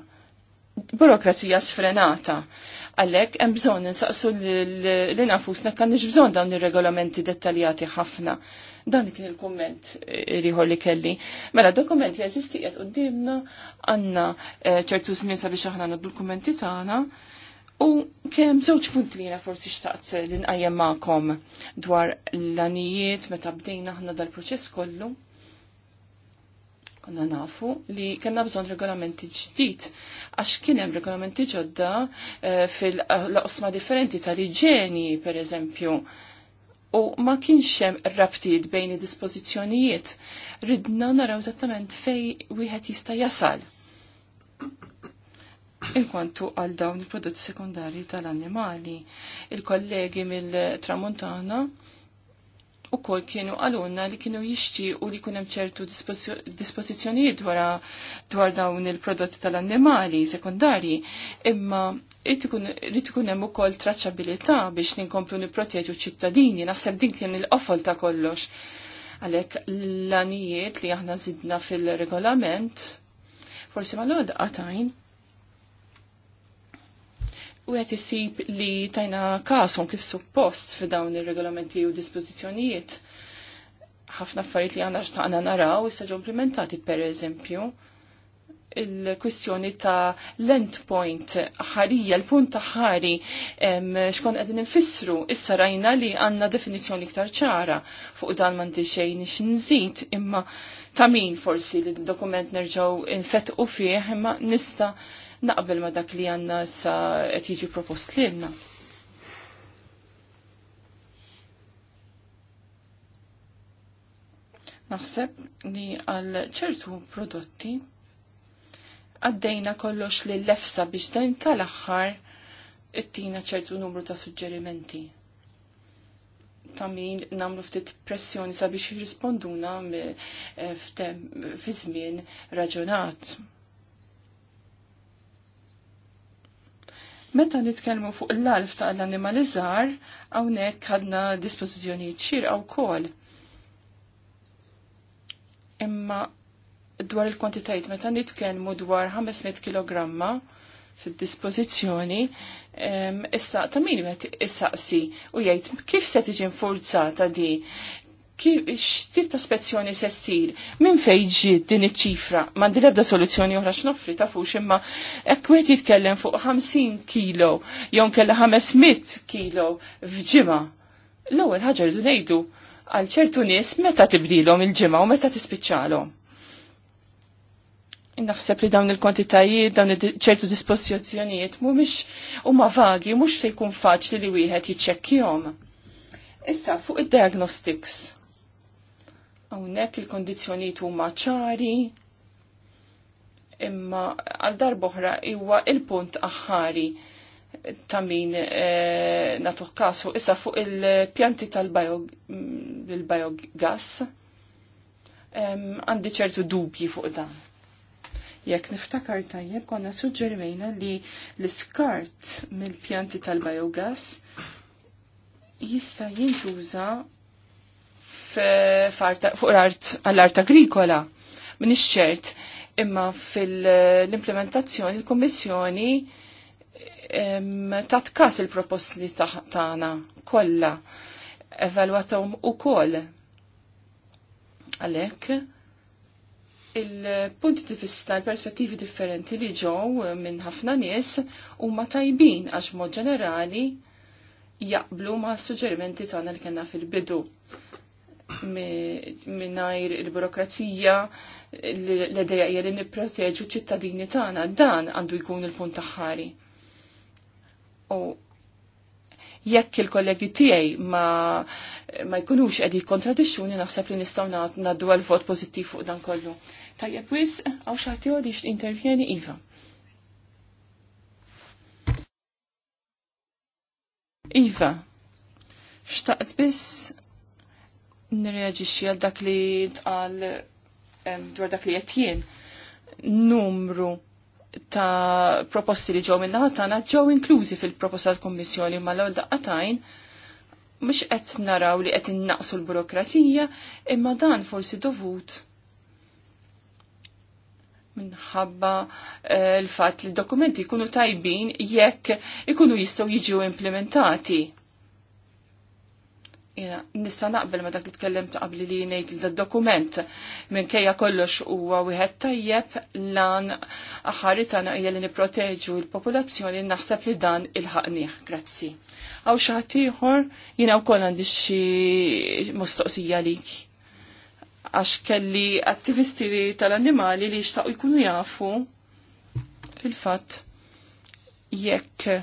burokrazija sfrenata. Għalek, hemm bżonn insaqsu li nafusna kan bżonn dawn ir-regolamenti dettaljati ħafna. Dan kien il-komment liħor eh, li kelli. Mela, dokument li jeżisti qed qudiemna għandna eh, ċertu żmien sabiex aħna nagħdu l-kummenti tagħna. U kemm żewġ punti li forsi xtaqt li nqajjem magħkom dwar l-anijiet meta bdejna aħna dal-proċess kollu Konna nafu li kena bżon regolamenti ġdid, għax kienem regolamenti ġodda eh, fil laqsma differenti tal-iġeni, per eżempju, u ma kienxem rabtiet bejn id-dispozizjonijiet. Ridna naraw eżattament fej wieħed jista' jasal inkwantu għal dawn il-prodotti sekundari tal-annimali. Il-kollegi mill-Tramontana u kol kienu għalunna li kienu u li kunem ċertu dwara dwar dawn il-prodotti tal-annimali sekundari, imma li tkun hemm ukoll traċabilita biex ninkomplu nipproteġu ċittadini, naħseb din kien il-qofol ta' kollox. Għalhekk l-anijiet li aħna zidna fil-regolament, forsi ma l-għod għatajn, u għet jisib li tajna kasom kif suppost fi dawn il-regolamenti u dispozizjonijiet. ħafna affarijiet li għandna xtaqna naraw issa ġomplimentati per eżempju il-kwistjoni ta' l point ħarija, l-punt ta' ħari, xkon għedin infissru. issa rajna li għanna definizjoni iktar ċara fuq dan mandi xejn nżid imma ta' min forsi li dokument nerġaw infet u fieħ imma nista' naqbel ma dak li għanna sa qed jiġi propost għanna. Naħseb li għal ċertu prodotti għaddejna kollox li l-lefsa biex dan tal-aħħar ittina ċertu numru ta' suġġerimenti ta' min namlu ftit pressjoni sabiex jirrisponduna eh, fi żmien raġunat. Meta nitkellmu fuq l-alf ta' l-animalizzar, hawnhekk għadna ċir għaw kol. Imma dwar il kwantitajt meta nitkellmu dwar 500 kg fid dispozizjoni issa ta' min qed issaqsi u jgħid kif se tiġi nfurzata di kif x'tip ta' spezzjoni se ssir, minn fejn ġiet din iċ-ċifra, m'għandi l-ebda soluzzjoni oħra x'noffri tafux imma hekk wieħed jitkellem fuq 50 kilo jew nkella 500 kilo f'ġimgħa. L-ewwel ħaġa rridu ngħidu għal ċertu nies meta tibdilhom il-ġimgħa u meta tispiċċalhom. Naħseb li dawn il-kwantitajiet, dawn ċertu dispożizzjonijiet mhumiex huma vagi, mhux se jkun faċli li wieħed jiċċekkjhom. Issa fuq id-diagnostics Hawnhekk il-kondizzjonijiet huma ċari, imma għal darboħra huwa il-punt aħħari ta' min e, eh, natuħ kasu issa fuq il-pjanti tal-biogas għandi ċertu dubji fuq dan. Jekk niftakar tajjeb konna suġġermejna li l-iskart mill-pjanti tal-biogas jista' jintuża fuq l-art agrikola. Minix ċert, imma fil-implementazzjoni l kommissjoni tatkas il-proposti tagħna kollha evalwatahom ukoll. Għalhekk il-punti di vista, l-perspettivi differenti li ġew minn ħafna nies huma tajbin għax mod ġenerali jaqblu ma' suġġerimenti tagħna li kellna fil-bidu minnajr il-burokrazija l-edeja jgħal li niproteġu ċittadini tagħna dan għandu jkun il-punt taħħari. U jekk il-kollegi tiegħi ma, ma jkunux għedi jikkontradixxuni naħseb li nistgħu naddu għal vot pożittiv fuq dan kollu. Tajjeb wis għaw xaħtiju li intervjeni Iva. Iva, xtaqt biss nirreġixxi għal dak li tqal dwar dak li qed jien numru ta' proposti li ġew minnaħa ħatana ġew inklużi fil-proposta tal-Kummissjoni ma l daqqatajn mhux qed naraw li qed innaqsu l-burokrazija imma dan forsi dovut minħabba eh, l-fatt li d-dokumenti jkunu tajbin jekk ikunu jistgħu jiġu implementati nista naqbel ma dak li tkellem ta' qabli li ngħid li dokument minn kejja kollox huwa wieħed tajjeb lan aħari tagħna hija li nipproteġu l-popolazzjoni naħseb li dan il-ħaqnieh. Grazzi. Aw xi ħadd ieħor jiena wkoll għandi xi mistoqsija lik. Għax kelli attivisti tal-annimali li jixtaqu jkunu jafu fil-fatt jekk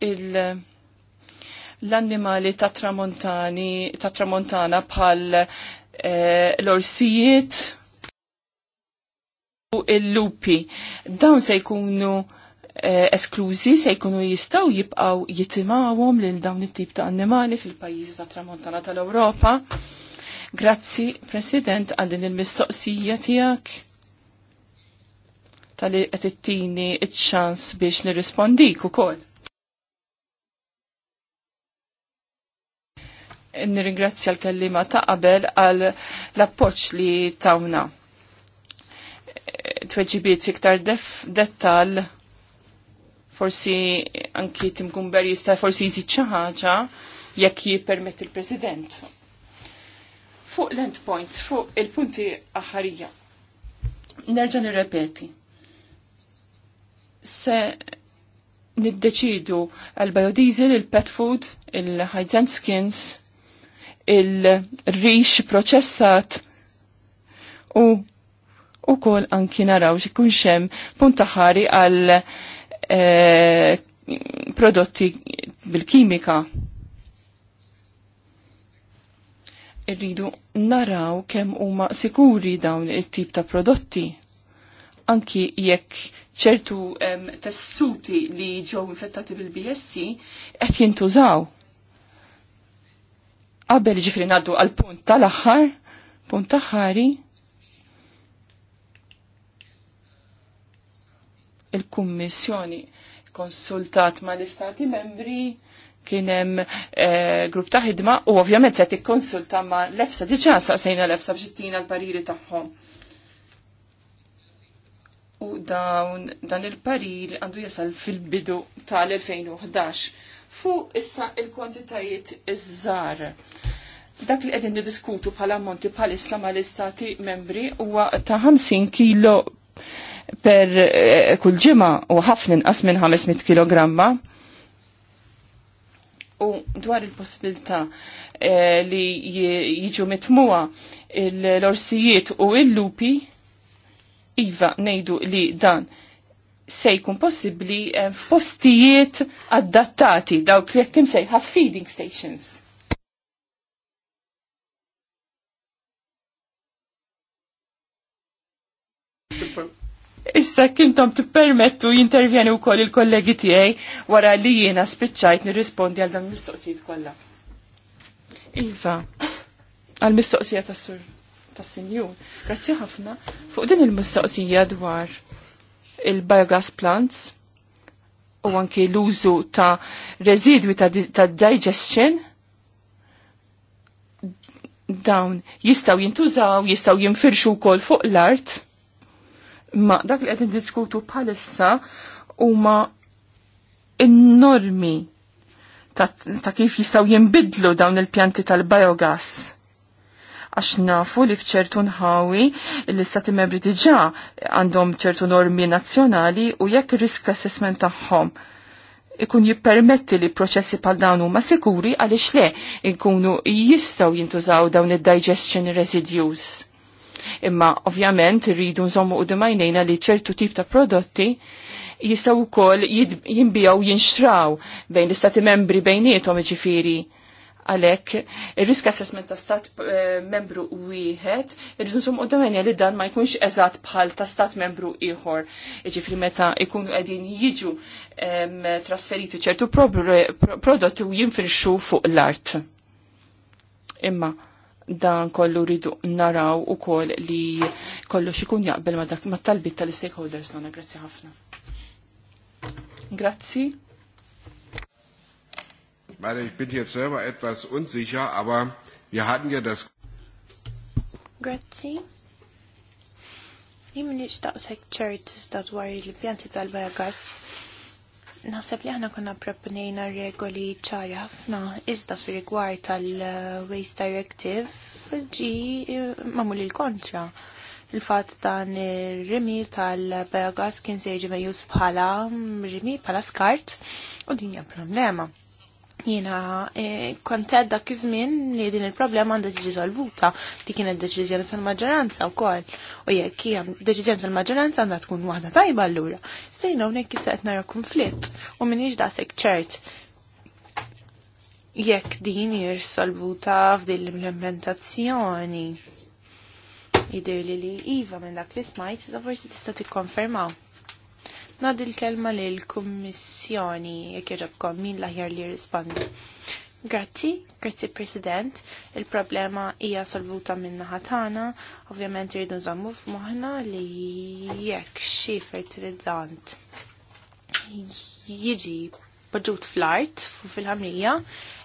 il- l-annimali ta' tramontani, ta' tramontana bħal eh, l-orsijiet u l-lupi. Dawn se jkunu eh, esklużi, se jkunu jistaw jibqaw jitimawom lil dawn it-tip ta' annimali fil-pajjiżi ta' tramontana tal-Ewropa. Grazzi, President, għal din il-mistoqsija tijak tal-li għetittini il ċans biex nirrispondik u koll. nirringrazzja l-kellima ta' qabel għal l-appoċ li tawna. Tweġibiet fiktar dettal forsi anki Tim Kumber jista' forsi jżid xi ħaġa jekk jippermett il-President. Fuq l-endpoints, fuq il-punti aħarija. Nerġa' nirrepeti. Se niddeċidu għal biodiesel, il-pet food, il hydrant skins, il-rix proċessat u u kol anki naraw xikun xem puntaħari għal eh, prodotti bil-kimika. Irridu naraw kemm huma sikuri dawn it-tip ta' prodotti. Anki jekk ċertu tessuti li ġew infettati bil-BSC qed jintużaw Qabel ġifri naddu għal punt tal-aħħar, punt taħħari, il-Kummissjoni konsultat ma l-Istati membri kienem eh, grupp ta' ħidma u ovvjament se tikkonsulta ma l-EFSA, diġa saqsejna l-EFSA biex l-pariri tagħhom. U dawn dan il-parir għandu jasal fil-bidu tal-2011 fuq issa il-kwantitajiet iż-żar. Dak li qegħdin niddiskutu bħala monti bħalissa mal-istati membri huwa ta' 50 kilo per eh, kull ġimgħa u ħafna inqas minn 500 kilogramma. U dwar il-possibilità eh, li jiġu mitmuwa l-orsijiet u l-lupi, iva nejdu li dan se jkun possibbli eh, f'postijiet adattati dawk li jekk sejħa feeding stations. Issa kintom tippermettu jintervjeni wkoll il-kollegi tiegħi wara li jiena spiċċajt nirrispondi għal dan mistoqsijiet kollha. Iva, għal mistoqsija tas-sur tas-sinjur. Grazzi ħafna fuq din il-mistoqsija dwar il-biogas plants u anki l-użu ta' residwi ta', ta digestion dawn jistaw jintużaw, jistaw jinfirxu kol fuq l-art ma dak li għedin diskutu palissa u ma normi ta', ta kif jistaw jimbidlu dawn il-pjanti tal-biogas għax nafu li fċertu nħawi l-istati membri diġa għandhom ċertu normi nazzjonali u jekk risk assessment tagħhom ikun jippermetti li proċessi pal dawn huma sikuri għaliex le ikunu jistgħu jintużaw dawn id-digestion residues. Imma ovvjament rridu nżommu u dimajnejna li ċertu tip ta' prodotti jistaw ukoll jinbijaw jinxraw bejn l-istati membri bejnietom ġifiri għalek il-risk assessment ta' stat eh, membru wieħed, irridu nsum u li dan ma jkunx eżat bħal ta' stat membru ieħor. Ġifri meta jkunu qegħdin jiġu trasferiti ċertu prodotti u jinfirxu fuq l-art. Imma dan kollu rridu naraw u koll li kollu xikun jaqbel ma dak ma talbit tal-stakeholders nana, grazzi ħafna. Grazzi meine, ich bin jetzt selber etwas unsicher, aber wir hatten ja das. Grazie. Jimmi li pjanti tal Naħseb li ħana kuna proponejna regoli ċari ħafna izda fi rigward tal-Waste Directive ġi eh, mamul l kontra Il-fat dan il-rimi tal bajagas kien seġi jiġi bħala rimi bħala skart u dinja problema. Jina, eh, kontet dak iż-żmien li din il-problema għandha tiġi solvuta. Dik kienet deċiżjoni tal-maġġoranza wkoll. U jekk hija deċiżjoni tal-maġġoranza għandha tkun waħda tajba allura. Stejna hawnhekk issa qed nara konflitt u iġda sek ċert jekk din hija solvuta f'din l-implementazzjoni. Jidir li li iva minn dak li smajt, forsi tista' tikkonfermaw. Nad il kelma li l-Kommissjoni, jek jġabkom, min laħjar li rispondi. Grazzi, grazzi President, il-problema hija solvuta minna ħatana, ovvjament rridu nżammu f'moħna li jekk xi fertilizzant jiġi poġġut fl-art fil-ħamrija,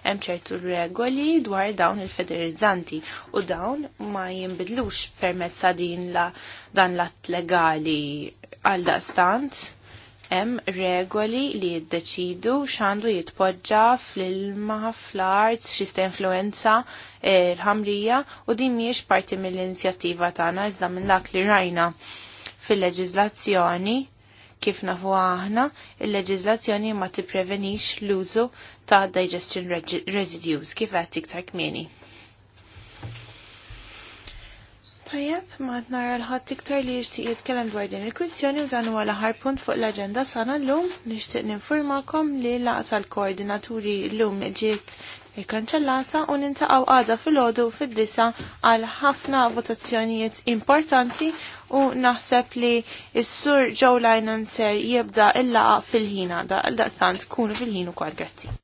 hemm ċertu regoli dwar dawn il federizzanti u dawn ma jinbidlux permezz din la dan l-att legali għal stant hemm regoli li jiddeċidu x'għandu jitpoġġa fl-ilma, fl-art, x'ista influenza l-ħamrija u din mhijiex parti mill-inizjattiva tagħna iżda minn dak li rajna fil-leġiżlazzjoni kif nafu aħna, il-leġiżlazzjoni ma tipprevenix l-użu ta' digestion residues kif qed iktar kmieni. Tajjeb, maħt nara l ħat iktar li jixtieq jitkellem dwar din il-kwistjoni u dan huwa l-aħħar punt fuq l-aġenda tagħna llum nixtieq informakom li laqgħa tal-koordinaturi llum ġiet kanċellata u nintaqgħu għada fil ħodu fid-disa għal ħafna votazzjonijiet importanti u naħseb li s-sur Joe Linen ser jibda il-laqa fil-ħina, da' daqstant kunu fil-ħin ukoll grazzi.